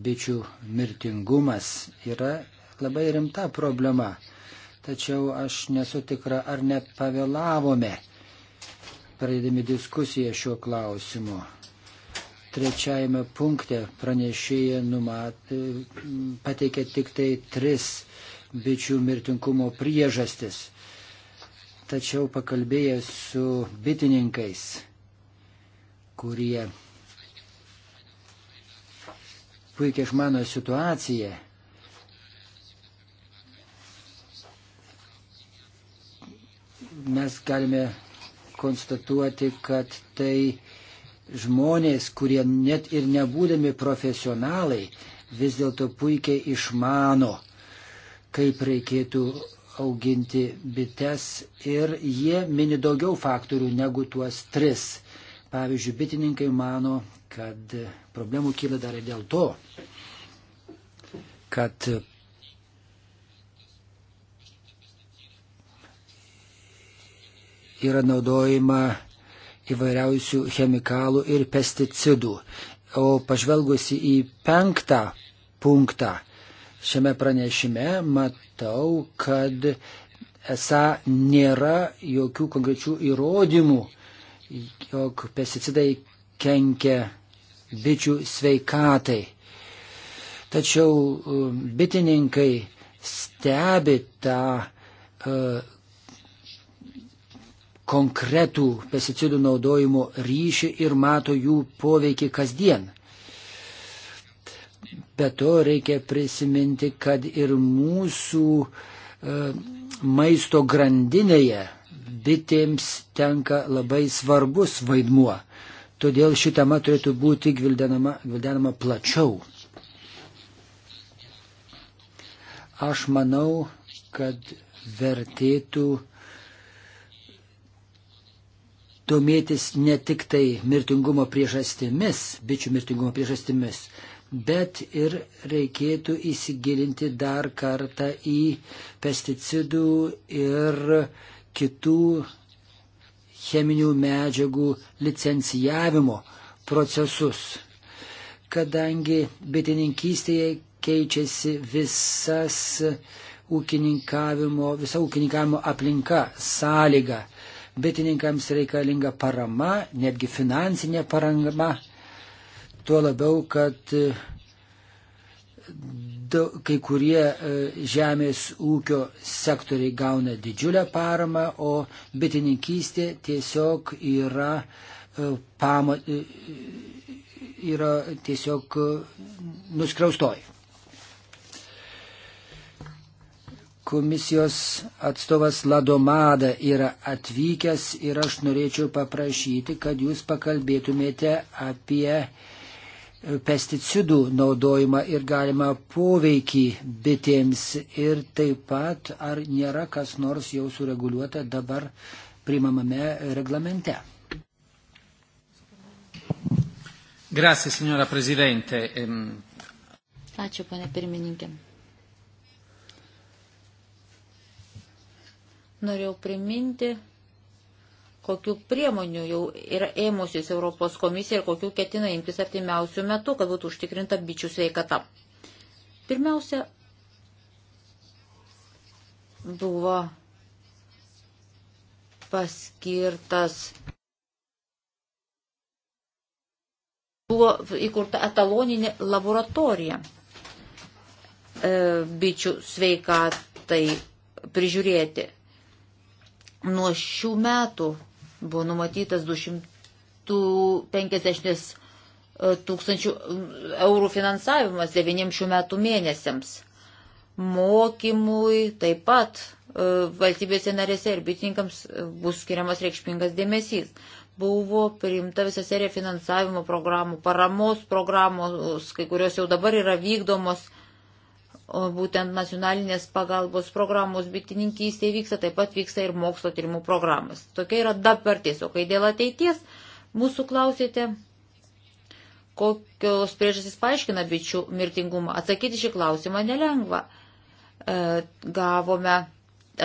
Bičių mirtingumas yra labai rimta problema. Tačiau aš nesu tikra, ar net pavėlavome, pradėdami diskusiją šiuo klausimu trečiajame punkte pranešėja numat, e, pateikė tik tai tris bičių mirtinkumo priežastis. Tačiau pakalbėjęs su bitininkais, kurie puikiai išmano situaciją, mes galime konstatuoti, kad tai žmonės, kurie net ir nebūdami profesionalai, vis dėlto puikiai išmano, kaip reikėtų auginti bites ir jie mini daugiau faktorių negu tuos tris. Pavyzdžiui, bitininkai mano, kad problemų kyla dar ir dėl to, kad yra naudojama įvairiausių chemikalų ir pesticidų. O pažvelgusi į penktą punktą šiame pranešime, matau, kad esą nėra jokių konkrečių įrodymų, jog pesticidai kenkia bičių sveikatai. Tačiau um, bitininkai stebi tą uh, konkretų pesticidų naudojimo ryšį ir mato jų poveikį kasdien. Be to reikia prisiminti, kad ir mūsų e, maisto grandinėje bitėms tenka labai svarbus vaidmuo. Todėl ši tema turėtų būti gvildenama, gvildenama plačiau. Aš manau, kad vertėtų domėtis ne tik tai mirtingumo priežastimis, bičių mirtingumo priežastimis, bet ir reikėtų įsigilinti dar kartą į pesticidų ir kitų cheminių medžiagų licencijavimo procesus. Kadangi bitininkystėje keičiasi visas ūkininkavimo, visa ūkininkavimo aplinka, sąlyga bitininkams reikalinga parama, netgi finansinė parama. Tuo labiau, kad e, kai kurie e, žemės ūkio sektoriai gauna didžiulę paramą, o bitininkystė tiesiog yra, e, pama, yra tiesiog nuskriaustoji. komisijos atstovas Ladomada yra atvykęs ir aš norėčiau paprašyti, kad jūs pakalbėtumėte apie pesticidų naudojimą ir galimą poveikį bitėms ir taip pat ar nėra kas nors jau sureguliuota dabar primamame reglamente. Grazie, signora Presidente. Ehm, Ačiū, ponė pirmininkė. norėjau priminti, kokiu priemonių jau yra ėmusius Europos komisija ir kokiu ketina imtis artimiausių metų, kad būtų užtikrinta bičių sveikata. Pirmiausia, buvo paskirtas. Buvo įkurta etaloninė laboratorija e, bičių sveikatai prižiūrėti. Nuo šių metų buvo numatytas 250 e, tūkstančių eurų finansavimas devynim šių metų mėnesiams. Mokymui taip pat e, valstybėse narėse ir bitininkams e, bus skiriamas reikšmingas dėmesys. Buvo priimta visa serija finansavimo programų, paramos programos, kai kurios jau dabar yra vykdomos būtent nacionalinės pagalbos programos bitininkystėje vyksta, taip pat vyksta ir mokslo tyrimų programas. Tokia yra dabar tiesiog, kai dėl ateities mūsų klausėte, kokios priežastys paaiškina bičių mirtingumą. Atsakyti šį klausimą nelengva. E, gavome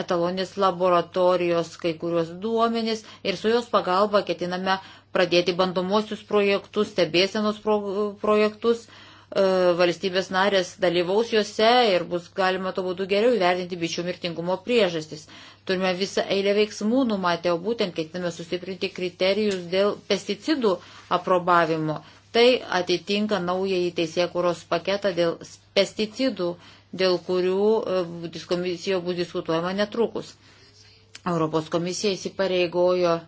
etalonės laboratorijos kai kurios duomenys ir su jos pagalba ketiname pradėti bandomosius projektus, stebėsenos pro, projektus. E, E, valstybės narės dalyvaus juose ir bus galima to būdu geriau įvertinti bičių mirtingumo priežastis. Turime visą eilę veiksmų numatę, o būtent ketiname sustiprinti kriterijus dėl pesticidų aprobavimo. Tai atitinka naująjį teisėkūros paketą dėl pesticidų, dėl kurių e, komisijoje bus diskutuojama netrukus. Europos komisija įsipareigojo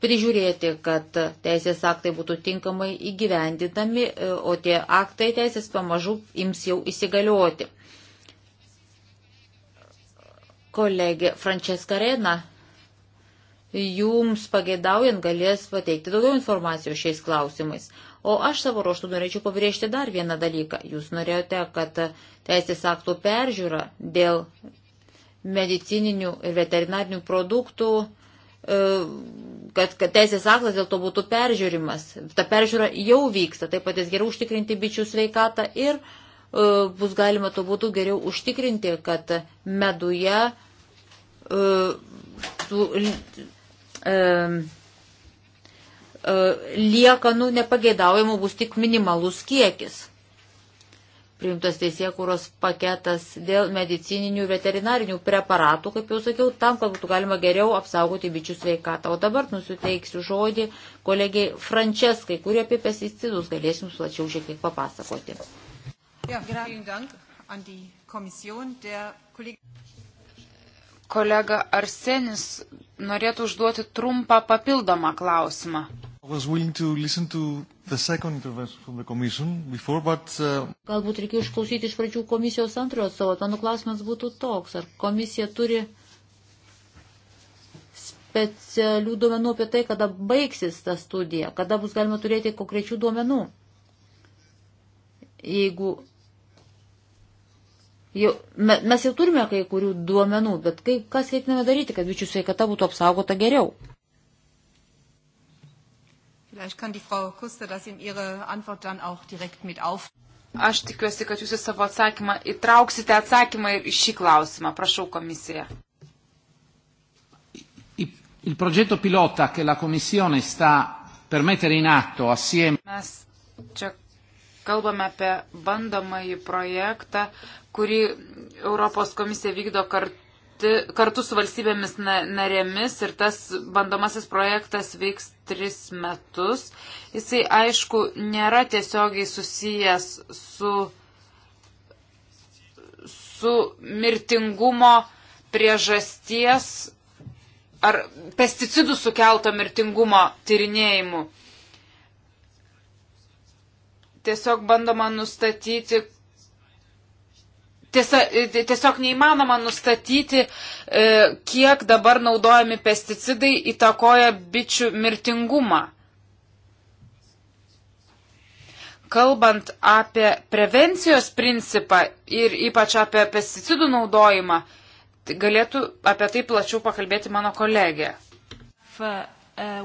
prižiūrėti, kad teisės aktai būtų tinkamai įgyvendinami, e, o tie aktai teisės pamažu ims jau įsigalioti. Kolegė Franceska Rena, jums pageidaujant galės pateikti daugiau informacijos šiais klausimais. O aš savo ruoštų norėčiau pabrėžti dar vieną dalyką. Jūs norėjote, kad teisės aktų peržiūra dėl medicininių ir veterinarinių produktų e, kad, kad teisės aktas dėl to būtų peržiūrimas. Ta peržiūra jau vyksta, taip pat jis geriau užtikrinti bičių sveikatą ir uh, bus galima to būtų geriau užtikrinti, kad meduje uh, tų, uh, liekanų nepageidaujamų bus tik minimalus kiekis priimtas teisėkūros paketas dėl medicininių ir veterinarinių preparatų, kaip jau sakiau, tam, kad būtų galima geriau apsaugoti bičių sveikatą. O dabar nusiteiksiu žodį kolegiai Franceskai, kurie apie pesticidus galės jums plačiau šiek tiek papasakoti. Ja, Kolega Arsenis norėtų užduoti trumpą papildomą klausimą. Before, but, uh... Galbūt reikia išklausyti iš pradžių komisijos antrojo atstovo. Mano klausimas būtų toks, ar komisija turi specialių duomenų apie tai, kada baigsis ta studija, kada bus galima turėti konkrečių duomenų. Jeigu jau, mes jau turime kai kurių duomenų, bet kaip, kas ketiname daryti, kad bičių sveikata būtų apsaugota geriau. Vielleicht kann die Frau Kuster das in ihre Antwort dann auch direkt mit auf. Aš tikiuosi, kad jūs į savo atsakymą įtrauksite atsakymą į šį klausimą. Prašau komisiją. Il progetto pilota che la Commissione sta per mettere in atto assieme. Mes čia kalbame apie bandomąjį projektą, kurį Europos komisija vykdo kartu karti, kartu su valstybėmis narėmis ir tas bandomasis projektas veiks tris metus. Jisai aišku nėra tiesiogiai susijęs su, su mirtingumo priežasties ar pesticidų sukelto mirtingumo tyrinėjimu. Tiesiog bandoma nustatyti, tiesa, e, tiesiog neįmanoma nustatyti, e, kiek dabar naudojami pesticidai įtakoja bičių mirtingumą. Kalbant apie prevencijos principą ir ypač apie pesticidų naudojimą, tai galėtų apie tai plačiau pakalbėti mano kolegė. E,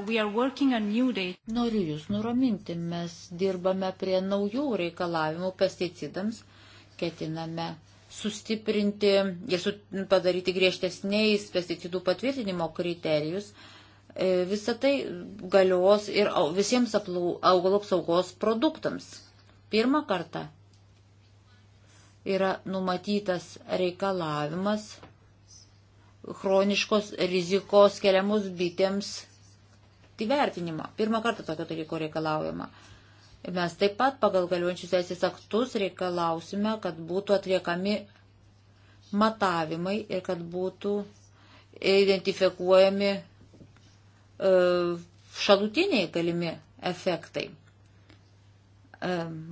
Noriu Jūs nuraminti, mes dirbame prie naujų reikalavimų pesticidams, ketiname sustiprinti ir su, padaryti griežtesniais pesticidų patvirtinimo kriterijus. E, Visą tai galios ir visiems augalų apsaugos produktams. Pirmą kartą yra numatytas reikalavimas chroniškos rizikos keliamus bitėms įvertinimą. Pirmą kartą tokio dalyko reikalaujama. Mes taip pat pagal galiuojančius teisės aktus reikalausime, kad būtų atliekami matavimai ir kad būtų identifikuojami e, šalutiniai galimi efektai. E,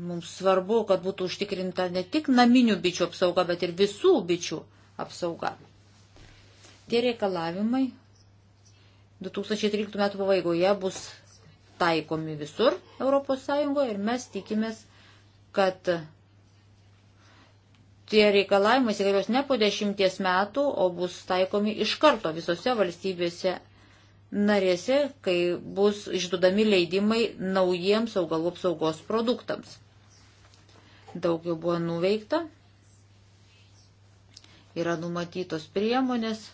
mums svarbu, kad būtų užtikrinta ne tik naminių bičių apsauga, bet ir visų bičių apsauga. Tie reikalavimai 2013 metų pabaigoje bus taikomi visur ES ir mes tikimės, kad tie reikalavimai įsigalios ne po dešimties metų, o bus taikomi iš karto visose valstybėse narėse, kai bus išduodami leidimai naujiems augalų apsaugos produktams. Daug jau buvo nuveikta, yra numatytos priemonės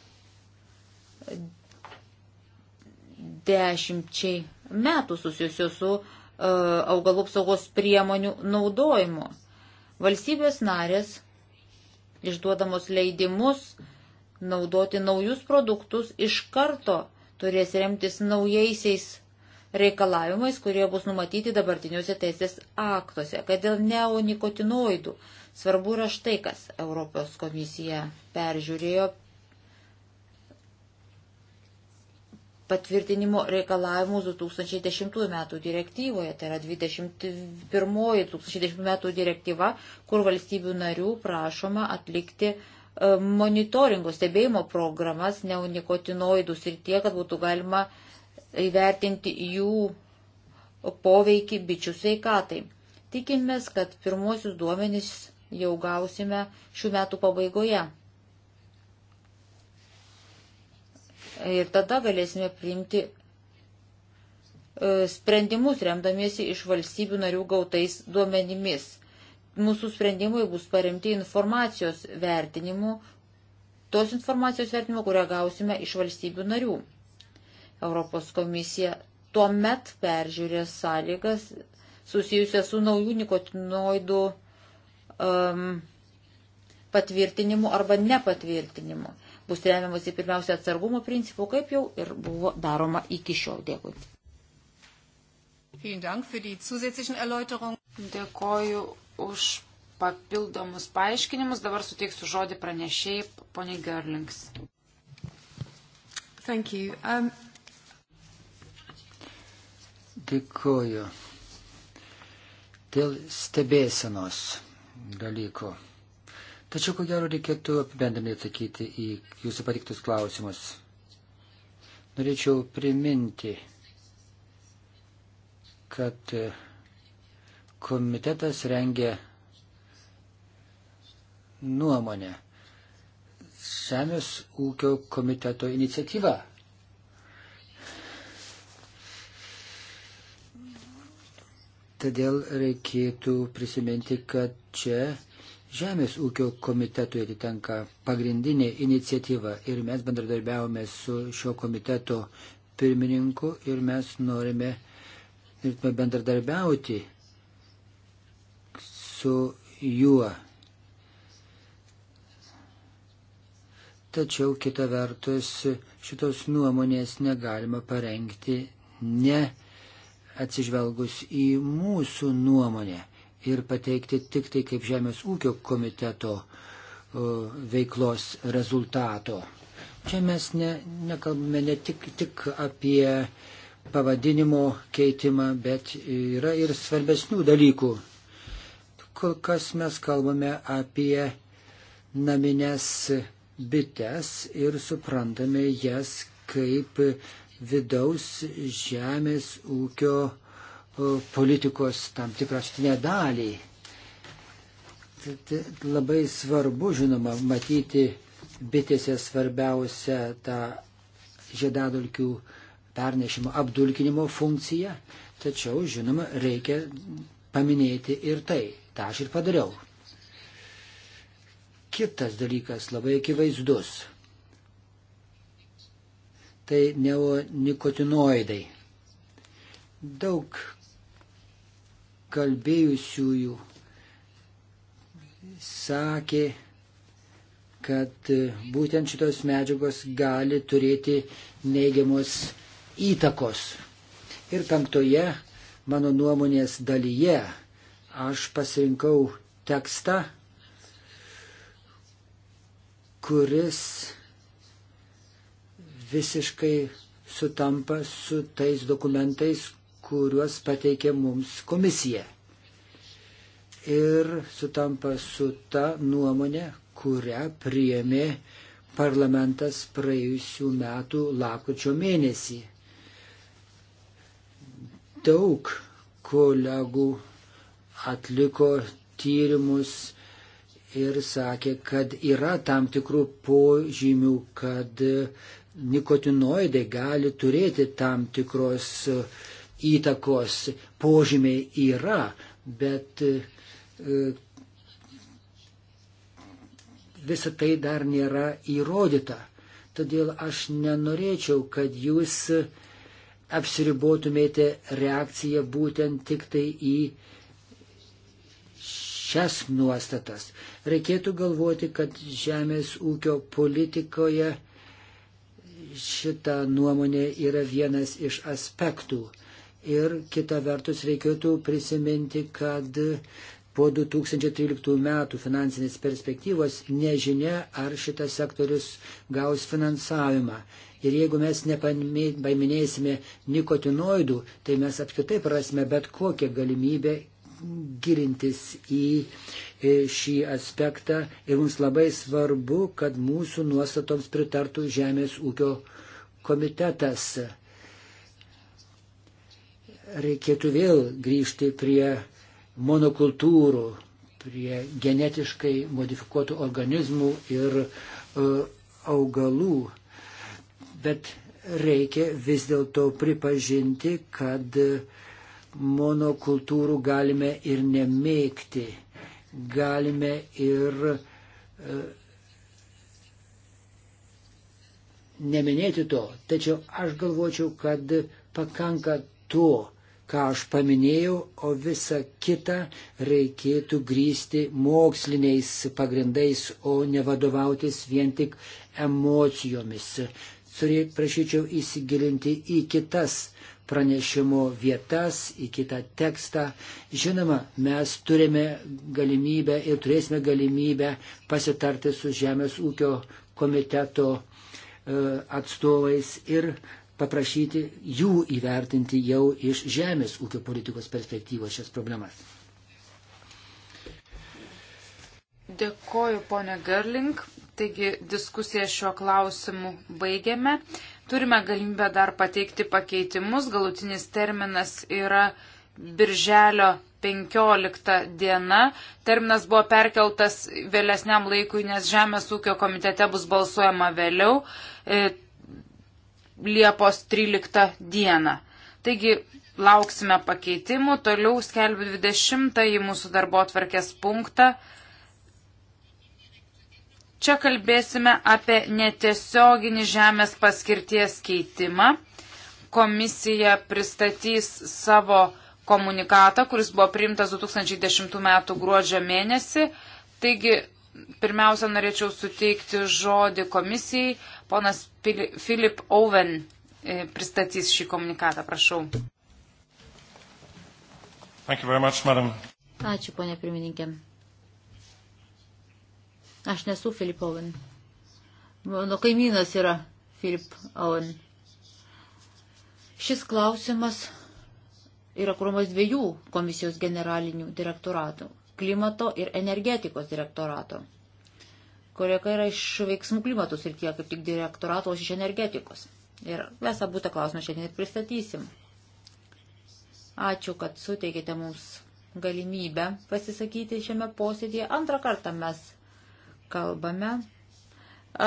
dešimčiai metų susijusių su uh, augalų apsaugos priemonių naudojimu. Valstybės narės išduodamos leidimus naudoti naujus produktus iš karto turės remtis naujaisiais reikalavimais, kurie bus numatyti dabartiniuose teisės aktuose, kad dėl neonikotinoidų svarbu yra štai, kas Europos komisija peržiūrėjo patvirtinimo reikalavimus 2010 metų direktyvoje, tai yra 21-2010 metų direktyva, kur valstybių narių prašoma atlikti e, monitoringo stebėjimo programas neonikotinoidus ir tie, kad būtų galima įvertinti jų poveikį bičių sveikatai. Tikimės, kad pirmosius duomenys jau gausime šių metų pabaigoje. Ir tada galėsime priimti e, sprendimus remdamiesi iš valstybių narių gautais duomenimis. Mūsų sprendimai bus paremti informacijos vertinimu, tos informacijos vertinimu, kurią gausime iš valstybių narių. Europos komisija tuo met peržiūrės sąlygas susijusias su naujų nikotinoidų um, patvirtinimu arba nepatvirtinimu bus remiamasi pirmiausia atsargumo principų, kaip jau ir buvo daroma iki šiol. Dėkui. Dėkoju už papildomus paaiškinimus. Dabar suteiksiu žodį pranešėjai, poniai Gerlings. Um... Dėkoju. Dėl stebėsenos dalyko. Tačiau, ko gero, reikėtų apibendrinai atsakyti į jūsų patiktus klausimus. Norėčiau priminti, kad e, komitetas rengia nuomonę Žemės ūkio komiteto iniciatyva. Todėl reikėtų prisiminti, kad čia Žemės ūkio komitetui atitenka pagrindinė iniciatyva ir mes bendradarbiavome su šio komiteto pirmininku ir mes norime bendradarbiauti su juo. Tačiau kita vertus šitos nuomonės negalima parengti ne atsižvelgus į mūsų nuomonę ir pateikti tik tai kaip Žemės ūkio komiteto veiklos rezultato. Čia mes ne, nekalbame ne tik, tik apie pavadinimo keitimą, bet yra ir svarbesnių dalykų. Kol kas mes kalbame apie naminės bites ir suprantame jas kaip vidaus žemės ūkio uh, politikos tam tikrą šitinę dalį. Labai svarbu, žinoma, matyti bitėse svarbiausią tą žiedadulkių pernešimo apdulkinimo funkciją, tačiau, žinoma, reikia paminėti ir tai. Ta aš ir padariau. Kitas dalykas labai akivaizdus. Tai neonikotinoidai. Daug kalbėjusiųjų sakė, kad e, būtent šitos medžiagos gali turėti neigiamos įtakos. Ir penktoje mano nuomonės dalyje aš pasirinkau tekstą, kuris visiškai sutampa su tais dokumentais, kuriuos pateikė mums komisija. Ir sutampa su ta nuomonė, kurią priėmė parlamentas praėjusių metų lakučio mėnesį. Daug kolegų atliko tyrimus ir sakė, kad yra tam tikrų požymių, kad nikotinoidai gali turėti tam tikros uh, įtakos požymiai yra, bet e, visą tai dar nėra įrodyta. Todėl aš nenorėčiau, kad jūs apsiribotumėte reakciją būtent tik tai į šias nuostatas. Reikėtų galvoti, kad žemės ūkio politikoje šita nuomonė yra vienas iš aspektų ir kita vertus reikėtų prisiminti, kad po 2013 metų finansinės perspektyvos nežinia, ar šitas sektorius gaus finansavimą. Ir jeigu mes nepaiminėsime nikotinoidų, tai mes apskritai prarasime bet kokią galimybę gilintis į šį aspektą ir mums labai svarbu, kad mūsų nuostatoms pritartų Žemės ūkio komitetas reikėtų vėl grįžti prie monokultūrų, prie genetiškai modifikuotų organizmų ir e, augalų. Bet reikia vis dėlto pripažinti, kad monokultūrų galime ir nemėgti, galime ir e, neminėti to. Tačiau aš galvočiau, kad pakanka to, ką aš paminėjau, o visa kita reikėtų grįsti moksliniais pagrindais, o ne vadovautis vien tik emocijomis. Prašyčiau įsigilinti į kitas pranešimo vietas, į kitą tekstą. Žinoma, mes turime galimybę ir turėsime galimybę pasitarti su Žemės ūkio komiteto e, atstovais ir paprašyti jų įvertinti jau iš žemės ūkio politikos perspektyvos šias problemas. Dėkoju, ponė Gerling. Taigi diskusiją šiuo klausimu baigiame. Turime galimybę dar pateikti pakeitimus. Galutinis terminas yra birželio 15 diena. Terminas buvo perkeltas vėlesniam laikui, nes Žemės ūkio komitete bus balsuojama vėliau. E, Liepos 13 dieną. Taigi lauksime pakeitimų, toliau skelbiu 20 į mūsų darbo atvarkės punktą. Čia kalbėsime apie netiesioginį žemės paskirties keitimą. Komisija pristatys savo komunikatą, kuris buvo priimtas 2010 m. gruodžio mėnesį. Taigi, pirmiausia, norėčiau suteikti žodį komisijai. Ponas Filip Owen e, pristatys šį komunikatą, prašau. Much, madam. Ačiū, ponė pirmininkė. Aš nesu Filip Owen. Mano kaimynas yra Filip Owen. Šis klausimas yra kūromas dviejų komisijos generalinių direktoratų - klimato ir energetikos direktorato. Kolega yra iš veiksmų klimatos ir tie, kaip tik direktorato iš energetikos. Ir mes abu tą klausimą šiandien ir pristatysim. Ačiū, kad suteikėte mums galimybę pasisakyti šiame posėdėje. Antrą kartą mes kalbame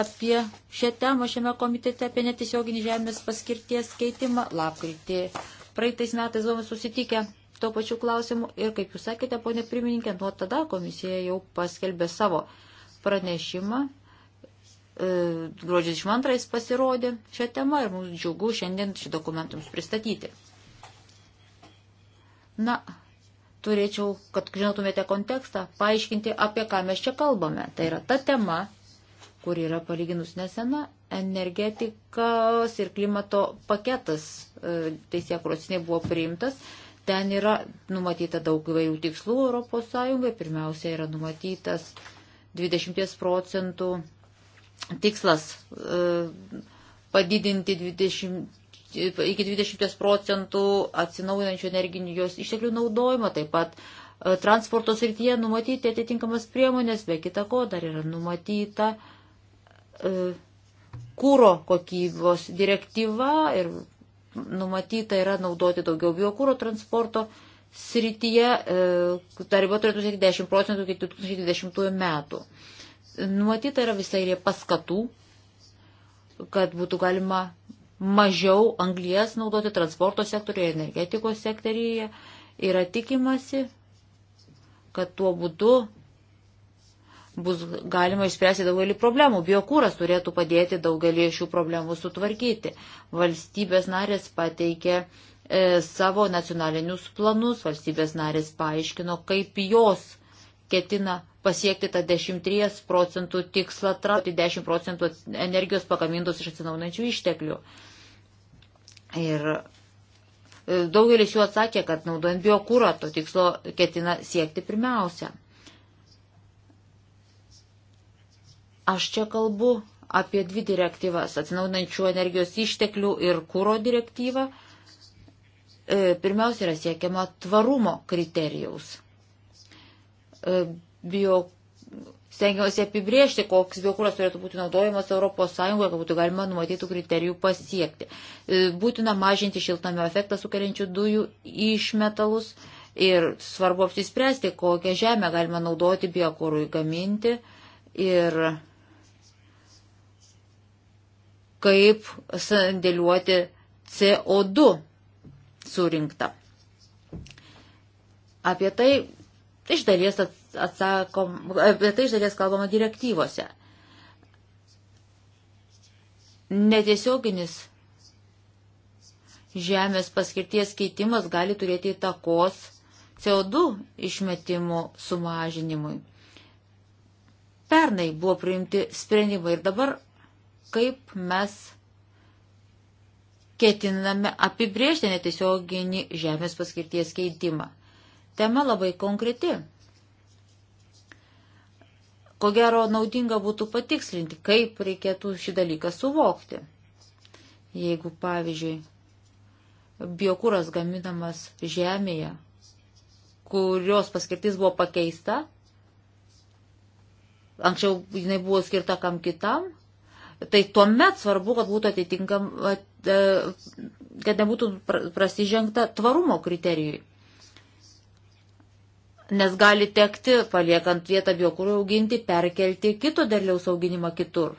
apie šią temą šiame komitete, apie netiesioginį žemės paskirties keitimą. Lapkritį praeitais metais buvome susitikę tuo pačiu klausimu ir, kaip jūs sakėte, ponė pirmininkė, nuo tada komisija jau paskelbė savo pranešimą. E, gruodžio 22 pasirodė šią temą ir mums džiugu šiandien šį dokumentą jums pristatyti. Na, turėčiau, kad žinotumėte kontekstą, paaiškinti, apie ką mes čia kalbame. Tai yra ta tema, kur yra palyginus nesena energetikas ir klimato paketas e, teisėkurosinė buvo priimtas. Ten yra numatyta daug įvairių tikslų ES, pirmiausia yra numatytas 20 procentų tikslas e, padidinti 20, iki 20 procentų atsinaujinančių energinių jos išteklių naudojimą, taip pat e, transporto srityje numatyti atitinkamas priemonės, be kita ko dar yra numatyta e, kūro kokybos direktyva ir numatyta yra naudoti daugiau biokūro transporto srityje, ta riba turėtų siekti 10 procentų iki 2020 metų. Numatyta yra visai ir paskatų, kad būtų galima mažiau anglies naudoti transporto sektoriuje, energetikos sektoriuje. Yra tikimasi, kad tuo būdu bus galima išspręsti daugelį problemų. Biokūras turėtų padėti daugelį šių problemų sutvarkyti. Valstybės narės pateikė uh, E, savo nacionalinius planus, valstybės narės paaiškino, kaip jos ketina pasiekti tą 10 procentų tikslą, traukti 10 procentų energijos pagamintos iš atsinaunančių išteklių. Ir e, daugelis jų atsakė, kad naudojant biokūrą to tikslo ketina siekti pirmiausia. Aš čia kalbu apie dvi direktyvas - atsinaudinančių energijos išteklių ir kūro direktyvą. E, pirmiausia yra siekiama tvarumo kriterijaus. E, bio, stengiamasi apibriežti, koks biokuras turėtų būti naudojamas ES, kad būtų galima numatytų kriterijų pasiekti. E, būtina mažinti šiltnamio efektą sukeliančių dujų išmetalus ir svarbu apsispręsti, kokią žemę galima naudoti biokurui gaminti ir kaip sandėliuoti CO2 surinkta. Apie tai iš dalies, atsakom, apie tai iš dalies kalbama direktyvose. Netiesioginis žemės paskirties keitimas gali turėti įtakos CO2 išmetimo sumažinimui. Pernai buvo priimti sprendimai ir dabar kaip mes ketiname apibriežti netiesioginį žemės paskirties keitimą. Tema labai konkreti. Ko gero, naudinga būtų patikslinti, kaip reikėtų šį dalyką suvokti. Jeigu, pavyzdžiui, biokūras gaminamas žemėje, kurios paskirtis buvo pakeista, anksčiau jinai buvo skirta kam kitam, tai tuomet svarbu, kad būtų atitinkam, e, kad nebūtų prasižengta tvarumo kriterijui. Nes gali tekti, paliekant vietą biokūrų auginti, perkelti kito derliaus auginimą kitur.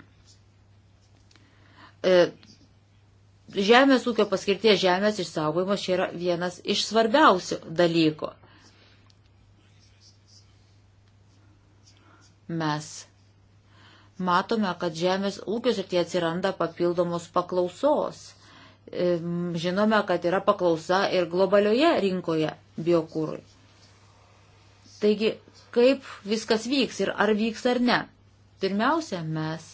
E, žemės ūkio paskirties žemės išsaugojimas čia yra vienas iš svarbiausių dalykų. Mes matome, kad žemės ūkios ir tie atsiranda papildomos paklausos. Žinome, kad yra paklausa ir globalioje rinkoje biokūrui. Taigi, kaip viskas vyks ir ar vyks ar ne? Pirmiausia, mes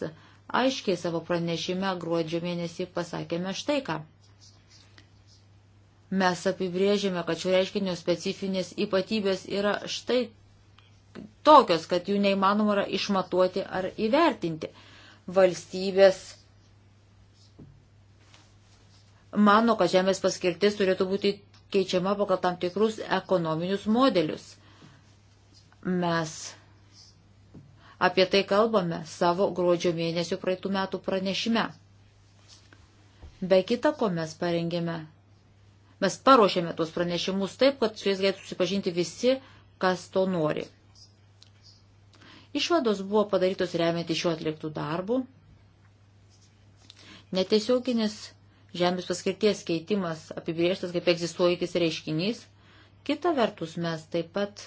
aiškiai savo pranešime gruodžio mėnesį pasakėme štai ką. Mes apibrėžėme, kad šio reiškinio specifinės ypatybės yra štai tokios, kad jų neįmanoma yra išmatuoti ar įvertinti. Valstybės mano, kad žemės paskirtis turėtų būti keičiama pagal tam tikrus ekonominius modelius. Mes apie tai kalbame savo gruodžio mėnesio praeitų metų pranešime. Be kita ko mes parengėme. Mes paruošėme tuos pranešimus taip, kad su jais galėtų susipažinti visi, kas to nori. Išvados buvo padarytos remianti šiuo atliktų darbų. Netiesioginis žemės paskirties keitimas apibrieštas kaip egzistuojantis reiškinys. Kita vertus mes taip pat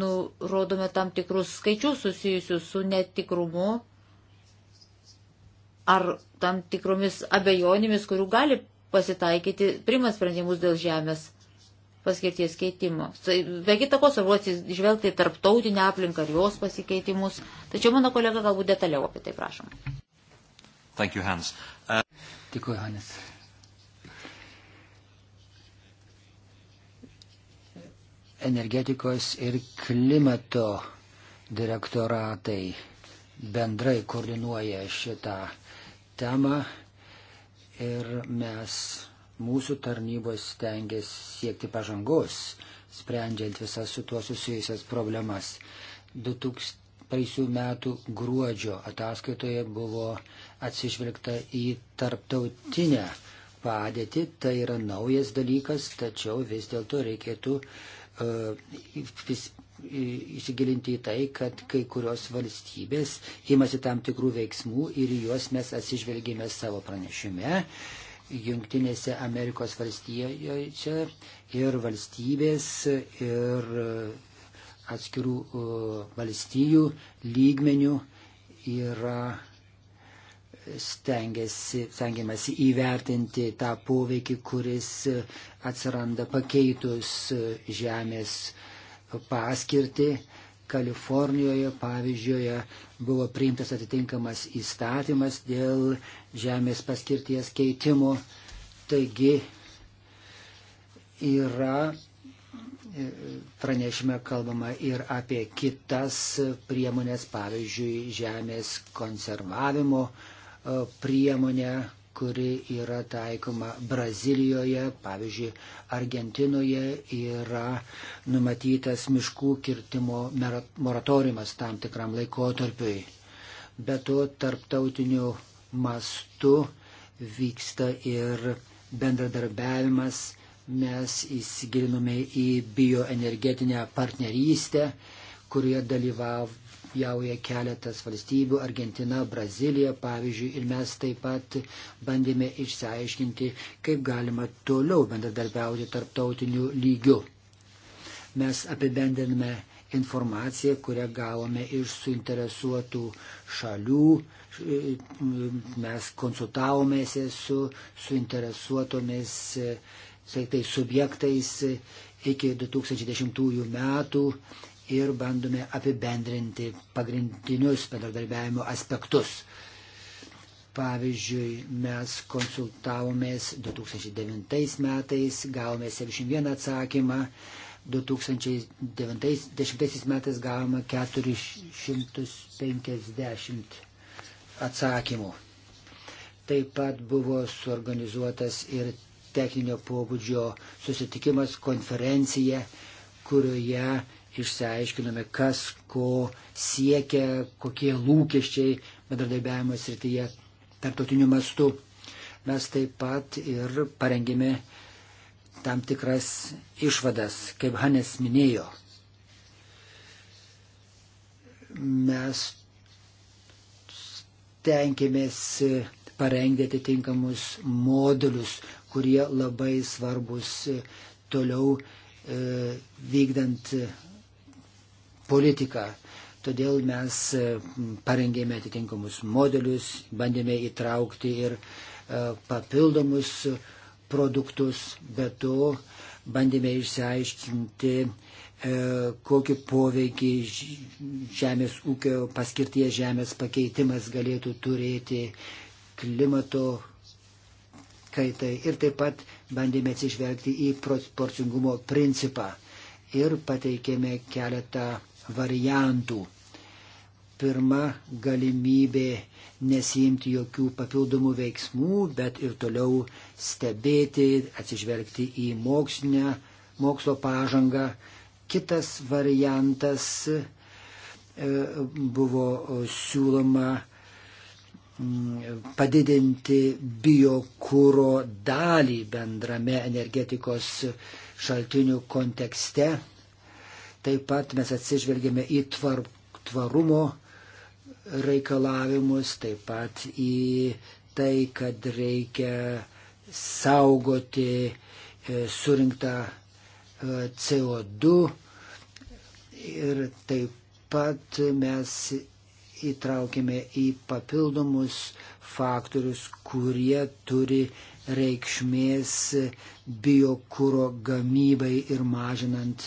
nurodome tam tikrus skaičius susijusius su netikrumu ar tam tikromis abejonėmis, kurių gali pasitaikyti, primant sprendimus dėl žemės paskirties keitimo. Tai be kita ko, svarbu atsižvelgti į tarptautinę aplinką ir jos pasikeitimus. Tačiau mano kolega galbūt detaliau apie tai prašom. Thank you, Hans. Uh... Dėkui, Hanis. Energetikos ir klimato direktoratai bendrai koordinuoja šitą temą ir mes mūsų tarnybos stengiasi siekti pažangos, sprendžiant visas su tuo susijusias problemas. 2000 metų gruodžio ataskaitoje buvo atsižvelgta į tarptautinę padėtį, tai yra naujas dalykas, tačiau vis dėlto reikėtų uh, vis, įsigilinti į tai, kad kai kurios valstybės imasi tam tikrų veiksmų ir juos mes atsižvelgėme savo pranešime. Uh, Junktinėse Amerikos valstijoje ir valstybės ir e, atskirų e, valstijų lygmenių yra e, stengiasi, stengiamasi įvertinti tą poveikį, kuris atsiranda pakeitus žemės paskirtį Kalifornijoje, pavyzdžiui, buvo priimtas atitinkamas įstatymas dėl žemės paskirties keitimo. Taigi yra e, pranešime kalbama ir apie kitas priemonės, pavyzdžiui, žemės konservavimo e, priemonę, kuri yra taikoma Brazilijoje, pavyzdžiui, Argentinoje yra numatytas miškų kirtimo moratoriumas tam tikram laikotarpiui. Be to, tarptautiniu mastu vyksta ir bendradarbiavimas, mes įsigilinome į bioenergetinę partnerystę, kurioje dalyvavo dalyvauja keletas valstybių - Argentina, Brazilija, pavyzdžiui, ir mes taip pat bandėme išsiaiškinti, kaip galima toliau bendradarbiauti tarptautiniu lygiu. Mes apibendiname informaciją, kurią gavome iš suinteresuotų šalių, mes konsultavomės su suinteresuotomis e, tai subjektais iki 2010 metų ir bandome apibendrinti pagrindinius bendradarbiavimo aspektus. Pavyzdžiui, mes konsultavomės 2009 metais, gavome 71 atsakymą, 2010 metais gavome 450 atsakymų. Taip pat buvo suorganizuotas ir techninio pobūdžio susitikimas, konferencija, kurioje išsiaiškinome, kas ko siekia, kokie lūkesčiai bendradarbiavimo srityje tarptautiniu mastu. Mes taip pat ir parengėme tam tikras išvadas, kaip Hanes minėjo. Mes tenkėmės parengti atitinkamus modulius, kurie labai svarbus toliau e, vykdant politiką. Todėl mes e, parengėme atitinkamus modelius, bandėme įtraukti ir e, papildomus produktus, bet to bandėme išsiaiškinti, e, kokį poveikį žemės ūkio paskirties žemės pakeitimas galėtų turėti klimato kaitai ir taip pat bandėme atsižvelgti į proporcingumo principą ir pateikėme keletą variantų. Pirma galimybė nesijimti jokių papildomų veiksmų, bet ir toliau stebėti, atsižvelgti į mokslinę, mokslo pažangą. Kitas variantas e, buvo siūloma mm, padidinti biokūro dalį bendrame energetikos šaltinių kontekste, Taip pat mes atsižvelgėme į tvar, tvarumo reikalavimus, taip pat į tai, kad reikia saugoti e, surinktą e, CO2 ir taip pat mes įtraukėme į papildomus faktorius, kurie turi reikšmės biokūro gamybai ir mažinant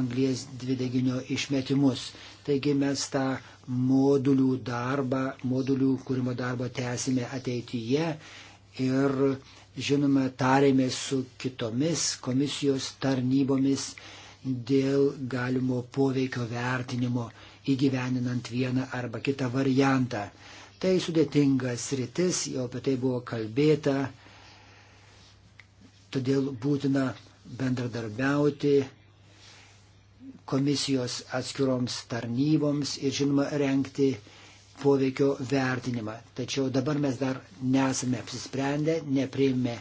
anglės dvideginio išmetimus. Taigi mes tą modulių darbą, modulių kūrimo darbą tęsime ateityje ir žinoma tarėmės su kitomis komisijos tarnybomis dėl galimo poveikio vertinimo įgyveninant vieną arba kitą variantą. Tai sudėtingas rytis, jau apie tai buvo kalbėta, Todėl būtina bendradarbiauti komisijos atskiroms tarnyboms ir žinoma renkti poveikio vertinimą. Tačiau dabar mes dar nesame apsisprendę, nepriėmė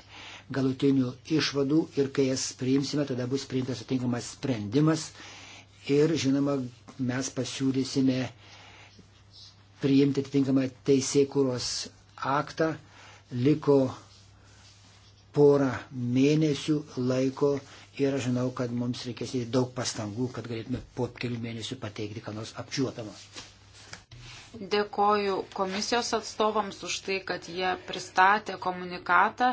galutinių išvadų ir kai jas priimsime, tada bus priimtas atinkamas sprendimas ir žinoma mes pasiūlysime priimti atitinkamą teisėkūros aktą. Liko porą mėnesių laiko ir aš žinau, kad mums reikės įdėti daug pastangų, kad galėtume po kelių mėnesių pateikti ką nors apčiuotamą. Dėkoju komisijos atstovams už tai, kad jie pristatė komunikatą.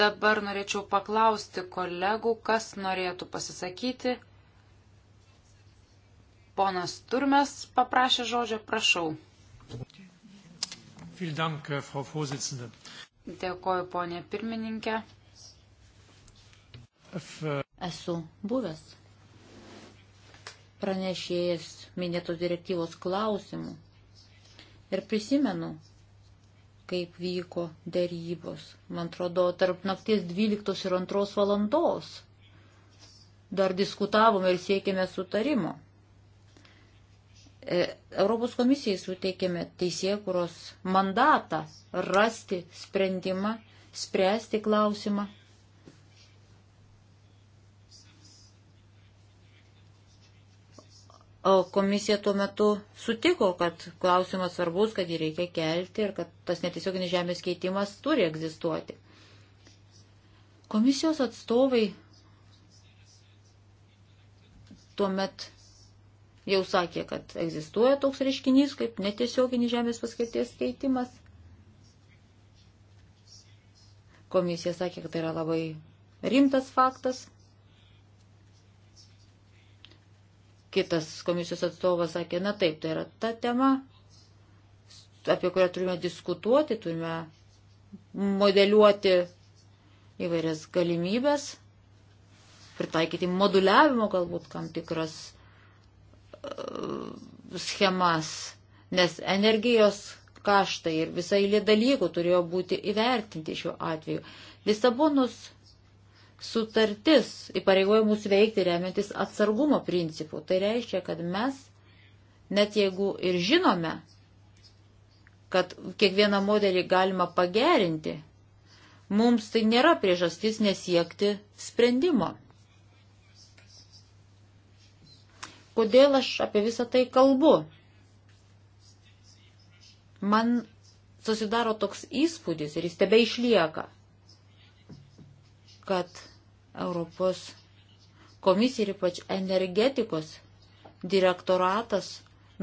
Dabar norėčiau paklausti kolegų, kas norėtų pasisakyti. Ponas Turmes paprašė žodžio, prašau. Vielen Dank, Frau Vorsitzende. Dėkoju, ponė pirmininkė. Esu buvęs pranešėjas minėtos direktyvos klausimų ir prisimenu, kaip vyko dėrybos, man atrodo, tarp nakties 12 ir 2 valandos. Dar diskutavome ir siekėme sutarimo. E, Europos komisijai suteikėme teisėkuros mandatą rasti sprendimą, spręsti klausimą. O komisija tuo metu sutiko, kad klausimas svarbus, kad jį reikia kelti ir kad tas netiesioginis žemės keitimas turi egzistuoti. Komisijos atstovai tuomet jau sakė, kad egzistuoja toks reiškinys kaip netiesioginis žemės paskirties keitimas. Komisija sakė, kad tai yra labai rimtas faktas. Kitas komisijos atstovas sakė, na taip, tai yra ta tema, apie kurią turime diskutuoti, turime modeliuoti įvairias galimybės, pritaikyti moduliavimo galbūt tam tikras E, schemas, nes energijos kaštai ir visai lė dalykų turėjo būti įvertinti šiuo atveju. Lisabonos sutartis įpareigoja mus veikti remiantis atsargumo principu. Tai reiškia, kad mes, net jeigu ir žinome, kad kiekvieną modelį galima pagerinti, mums tai nėra priežastis nesiekti sprendimo. Kodėl aš apie visą tai kalbu? Man susidaro toks įspūdis ir jis tebe išlieka, kad Europos komisija ir ypač energetikos direktoratas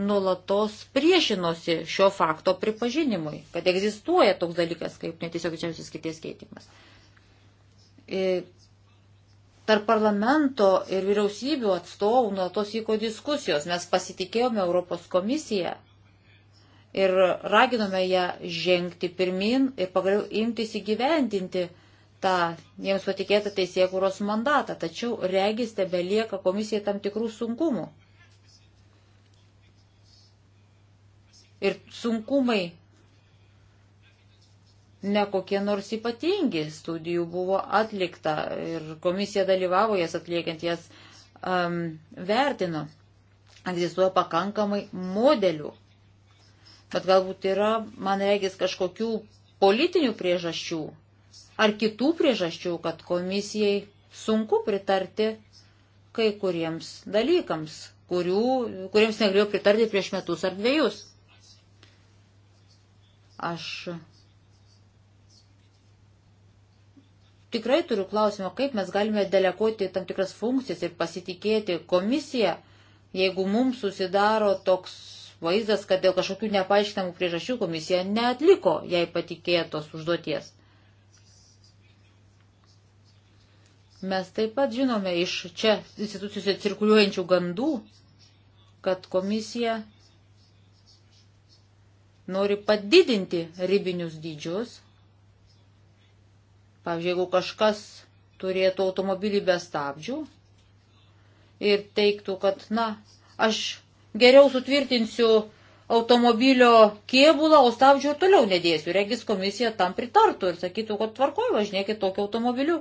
nulatos priešinosi šio fakto pripažinimui, kad egzistuoja toks dalykas kaip netiesioginis kitės keitimas. Tarp parlamento ir vyriausybių atstovų nuolatos vyko diskusijos. Mes pasitikėjome Europos komisiją ir raginome ją žengti pirmin ir pagaliau imtis įgyvendinti tą jiems patikėtą teisėkūros mandatą, tačiau regis tebe lieka komisijai tam tikrų sunkumų. Ir sunkumai ne kokie nors ypatingi studijų buvo atlikta ir komisija dalyvavo jas atliekiant jas um, vertino. Egzistuoja pakankamai modelių, bet galbūt yra, man reikės, kažkokių politinių priežasčių ar kitų priežasčių, kad komisijai sunku pritarti kai kuriems dalykams, kurių, kuriems negalėjau pritarti prieš metus ar dviejus. Aš tikrai turiu klausimą, kaip mes galime deleguoti tam tikras funkcijas ir pasitikėti komisiją, jeigu mums susidaro toks vaizdas, kad dėl kažkokių nepaaiškinamų priežasčių komisija neatliko jai patikėtos užduoties. Mes taip pat žinome iš čia institucijose cirkuliuojančių gandų, kad komisija nori padidinti ribinius dydžius Pavyzdžiui, jeigu kažkas turėtų automobilį be stabdžių ir teiktų, kad, na, aš geriau sutvirtinsiu automobilio kėbulą, o stabdžių toliau nedėsiu. Regis komisija tam pritartų ir sakytų, kad tvarkoj važinėkit tokiu automobiliu.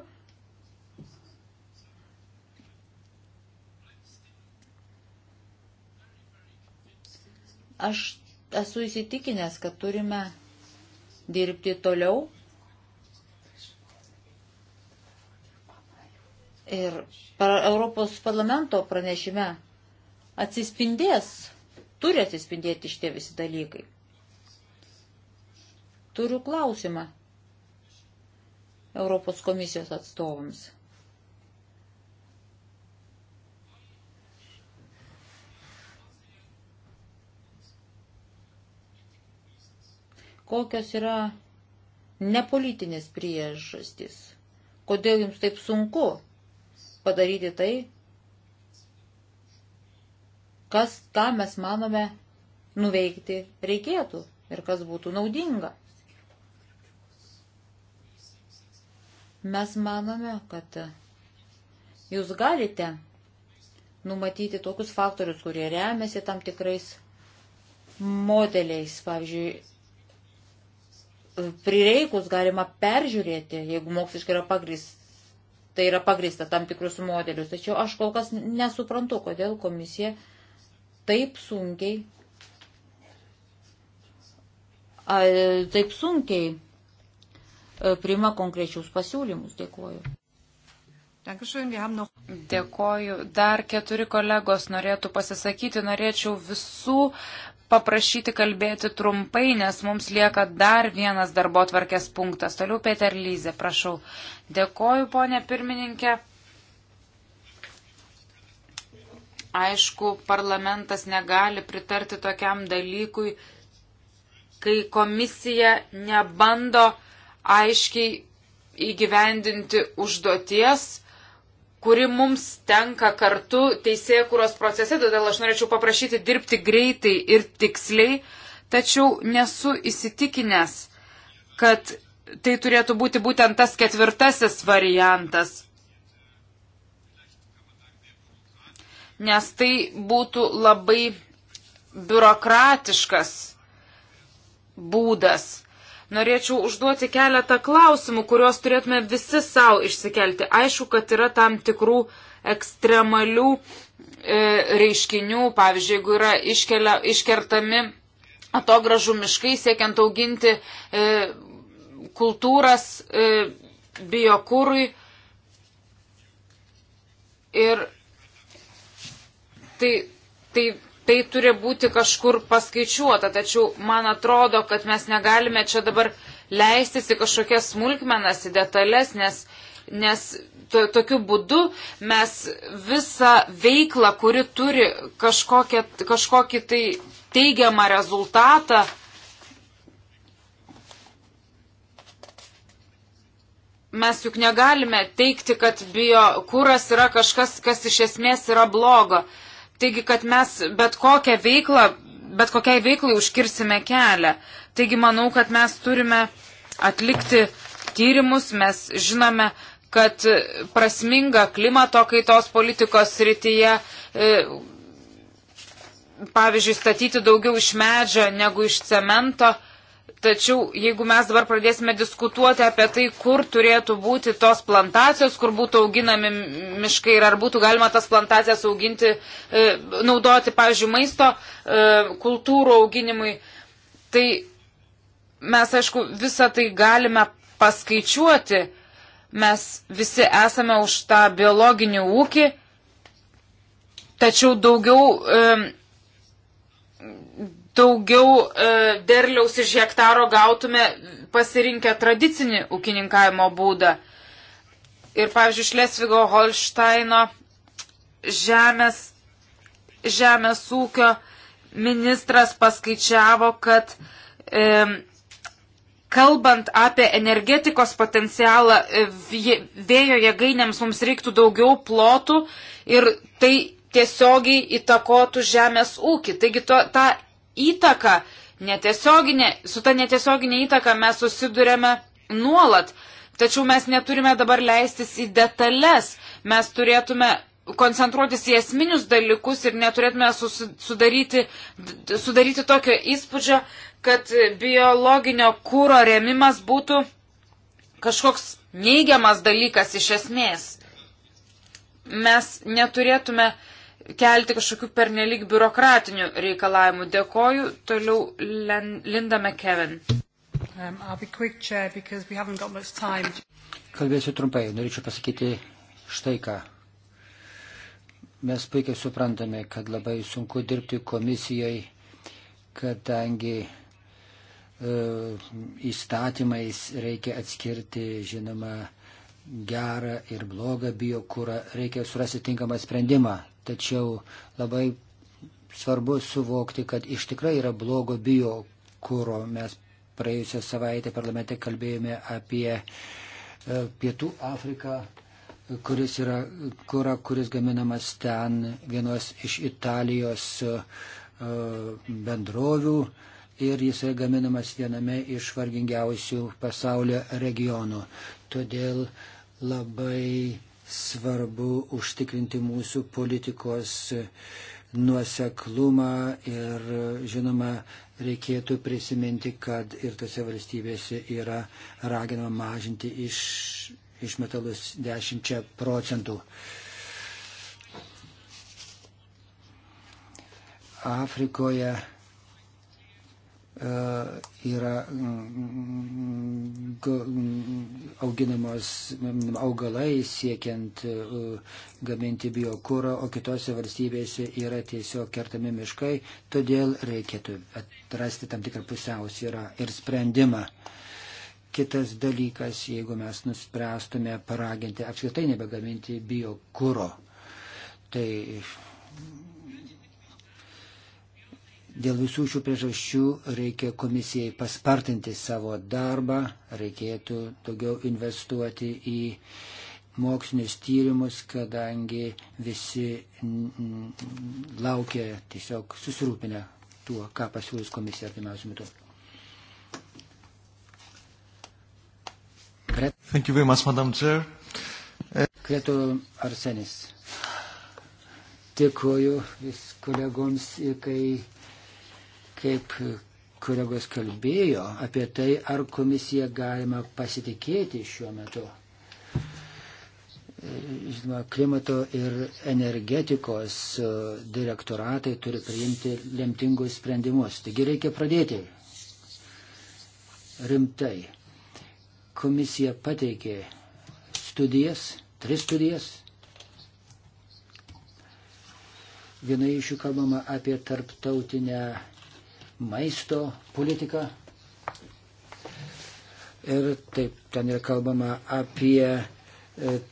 Aš esu įsitikinęs, kad turime dirbti toliau Ir par Europos parlamento pranešime atsispindės, turi atsispindėti šitie visi dalykai. Turiu klausimą Europos komisijos atstovams. kokios yra nepolitinės priežastys, kodėl jums taip sunku padaryti tai, kas ką mes manome nuveikti reikėtų ir kas būtų naudinga. Mes manome, kad jūs galite numatyti tokius faktorius, kurie remiasi tam tikrais modeliais. Pavyzdžiui, prireikus galima peržiūrėti, jeigu moksliškai yra pagrįsta tai yra pagrįsta tam tikrus modelius. Tačiau aš kol kas nesuprantu, kodėl komisija taip sunkiai, a, taip sunkiai e, priima konkrečius pasiūlymus. Dėkuoju. Dėkoju. Dar keturi kolegos norėtų pasisakyti. Norėčiau visų paprašyti kalbėti trumpai, nes mums lieka dar vienas darbo tvarkės punktas. Toliau Peter Lyze, prašau. Dėkoju, ponė pirmininkė. Aišku, parlamentas negali pritarti tokiam dalykui, kai komisija nebando aiškiai įgyvendinti užduoties, kuri mums tenka kartu teisėjų kūros procese, todėl aš norėčiau paprašyti dirbti greitai ir tiksliai, tačiau nesu įsitikinęs, kad tai turėtų būti būtent tas ketvirtasis variantas. Nes tai būtų labai biurokratiškas būdas norėčiau užduoti keletą klausimų, kuriuos turėtume visi savo išsikelti. Aišku, kad yra tam tikrų ekstremalių e, reiškinių, pavyzdžiui, jeigu yra iškelia, iškertami atogražų miškai, siekiant auginti e, kultūras e, biokūrui. Ir tai, tai tai turi būti kažkur paskaičiuota. Tačiau man atrodo, kad mes negalime čia dabar leistis į kažkokias smulkmenas, į detalės, nes, nes to, tokiu būdu mes visą veiklą, kuri turi kažkokią, kažkokį tai teigiamą rezultatą, mes juk negalime teikti, kad biokūras yra kažkas, kas iš esmės yra blogo. Taigi, kad mes bet kokią veiklą, bet kokiai veiklai užkirsime kelią. Taigi, manau, kad mes turime atlikti tyrimus, mes žinome, kad prasminga klimato kaitos politikos srityje, e, pavyzdžiui, statyti daugiau iš medžio negu iš cemento, Tačiau jeigu mes dabar pradėsime diskutuoti apie tai, kur turėtų būti tos plantacijos, kur būtų auginami miškai ir ar būtų galima tas plantacijas auginti, e, naudoti, pavyzdžiui, maisto e, kultūrų auginimui, tai mes, aišku, visą tai galime paskaičiuoti. Mes visi esame už tą biologinį ūkį, tačiau daugiau e, daugiau e, derliaus iš hektaro gautume pasirinkę tradicinį ūkininkavimo būdą. Ir, pavyzdžiui, Šlesvigo Holšteino žemės, žemės ūkio ministras paskaičiavo, kad e, kalbant apie energetikos potencialą, e, vėjo jėgainėms mums reiktų daugiau plotų ir tai tiesiogiai įtakotų žemės ūkį. Taigi to, tą įtaka, netiesioginė, su ta netiesioginė įtaka mes susidurėme nuolat. Tačiau mes neturime dabar leistis į detalės. Mes turėtume koncentruotis į esminius dalykus ir neturėtume sudaryti, sudaryti tokio įspūdžio, kad biologinio kūro remimas būtų kažkoks neigiamas dalykas iš esmės. Mes neturėtume uh, kelti kažkokių pernelyg biurokratinių reikalavimų. Dėkoju. Toliau Len, Linda McKevin. Um, Kalbėsiu trumpai. Norėčiau pasakyti štai ką. Mes puikiai suprantame, kad labai sunku dirbti komisijai, kadangi e, įstatymais reikia atskirti, žinoma, gerą ir blogą biokūrą, reikia surasti tinkamą sprendimą. Tačiau labai svarbu suvokti, kad iš tikrai yra blogo bio kūro. Mes praėjusią savaitę parlamente kalbėjome apie e, Pietų Afriką, kuris yra kūra, kuris gaminamas ten vienos iš Italijos e, bendrovių ir jisai gaminamas viename iš vargingiausių pasaulio regionų. Todėl labai svarbu užtikrinti mūsų politikos nuoseklumą ir žinoma reikėtų prisiminti, kad ir tose valstybėse yra raginama mažinti iš, iš metalus 10 procentų. Afrikoje E, yra mm, mm, mm, auginamos augalai siekiant e, gaminti biokūrą, o kitose valstybėse yra tiesiog kertami miškai, todėl reikėtų atrasti tam tikrą pusiausvyrą ir sprendimą. Kitas dalykas, jeigu mes nuspręstume paraginti apskritai nebegaminti biokūro, tai Dėl visų šių priežasčių reikia komisijai paspartinti savo darbą, reikėtų daugiau investuoti į mokslinius tyrimus, kadangi visi laukia tiesiog susirūpinę tuo, ką pasiūlys komisija artimiausiu metu. Thank you very much, Madam Chair. Eh, Kretų Arsenis. Dėkuoju vis kolegoms, kai kaip kolegos kalbėjo apie tai, ar komisiją galima pasitikėti šiuo metu. Žinoma, klimato ir energetikos e, direktoratai turi priimti lemtingus sprendimus. Taigi reikia pradėti rimtai. Komisija pateikė studijas, tris studijas. Viena iš jų kalbama apie tarptautinę maisto politiką. Ir taip ten yra kalbama apie e,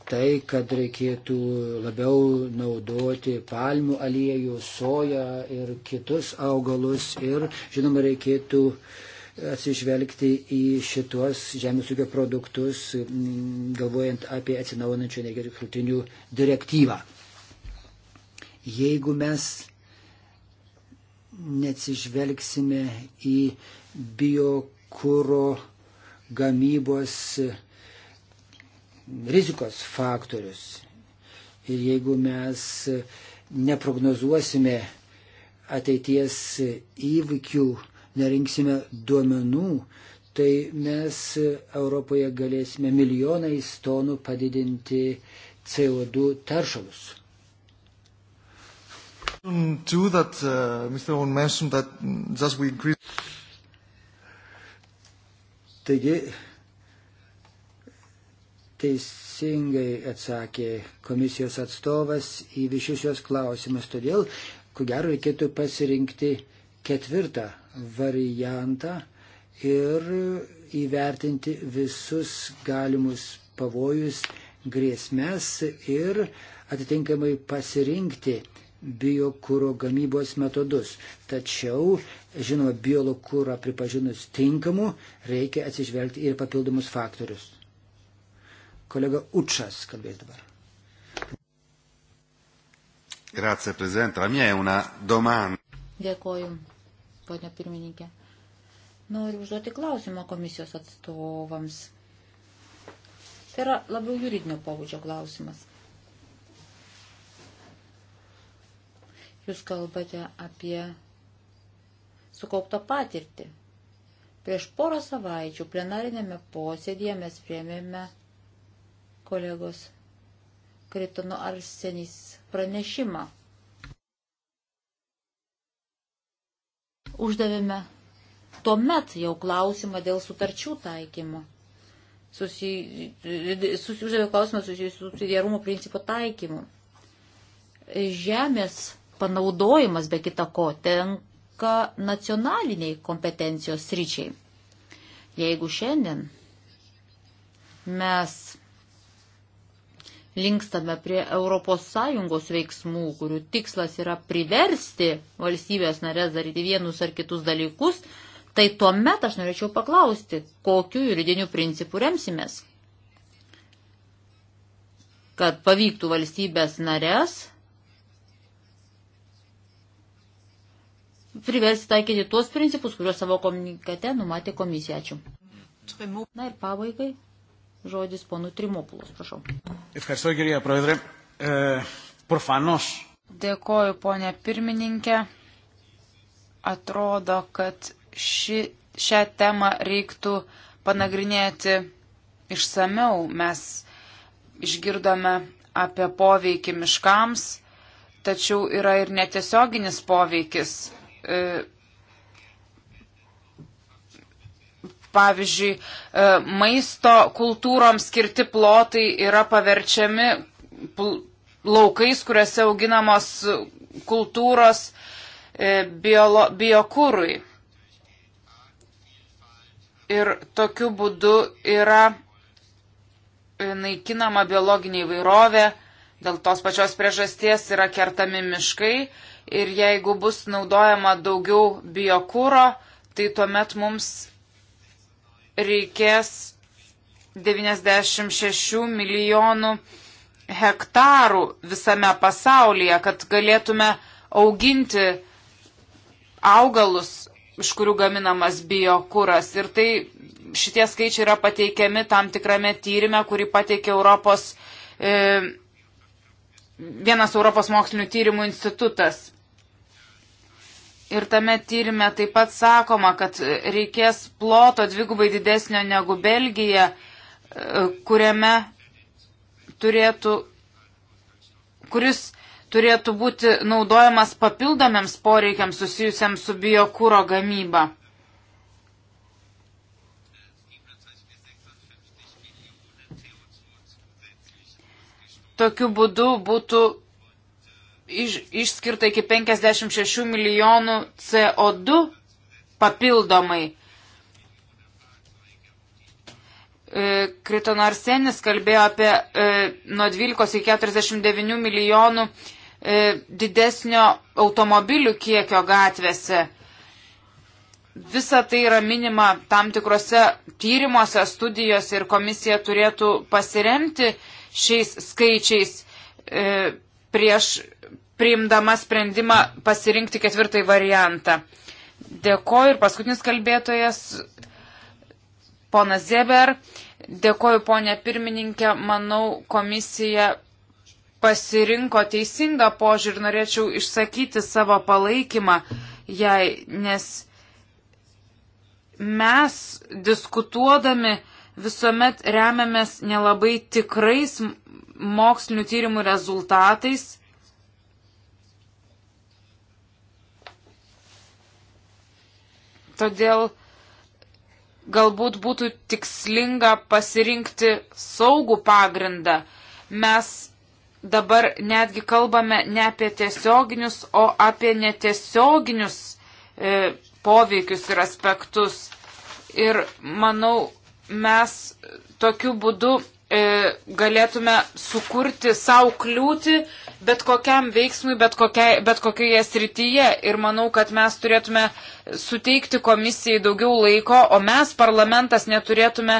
tai, kad reikėtų labiau naudoti palmių aliejų, soją ir kitus augalus. Ir, žinoma, reikėtų atsižvelgti į šitos žemės ūkio produktus, mm, galvojant apie atsinaujinančių energetikų šaltinių direktyvą. Jeigu mes neatsižvelgsime į biokūro gamybos rizikos faktorius. Ir jeigu mes neprognozuosime ateities įvykių, nerinksime duomenų, tai mes Europoje galėsime milijonais tonų padidinti CO2 taršalus. That, uh, Taigi, teisingai atsakė komisijos atstovas į visus šios klausimus, todėl, ku gero, reikėtų pasirinkti ketvirtą variantą ir įvertinti visus galimus pavojus, grėsmės ir atitinkamai pasirinkti biokūro gamybos metodus. Tačiau, žinoma, biokūrą pripažinus tinkamu, reikia atsižvelgti ir papildomus faktorius. Kolega Učas kalbės dabar. Grazie, prezidentė. Ramie, una domanda. Dėkoju, ponia pirmininkė. Noriu užduoti klausimą komisijos atstovams. Tai yra labiau juridinio pobūdžio klausimas. Jūs kalbate apie sukauptą patirtį. Prieš porą savaičių plenarinėme posėdėje mes priemėme kolegos Kritono Arsenys pranešimą. Uždavėme tuomet jau klausimą dėl sutarčių taikymo. Susi, susi, uždavė klausimą susijusiu su subsidiarumo principo taikymu. Žemės panaudojimas be kita ko tenka nacionaliniai kompetencijos ryčiai. Jeigu šiandien mes linkstame prie ES veiksmų, kurių tikslas yra priversti valstybės narės daryti vienus ar kitus dalykus, tai tuomet aš norėčiau paklausti, kokiu juridiniu principu remsimės, kad pavyktų valstybės narės priversti taikyti tuos principus, kuriuos savo komunikate numatė komisija. Ačiū. Na ir pabaigai žodis ponų Trimopulos, prašau. Ευχαριστώ, κυρία Πρόεδρε. Ε, προφανώς. Dėkoju, ponė pirmininkė. Atrodo, kad ši, šią temą reiktų panagrinėti išsameu. Mes išgirdome apie poveikį miškams, tačiau yra ir netiesioginis poveikis E, pavyzdžiui, e, maisto kultūroms skirti plotai yra paverčiami laukais, kuriuose auginamos kultūros e, biokūrui. Bio ir tokiu būdu yra naikinama biologinė įvairovė, dėl tos pačios priežasties yra kertami miškai ir jeigu bus naudojama daugiau biokūro, tai tuomet mums reikės 96 milijonų hektarų visame pasaulyje, kad galėtume auginti augalus, iš kurių gaminamas biokūras. Ir tai šitie skaičiai yra pateikiami tam tikrame tyrimė, kurį pateikė Europos, e, vienas Europos mokslinių tyrimų institutas. Ir tame tyrime taip pat sakoma, kad reikės ploto dvigubai didesnio negu Belgija, e, kuriame turėtų, kuris turėtų būti naudojamas papildomiams poreikiams susijusiams su biokūro gamyba. Tokiu būdu būtų iš, išskirta iki 56 milijonų CO2 papildomai. E, Kriton Arsenis kalbėjo apie e, nuo 12 iki 49 milijonų e, didesnio automobilių kiekio gatvėse. Visa tai yra minima tam tikrose tyrimuose, studijose ir komisija turėtų pasiremti šiais skaičiais e, prieš priimdama sprendimą pasirinkti ketvirtąjį variantą. Dėkoju ir paskutinis kalbėtojas, ponas Zeber. Dėkoju, ponė pirmininkė. Manau, komisija pasirinko teisingą požiūrį ir norėčiau išsakyti savo palaikymą jai, nes mes diskutuodami visuomet remiamės nelabai tikrais mokslinių tyrimų rezultatais Todėl galbūt būtų tikslinga pasirinkti saugų pagrindą. Mes dabar netgi kalbame ne apie tiesioginius, o apie netiesioginius e, poveikius ir aspektus. Ir manau, mes tokiu būdu e, galėtume sukurti savo kliūtį, bet kokiam veiksmui, bet, kokiai, bet kokioje srityje. Ir manau, kad mes turėtume suteikti komisijai daugiau laiko, o mes, parlamentas, neturėtume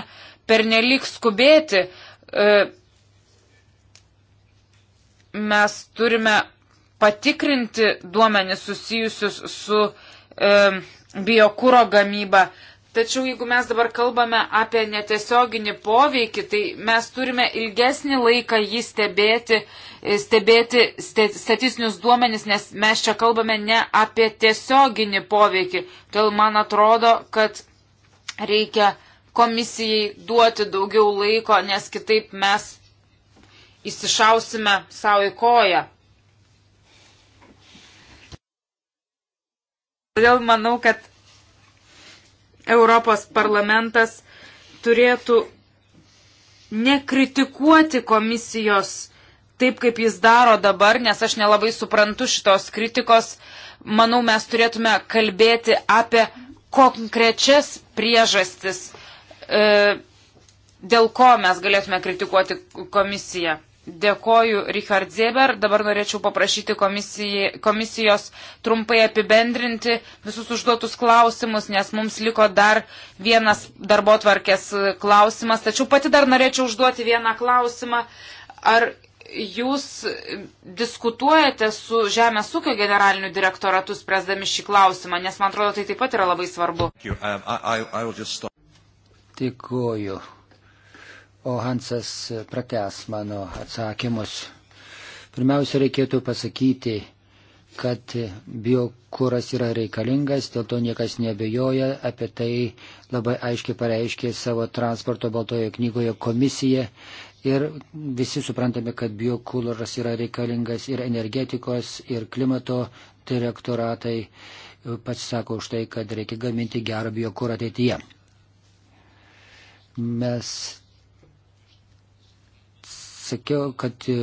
pernelik skubėti. E, mes turime patikrinti duomenis susijusius su e, biokūro gamyba. Tačiau jeigu mes dabar kalbame apie netiesioginį poveikį, tai mes turime ilgesnį laiką jį stebėti, e, stebėti statistinius duomenis, nes mes čia kalbame ne apie tiesioginį poveikį. Todėl man atrodo, kad reikia komisijai duoti daugiau laiko, nes kitaip mes įsišausime savo į koją. Todėl manau, kad Europos parlamentas turėtų nekritikuoti komisijos taip, kaip jis daro dabar, nes aš nelabai suprantu šitos kritikos. Manau, mes turėtume kalbėti apie konkrečias priežastis, e, dėl ko mes galėtume kritikuoti komisiją. Dėkoju Richard Zeber. Dabar norėčiau paprašyti komisijos trumpai apibendrinti visus užduotus klausimus, nes mums liko dar vienas darbo tvarkės e, klausimas. Tačiau pati dar norėčiau užduoti vieną klausimą. Ar jūs diskutuojate su Žemės ūkio generaliniu direktoratu spręsdami šį klausimą, nes man atrodo tai taip pat yra labai svarbu. Um, Dėkoju o Hansas prates mano atsakymus. Pirmiausia, reikėtų pasakyti, kad biokuras yra reikalingas, dėl to niekas nebejoja, apie tai labai aiškiai pareiškė savo transporto baltojo knygoje komisija ir visi suprantame, kad biokuras yra reikalingas ir energetikos, ir klimato direktoratai pats sako už tai, kad reikia gaminti gerą biokurą ateityje. Mes Sakiau, kad e,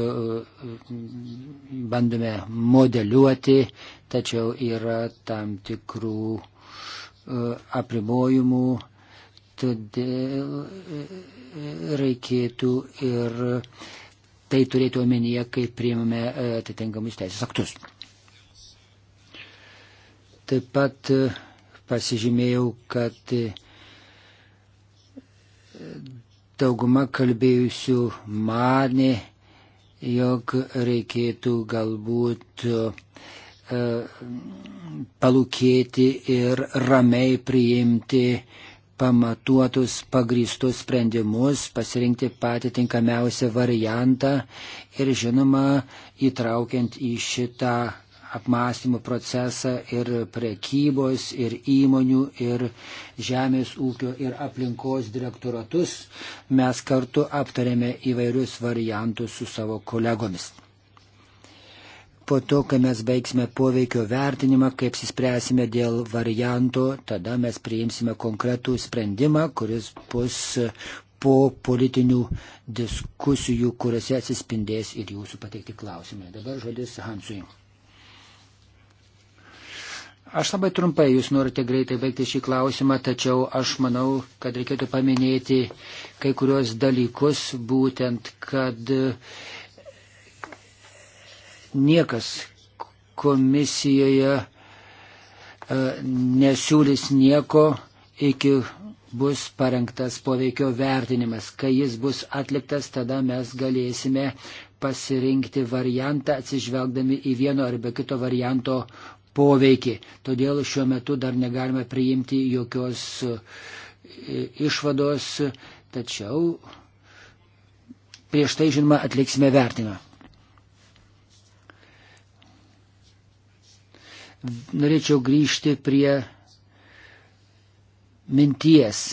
bandome modeliuoti, tačiau yra tam tikrų e, apribojimų, todėl e, reikėtų ir tai turėti omenyje, kai priimame atitinkamus teisės aktus. Taip pat pasižymėjau, kad dauguma kalbėjusių manė, jog reikėtų galbūt e, palūkėti ir ramiai priimti pamatuotus pagristus sprendimus, pasirinkti patį tinkamiausią variantą ir žinoma įtraukiant į šitą apmąstymų procesą ir prekybos, ir įmonių, ir žemės ūkio, ir aplinkos direktoratus. Mes kartu aptarėme įvairius variantus su savo kolegomis. Po to, kai mes baigsime poveikio vertinimą, kaip spręsime dėl varianto, tada mes priimsime konkretų sprendimą, kuris bus po politinių diskusijų, kuriuose atsispindės ir jūsų pateikti klausimai. Dabar žodis Hansui. Aš labai trumpai, jūs norite greitai baigti šį klausimą, tačiau aš manau, kad reikėtų paminėti kai kurios dalykus, būtent, kad e, niekas komisijoje e, nesiūlys nieko iki bus parengtas poveikio vertinimas. Kai jis bus atliktas, tada mes galėsime pasirinkti variantą atsižvelgdami į vieno arba kito varianto poveikį. Todėl šiuo metu dar negalime priimti jokios e, išvados, tačiau prieš tai, žinoma, atliksime vertinimą. Norėčiau grįžti prie minties,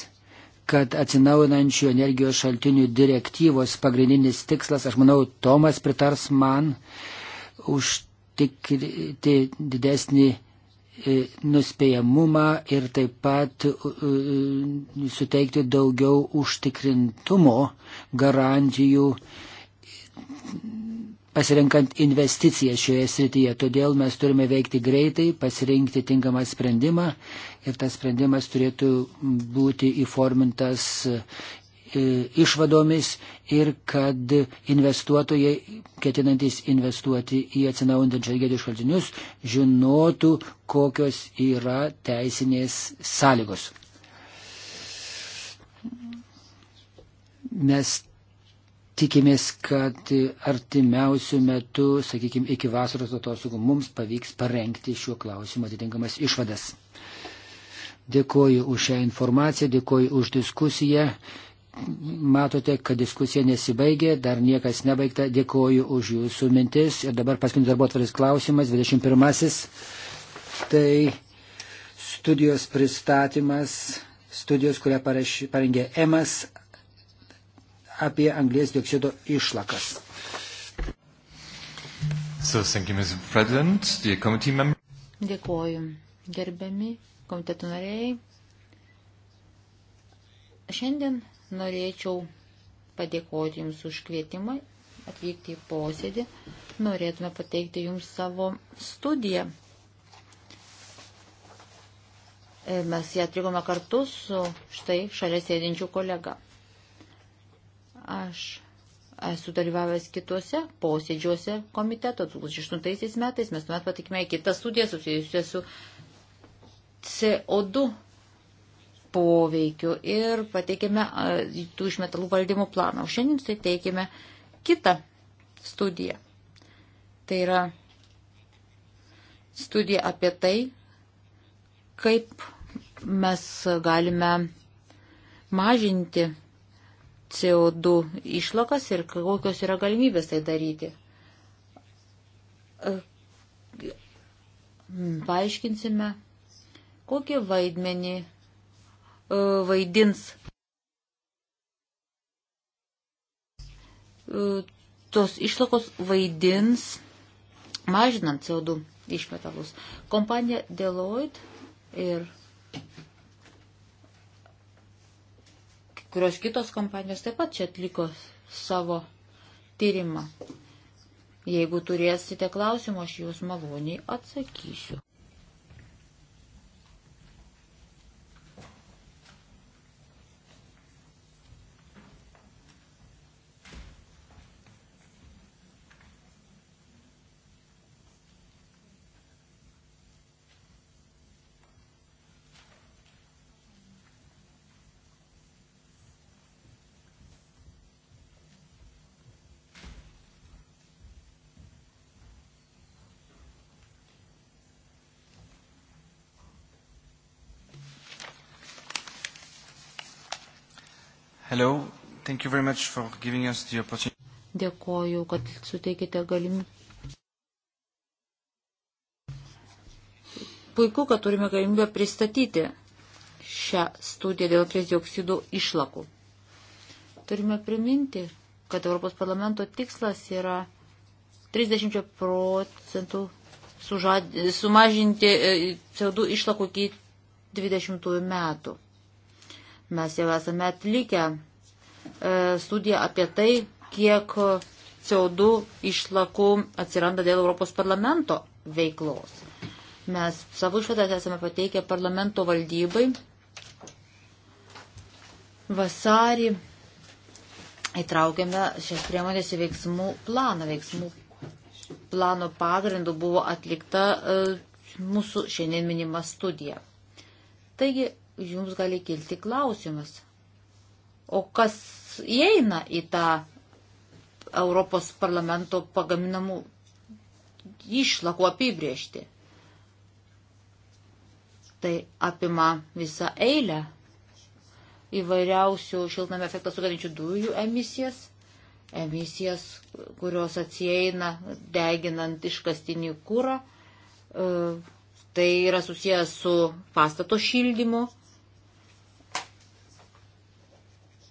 kad atsinaujinančių energijos šaltinių direktyvos pagrindinis tikslas, aš manau, Tomas pritars man, už užtikrinti didesnį e, nuspėjamumą ir taip pat suteikti daugiau užtikrintumo garantijų pasirinkant investicijas šioje srityje. Todėl mes turime veikti greitai, pasirinkti tinkamą sprendimą ir tas sprendimas turėtų būti įformintas E, išvadomis ir kad investuotojai, ketinantis investuoti į atsinaujantančius energetinius šaltinius, žinotų, kokios yra teisinės sąlygos. Mes tikimės, kad artimiausių metų, sakykime, iki vasaros atostogų mums pavyks parengti šiuo klausimu atitinkamas išvadas. Dėkoju už šią informaciją, dėkoju už diskusiją. Matote, kad diskusija nesibaigė, dar niekas nebaigta. Dėkuoju už jūsų mintis. Ir dabar paskutinis darbo atvaris klausimas, 21. Tai studijos pristatymas, studijos, kurią paraši, parengė Emas apie anglės dioksido išlakas. So, you, Dėkuoju, gerbiami komiteto nariai. Šiandien norėčiau padėkoti Jums už kvietimą atvykti į posėdį. Norėtume pateikti Jums savo studiją. E, mes ją atvykome kartu su štai šalia sėdinčių kolega. Aš esu dalyvavęs kitose posėdžiuose komiteto. 2008 metais mes tuomet patikime kitą studiją susijusią su CO2 poveikiu ir pateikėme tų išmetalų valdymo planą. O šiandien tai teikėme kitą studiją. Tai yra studija apie tai, kaip mes galime mažinti CO2 išlakas ir kokios yra galimybės tai daryti. Paaiškinsime, kokį vaidmenį E, vaidins e, tos išlakos vaidins mažinant CO2 išmetalus. Kompanija Deloitte ir kurios kitos kompanijos taip pat čia atliko savo tyrimą. Jeigu turėsite klausimų, aš juos maloniai atsakysiu. Hello. Thank you very much for giving us the opportunity. Dėkoju, kad suteikite galimybę. Puiku, kad turime galimybę pristatyti šią studiją dėl anglies dioksidų išlakų. Turime priminti, kad Europos parlamento tikslas yra 30 procentų sužad... sumažinti e, CO2 išlakų iki 20 metų. Mes jau esame atlikę e, studiją apie tai, kiek CO2 išlakų atsiranda dėl Europos parlamento veiklos. Mes savo išvadas esame pateikę parlamento valdybai vasarį įtraukėme šias priemonės į veiksmų planą. Veiksmų plano pagrindu buvo atlikta e, mūsų šiandien minima studija. Taigi jums gali kilti klausimas. O kas įeina į tą Europos parlamento pagaminamų išlakų apibriežti? Tai apima visą eilę įvairiausių šiltnamio efektą sukeliančių dujų emisijas, emisijas, kurios atsieina deginant iškastinį kūrą. E, tai yra susijęs su pastato šildymu,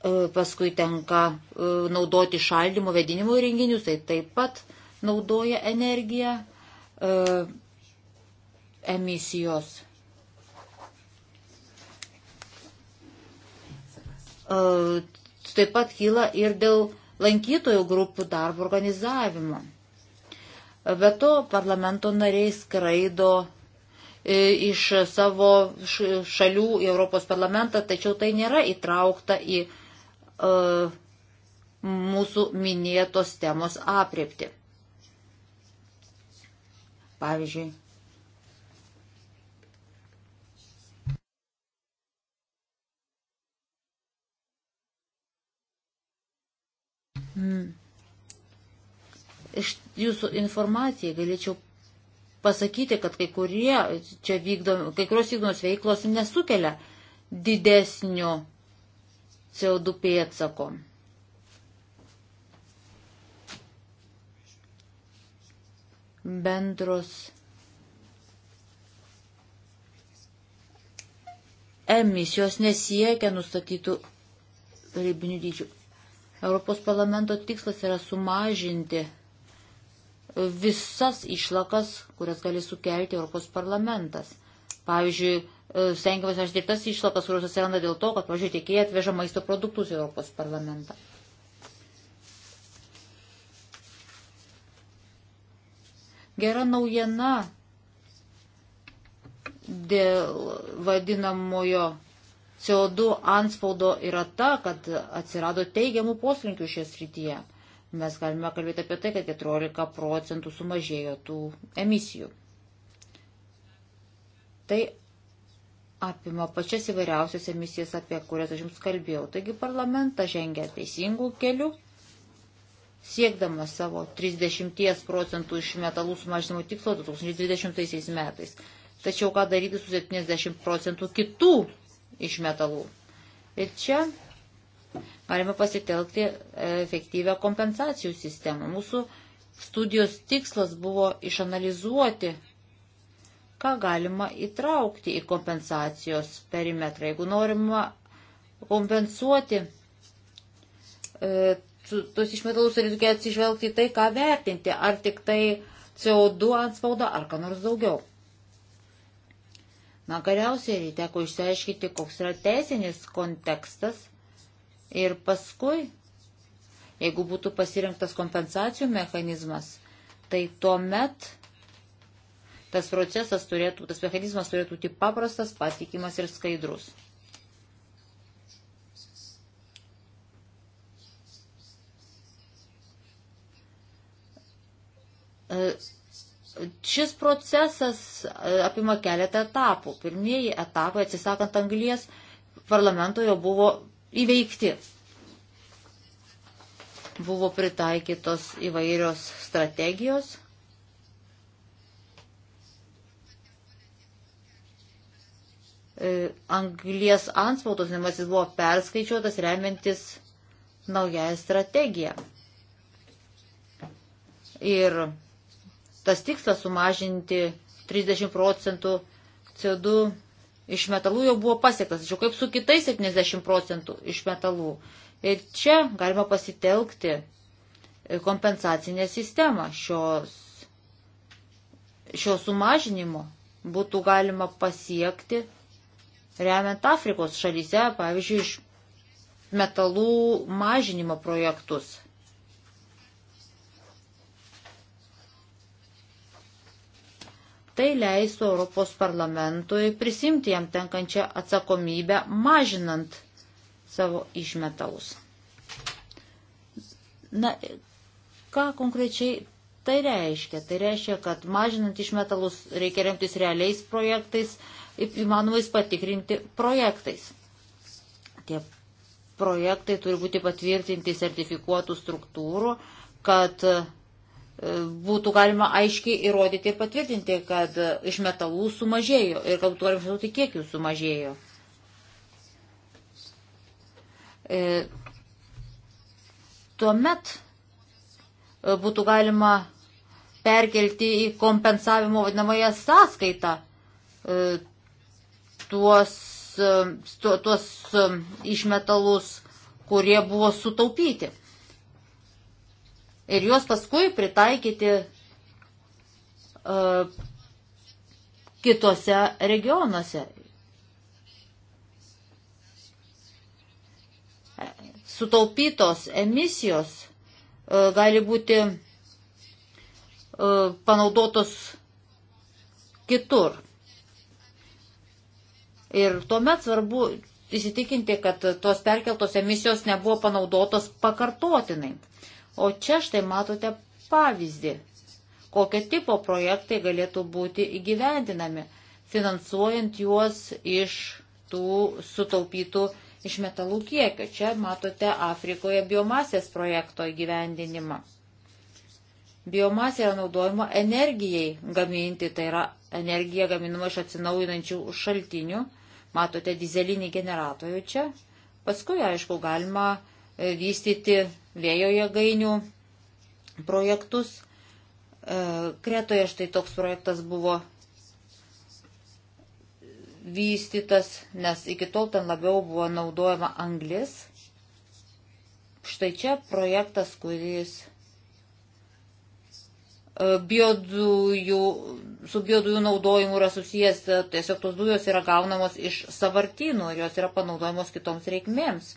E, paskui tenka e, naudoti šaldymo vedinimo įrenginius, tai taip pat naudoja energiją, e, emisijos. Taip pat kyla ir dėl lankytojų grupių darbo organizavimo. Be to, parlamento nariai skraido iš savo šalių į Europos parlamentą, tačiau tai nėra įtraukta į E, mūsų minėtos temos apriepti. Pavyzdžiui, hmm. Iš jūsų informacijai galėčiau pasakyti, kad kai, kurie čia vykdom, kai kurios vykdomos veiklos nesukelia didesnio CO2 pėdsako. Bendros emisijos nesiekia nustatytų ribinių dydžių. Europos parlamento tikslas yra sumažinti visas išlakas, kurias gali sukelti Europos parlamentas. Pavyzdžiui, E, stengiamasi mažinti tas išlapas, kurios atsiranda dėl to, kad, pavyzdžiui, tiekėjai atveža maisto produktus į Europos parlamentą. Gera naujiena dėl vadinamojo CO2 anspaudo yra ta, kad atsirado teigiamų poslinkių šioje srityje. Mes galime kalbėti apie tai, kad 14 procentų sumažėjo tų emisijų. Tai apima pačias įvairiausias emisijas, apie kurias aš jums kalbėjau. Taigi parlamentas žengia teisingų kelių, siekdamas savo 30 procentų iš metalų sumažinimo tikslo 2020 metais. Tačiau ką daryti su 70 procentų kitų iš metalų? Ir čia galime pasitelkti efektyvę kompensacijų sistemą. Mūsų studijos tikslas buvo išanalizuoti ką galima įtraukti į kompensacijos perimetrą. Jeigu norima kompensuoti e, tuos išmetalus, reikia atsižvelgti į tai, ką vertinti, ar tik tai CO2 atspauda, ar ką nors daugiau. Na, galiausiai teko išsiaiškinti, koks yra teisinis kontekstas ir paskui, jeigu būtų pasirinktas kompensacijų mechanizmas, tai tuomet tas procesas turėtų, tas mechanizmas turėtų būti paprastas, patikimas ir skaidrus. Šis procesas e, apima keletą etapų. Pirmieji etapai, atsisakant anglies, parlamento jau buvo įveikti. Buvo pritaikytos įvairios strategijos E, anglies anspaudos nemasis buvo perskaičiuotas remiantis naująją strategiją. Ir tas tikslas sumažinti 30 procentų CO2 iš metalų jau buvo pasiektas, tačiau kaip su kitais 70 procentų iš metalų. Ir čia galima pasitelkti e, kompensacinę sistemą šios, šio sumažinimo būtų galima pasiekti remiant Afrikos šalyse, pavyzdžiui, iš metalų mažinimo projektus. Tai leisų Europos parlamentui prisimti jam tenkančią atsakomybę, mažinant savo išmetalus. Na, ką konkrečiai tai reiškia? Tai reiškia, kad mažinant išmetalus reikia remtis realiais projektais, uh, įmanomais patikrinti projektais. Tie projektai turi būti patvirtinti sertifikuotų struktūrų, kad e, būtų galima aiškiai įrodyti ir patvirtinti, kad iš metalų sumažėjo ir kad būtų galima žinoti, kiek jų sumažėjo. E, tuomet e, būtų galima perkelti į kompensavimo vadinamąją sąskaitą e, tuos, e, tu, tuos e, išmetalus, kurie buvo sutaupyti. Ir juos paskui pritaikyti uh, e, kitose regionuose. Sutaupytos emisijos uh, gali būti uh, panaudotos kitur. Ir tuomet svarbu įsitikinti, kad tos perkeltos emisijos nebuvo panaudotos pakartotinai. O čia štai matote pavyzdį, kokio tipo projektai galėtų būti įgyvendinami, finansuojant juos iš tų sutaupytų iš metalų kiekio. Čia matote Afrikoje biomasės projekto įgyvendinimą. Biomasė yra naudojama energijai gaminti, tai yra energija gaminama iš atsinaujinančių šaltinių Matote dizelinį generatorių čia. Paskui, aišku, galima e, vystyti vėjo jėgainių projektus. E, Kretoje štai toks projektas buvo vystytas, nes iki tol ten labiau buvo naudojama anglis. Štai čia projektas, kuris E, biodujų, su biodujų naudojimu yra susijęs, e, tiesiog tos dujos yra gaunamos iš savartynų ir jos yra panaudojamos kitoms reikmėms.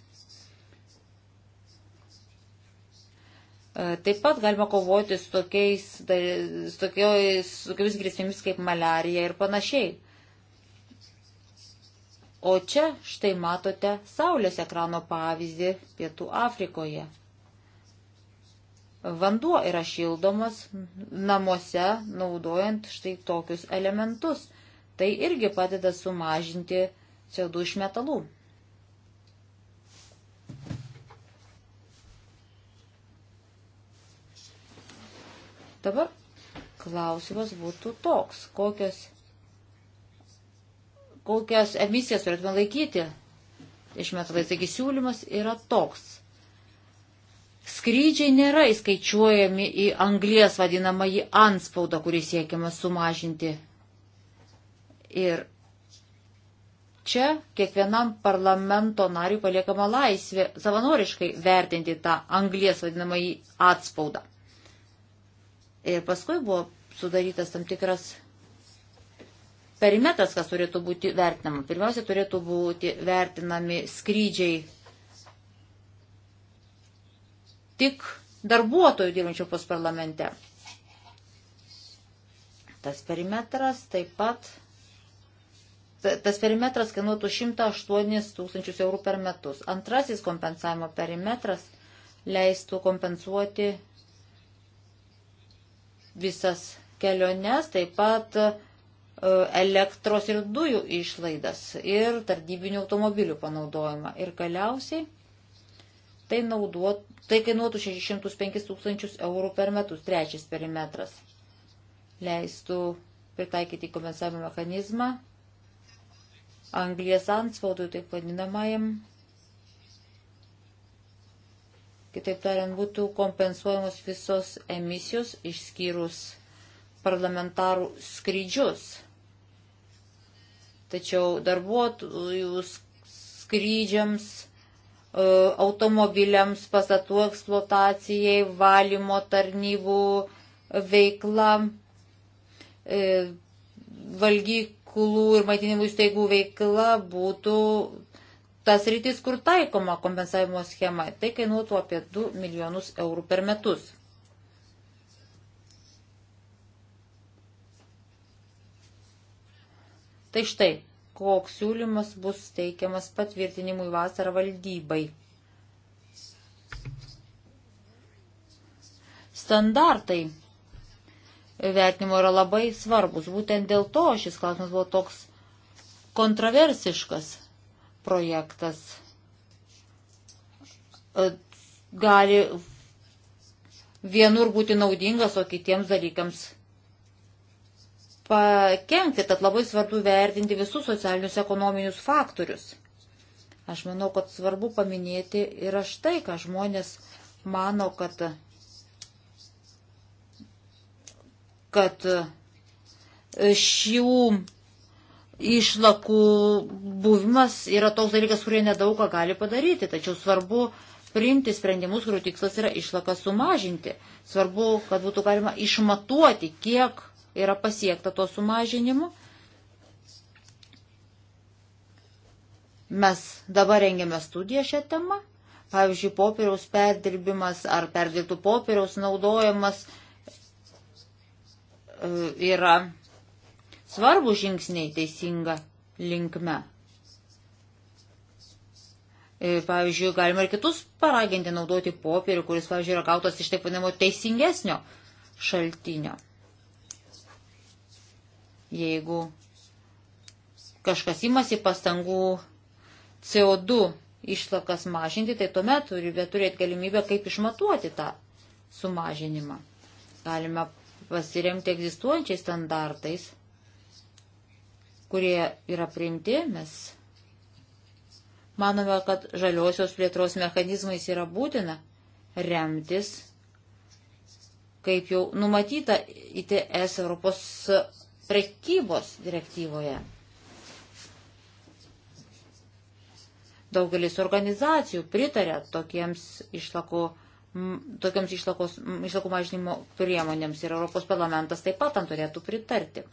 E, taip pat galima kovoti su tokiais, su tokiais, su tokiais grėsmėmis kaip malarija ir panašiai. O čia štai matote Saulės ekrano pavyzdį Pietų Afrikoje. Vanduo yra šildomas namuose, naudojant štai tokius elementus. Tai irgi padeda sumažinti CO2 iš metalų. Dabar klausimas būtų toks, kokios, kokias emisijas turėtume laikyti iš metalais. Taigi siūlymas yra toks. Skrydžiai nėra įskaičiuojami į anglies vadinamąjį anspaudą, kurį siekiama sumažinti. Ir čia kiekvienam parlamento nariui paliekama laisvė savanoriškai vertinti tą anglies vadinamąjį atspaudą. Ir paskui buvo sudarytas tam tikras perimetras, kas turėtų būti vertinama. Pirmiausia, turėtų būti vertinami skrydžiai tik darbuotojų dirbančių pas parlamente. Tas perimetras taip pat, tas perimetras kainuotų 108 tūkstančius eurų per metus. Antrasis kompensavimo perimetras leistų kompensuoti visas keliones, taip pat e, elektros ir dujų išlaidas ir tardybinių automobilių panaudojimą. Ir galiausiai Tai, nauduot, tai kainuotų 605 tūkstančius eurų per metus. Trečias perimetras leistų pritaikyti kompensavimo mechanizmą anglies anspaudui, taip vadinamajam. Kitaip tariant, būtų kompensuojamos visos emisijos išskyrus parlamentarų skrydžius. Tačiau darbuotojų skrydžiams E, automobiliams, pastatų eksploatacijai, valymo tarnybų veikla, e, valgyklų ir maitinimų įstaigų veikla būtų tas rytis, kur taikoma kompensavimo schema. Tai kainuotų apie 2 milijonus eurų per metus. Tai štai, koks siūlymas bus teikiamas patvirtinimui vasarą valdybai. Standartai vertinimo yra labai svarbus. Būtent dėl to šis klausimas buvo toks kontroversiškas projektas. E, gali vienur būti naudingas, o kitiems dalykams pakengti, tad labai svarbu vertinti visus socialinius ekonominius faktorius. Aš manau, kad svarbu paminėti ir aš tai, ką žmonės mano, kad, kad šių išlakų buvimas yra toks dalykas, kurie nedaug ką gali padaryti, tačiau svarbu priimti sprendimus, kurių tikslas yra išlakas sumažinti. Svarbu, kad būtų galima išmatuoti, kiek yra pasiekta to sumažinimu. Mes dabar rengiame studiją šią temą. Pavyzdžiui, popieriaus perdirbimas ar perdirbtų popieriaus naudojimas e, yra svarbu žingsniai teisinga linkme. E, pavyzdžiui, galima ir kitus paraginti naudoti popierių, kuris, pavyzdžiui, yra gautas iš taip vadinamo teisingesnio šaltinio jeigu kažkas imasi pastangų CO2 išlakas mažinti, tai tuomet turime turėti galimybę kaip išmatuoti tą sumažinimą. Galime pasiremti egzistuojančiais standartais, kurie yra priimti, mes manome, kad žaliosios plėtros mechanizmais yra būtina remtis, kaip jau numatyta ITS Europos prekybos direktyvoje. Daugelis organizacijų pritarė tokiems išlakų, tokiams išlakos, išlakų mažinimo priemonėms ir Europos parlamentas taip pat tam turėtų pritarti.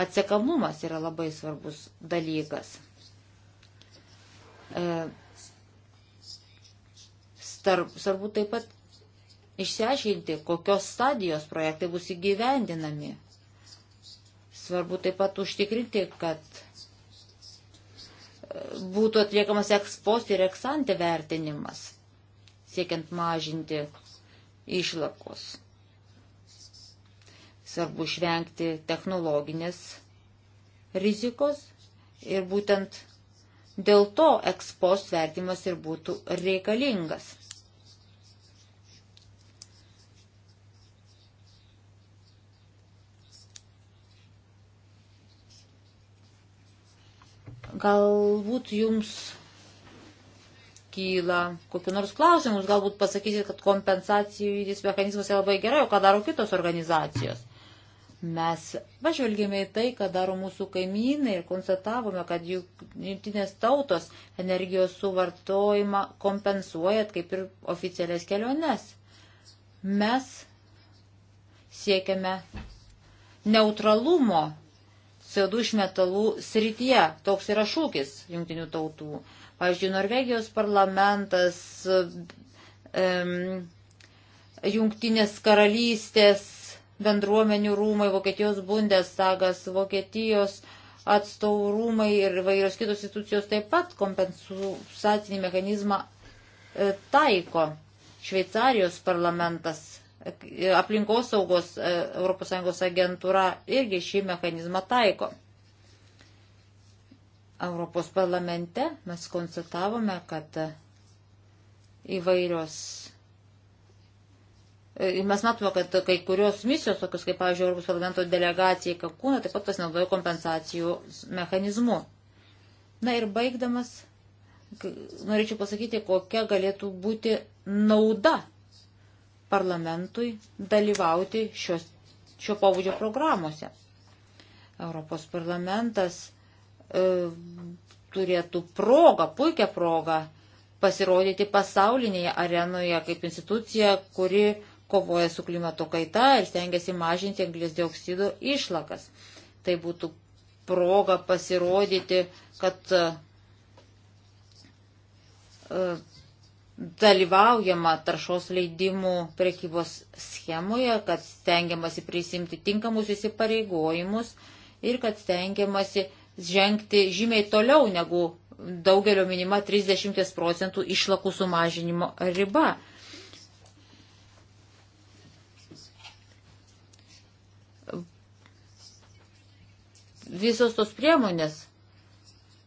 Atsekamumas yra labai svarbus dalykas. E, starb, svarbu taip pat išsiaiškinti, kokios stadijos projektai bus įgyvendinami. Svarbu taip pat užtikrinti, kad e, būtų atliekamas ekspos ir eksante vertinimas, siekiant mažinti išlakos. Svarbu išvengti technologinės rizikos ir būtent dėl to ekspos vertimas ir būtų reikalingas. Galbūt jums kyla kokiu nors klausimus, galbūt pasakysit, kad kompensacijų mechanizmas yra labai gerai, o ką daro kitos organizacijos. Mes pažvelgėme į tai, ką daro mūsų kaimynai ir konstatavome, kad jungtinės tautos energijos suvartojimą kompensuojat kaip ir oficialias keliones. Mes siekiame neutralumo CO2 iš metalų srityje. Toks yra šūkis jungtinių tautų. Pavyzdžiui, Norvegijos parlamentas, um, jungtinės karalystės bendruomenių rūmai, Vokietijos Bundestagas, Vokietijos atstovų rūmai ir vairios kitos institucijos taip pat kompensacinį mechanizmą e, taiko. Šveicarijos parlamentas aplinkos saugos ES agentūra irgi šį mechanizmą taiko. Europos parlamente mes konstatavome, kad įvairios. E, mes matome, kad kai kurios misijos, tokios kaip, pavyzdžiui, Europos parlamento delegacija į Kakūną, taip pat pasinaudojo kompensacijų mechanizmu. Na ir baigdamas, norėčiau pasakyti, kokia galėtų būti nauda parlamentui dalyvauti šios, šio pobūdžio programuose. Europos parlamentas e, turėtų progą, puikią progą pasirodyti pasaulinėje arenoje kaip institucija, kuri kovoja su klimato kaita ir stengiasi mažinti anglės dioksido išlakas. Tai būtų proga pasirodyti, kad e, dalyvaujama taršos leidimų prekybos schemoje, kad stengiamasi prisimti tinkamus įsipareigojimus ir kad stengiamasi žengti žymiai toliau negu daugelio minima 30 procentų išlakų sumažinimo riba. Visos tos priemonės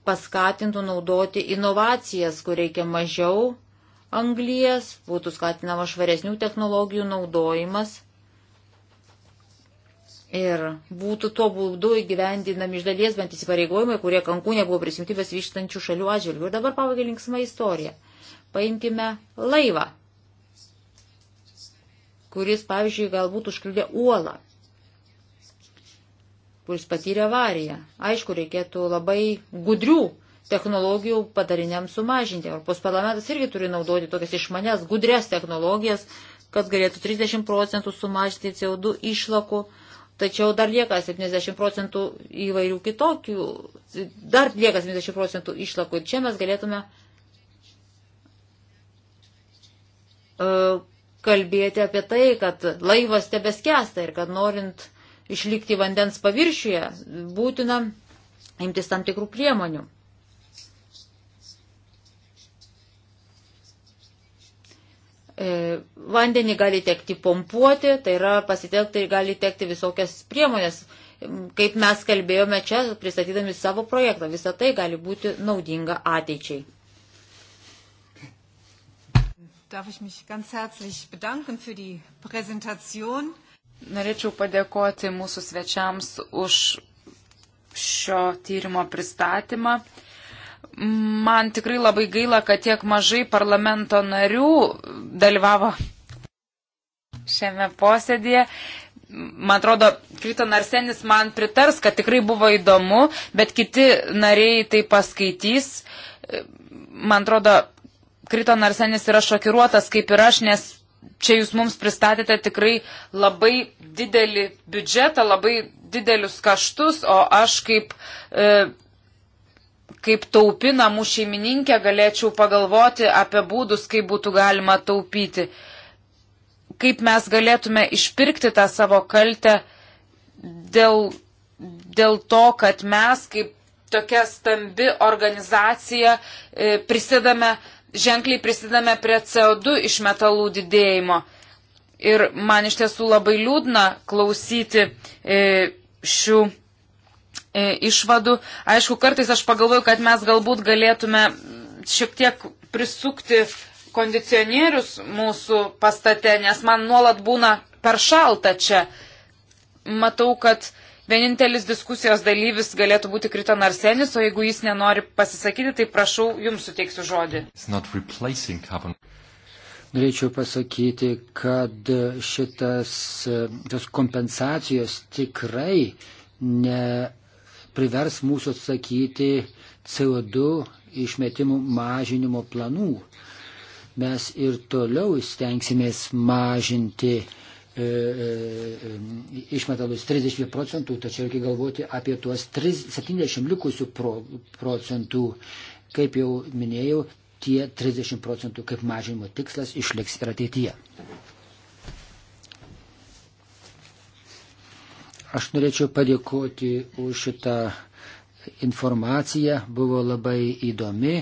paskatintų naudoti inovacijas, kur reikia mažiau anglijas, būtų skatinama švaresnių technologijų naudojimas ir būtų tuo būdu įgyvendinami iš dalies bent įsipareigojimai, kurie kankūnė buvo prisimti besvyštančių šalių atžvilgių. Ir dabar pabaigai linksma istorija. Paimkime laivą, kuris, pavyzdžiui, galbūt užkliudė uolą, kuris patyrė avariją. Aišku, reikėtų labai gudrių technologijų padariniams sumažinti. Europos parlamentas irgi turi naudoti tokias išmanės, gudrės technologijas, kad galėtų 30 procentų sumažinti CO2 išlakų, tačiau dar lieka 70 procentų įvairių kitokių, dar lieka 70 procentų išlakų ir čia mes galėtume uh, kalbėti apie tai, kad laivas tebeskęsta ir kad norint išlikti vandens paviršiuje, būtina imtis tam tikrų priemonių. E, vandenį gali tekti pompuoti, tai yra pasitelkti gali tekti visokias priemonės, kaip mes kalbėjome čia, pristatydami savo projektą. Visą tai gali būti naudinga ateičiai. Norėčiau padėkoti mūsų svečiams už šio tyrimo pristatymą. Man tikrai labai gaila, kad tiek mažai parlamento narių dalyvavo šiame posėdėje. Man atrodo, Kriton Arsenis man pritars, kad tikrai buvo įdomu, bet kiti nariai tai paskaitys. Man atrodo, Kriton Arsenis yra šokiruotas kaip ir aš, nes čia jūs mums pristatėte tikrai labai didelį biudžetą, labai didelius kaštus, o aš kaip e, kaip taupi namų šeimininkė galėčiau pagalvoti apie būdus, kaip būtų galima taupyti. Kaip mes galėtume išpirkti tą savo kaltę dėl, dėl to, kad mes kaip tokia stambi organizacija e, prisidame, ženkliai prisidame prie CO2 iš metalų didėjimo. Ir man iš tiesų labai liūdna klausyti e, šių E, išvadų. Aišku, kartais aš pagalvoju, kad mes galbūt galėtume šiek tiek prisukti kondicionierius mūsų pastate, nes man nuolat būna per šalta čia. Matau, kad vienintelis diskusijos dalyvis galėtų būti Krito Narsenis, o jeigu jis nenori pasisakyti, tai prašau, jums suteiksiu žodį. Norėčiau pasakyti, kad šitas e, tos kompensacijos tikrai ne privers mūsų atsakyti CO2 išmetimų mažinimo planų. Mes ir toliau stengsimės mažinti e, e, e išmetalus 30 procentų, tačiau reikia galvoti apie tuos 3, 70 likusių pro, procentų. Kaip jau minėjau, tie 30 procentų kaip mažinimo tikslas išliks ir ateityje. Aš norėčiau padėkoti už šitą informacija buvo labai įdomi.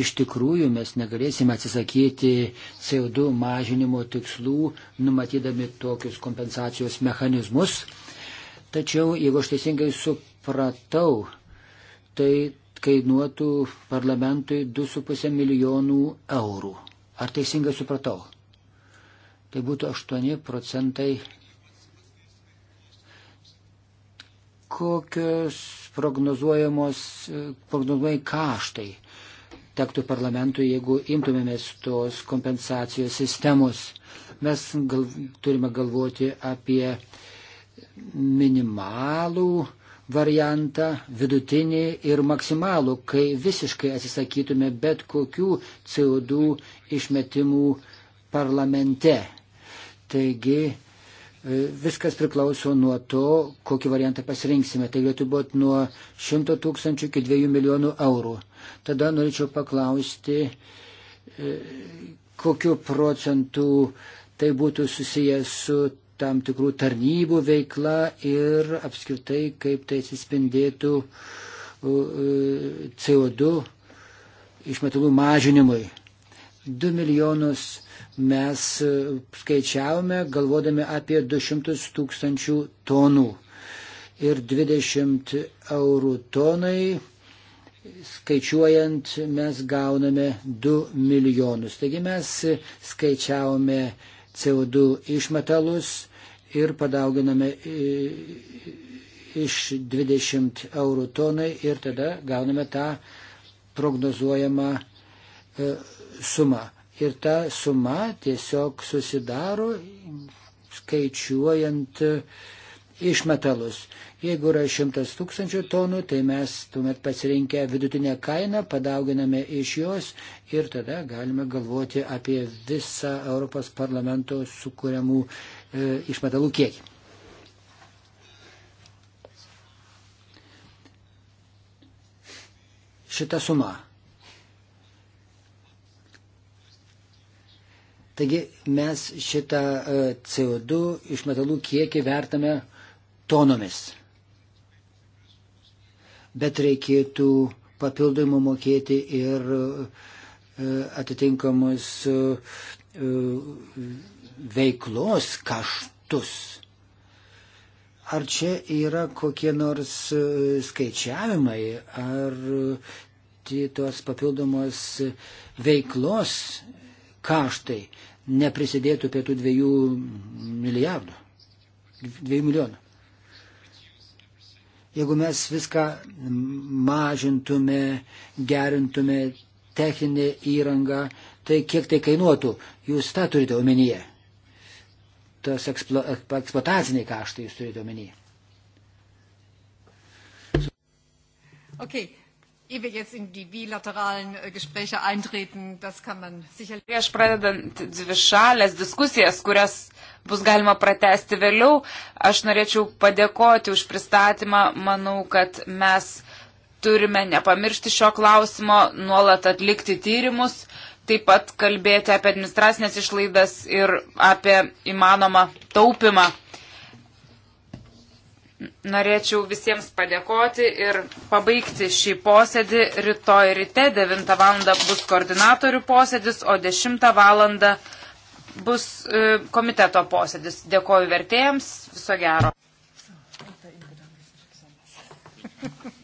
Iš tikrųjų mes negalėsime atsisakyti CO2 mažinimo tikslų, numatydami tokius kompensacijos mechanizmus. Tačiau, jeigu aš teisingai supratau, tai kainuotų parlamentui 2,5 milijonų eurų. Ar teisingai supratau? Tai būtų 8 procentai kokios prognozuojamos, prognozuojai kaštai tektų parlamentui, jeigu imtumėmės tos kompensacijos sistemos. Mes gal, turime galvoti apie minimalų variantą, vidutinį ir maksimalų, kai visiškai atsisakytume bet kokių CO2 išmetimų parlamente. Taigi Viskas priklauso nuo to, kokį variantą pasirinksime. Tai galėtų būti nuo 100 tūkstančių iki 2 milijonų eurų. Tada norėčiau paklausti, e, kokiu procentu tai būtų susijęs su tam tikrų tarnybų veikla ir apskritai, kaip tai atsispindėtų e, CO2 išmetalų mažinimui. 2 milijonus mes e, skaičiavome galvodami apie 200 tūkstančių tonų ir 20 eurų tonai skaičiuojant mes gauname 2 milijonus. Taigi mes skaičiavome CO2 išmetalus ir padauginame e, iš 20 eurų tonai ir tada gauname tą prognozuojamą e, sumą ir ta suma tiesiog susidaro skaičiuojant e, išmetalus. Jeigu yra 100 tūkstančių tonų, tai mes tuomet pasirinkę vidutinę kainą, padauginame iš jos ir tada galime galvoti apie visą Europos parlamento sukūriamų e, išmetalų kiekį. Šita suma Taigi mes šitą e, CO2 iš metalų kiekį vertame tonomis. Bet reikėtų papildomų mokėti ir e, atitinkamus e, veiklos kaštus. Ar čia yra kokie nors skaičiavimai, ar tos papildomos veiklos kaštai neprisidėtų prie tų dviejų milijardų, dviejų milijonų. Jeigu mes viską mažintume, gerintume techninę įrangą, tai kiek tai kainuotų, jūs tą turite omenyje. Tas eksplo, eksploataciniai kaštai jūs turite omenyje. Okay. Ehe wir jetzt in die bilateralen äh, Gespräche eintreten, das kann man sicherlich. Prieš pradedant dvišalės diskusijas, kurias bus galima pratesti vėliau, aš norėčiau padėkoti už pristatymą. Manau, kad mes turime nepamiršti šio klausimo, nuolat atlikti tyrimus, taip pat kalbėti apie administracinės išlaidas ir apie įmanomą taupimą norėčiau visiems padėkoti ir pabaigti šį posėdį. Rytoj ryte 9 val. bus koordinatorių posėdis, o 10 val. bus e, komiteto posėdis. Dėkoju vertėjams, viso gero.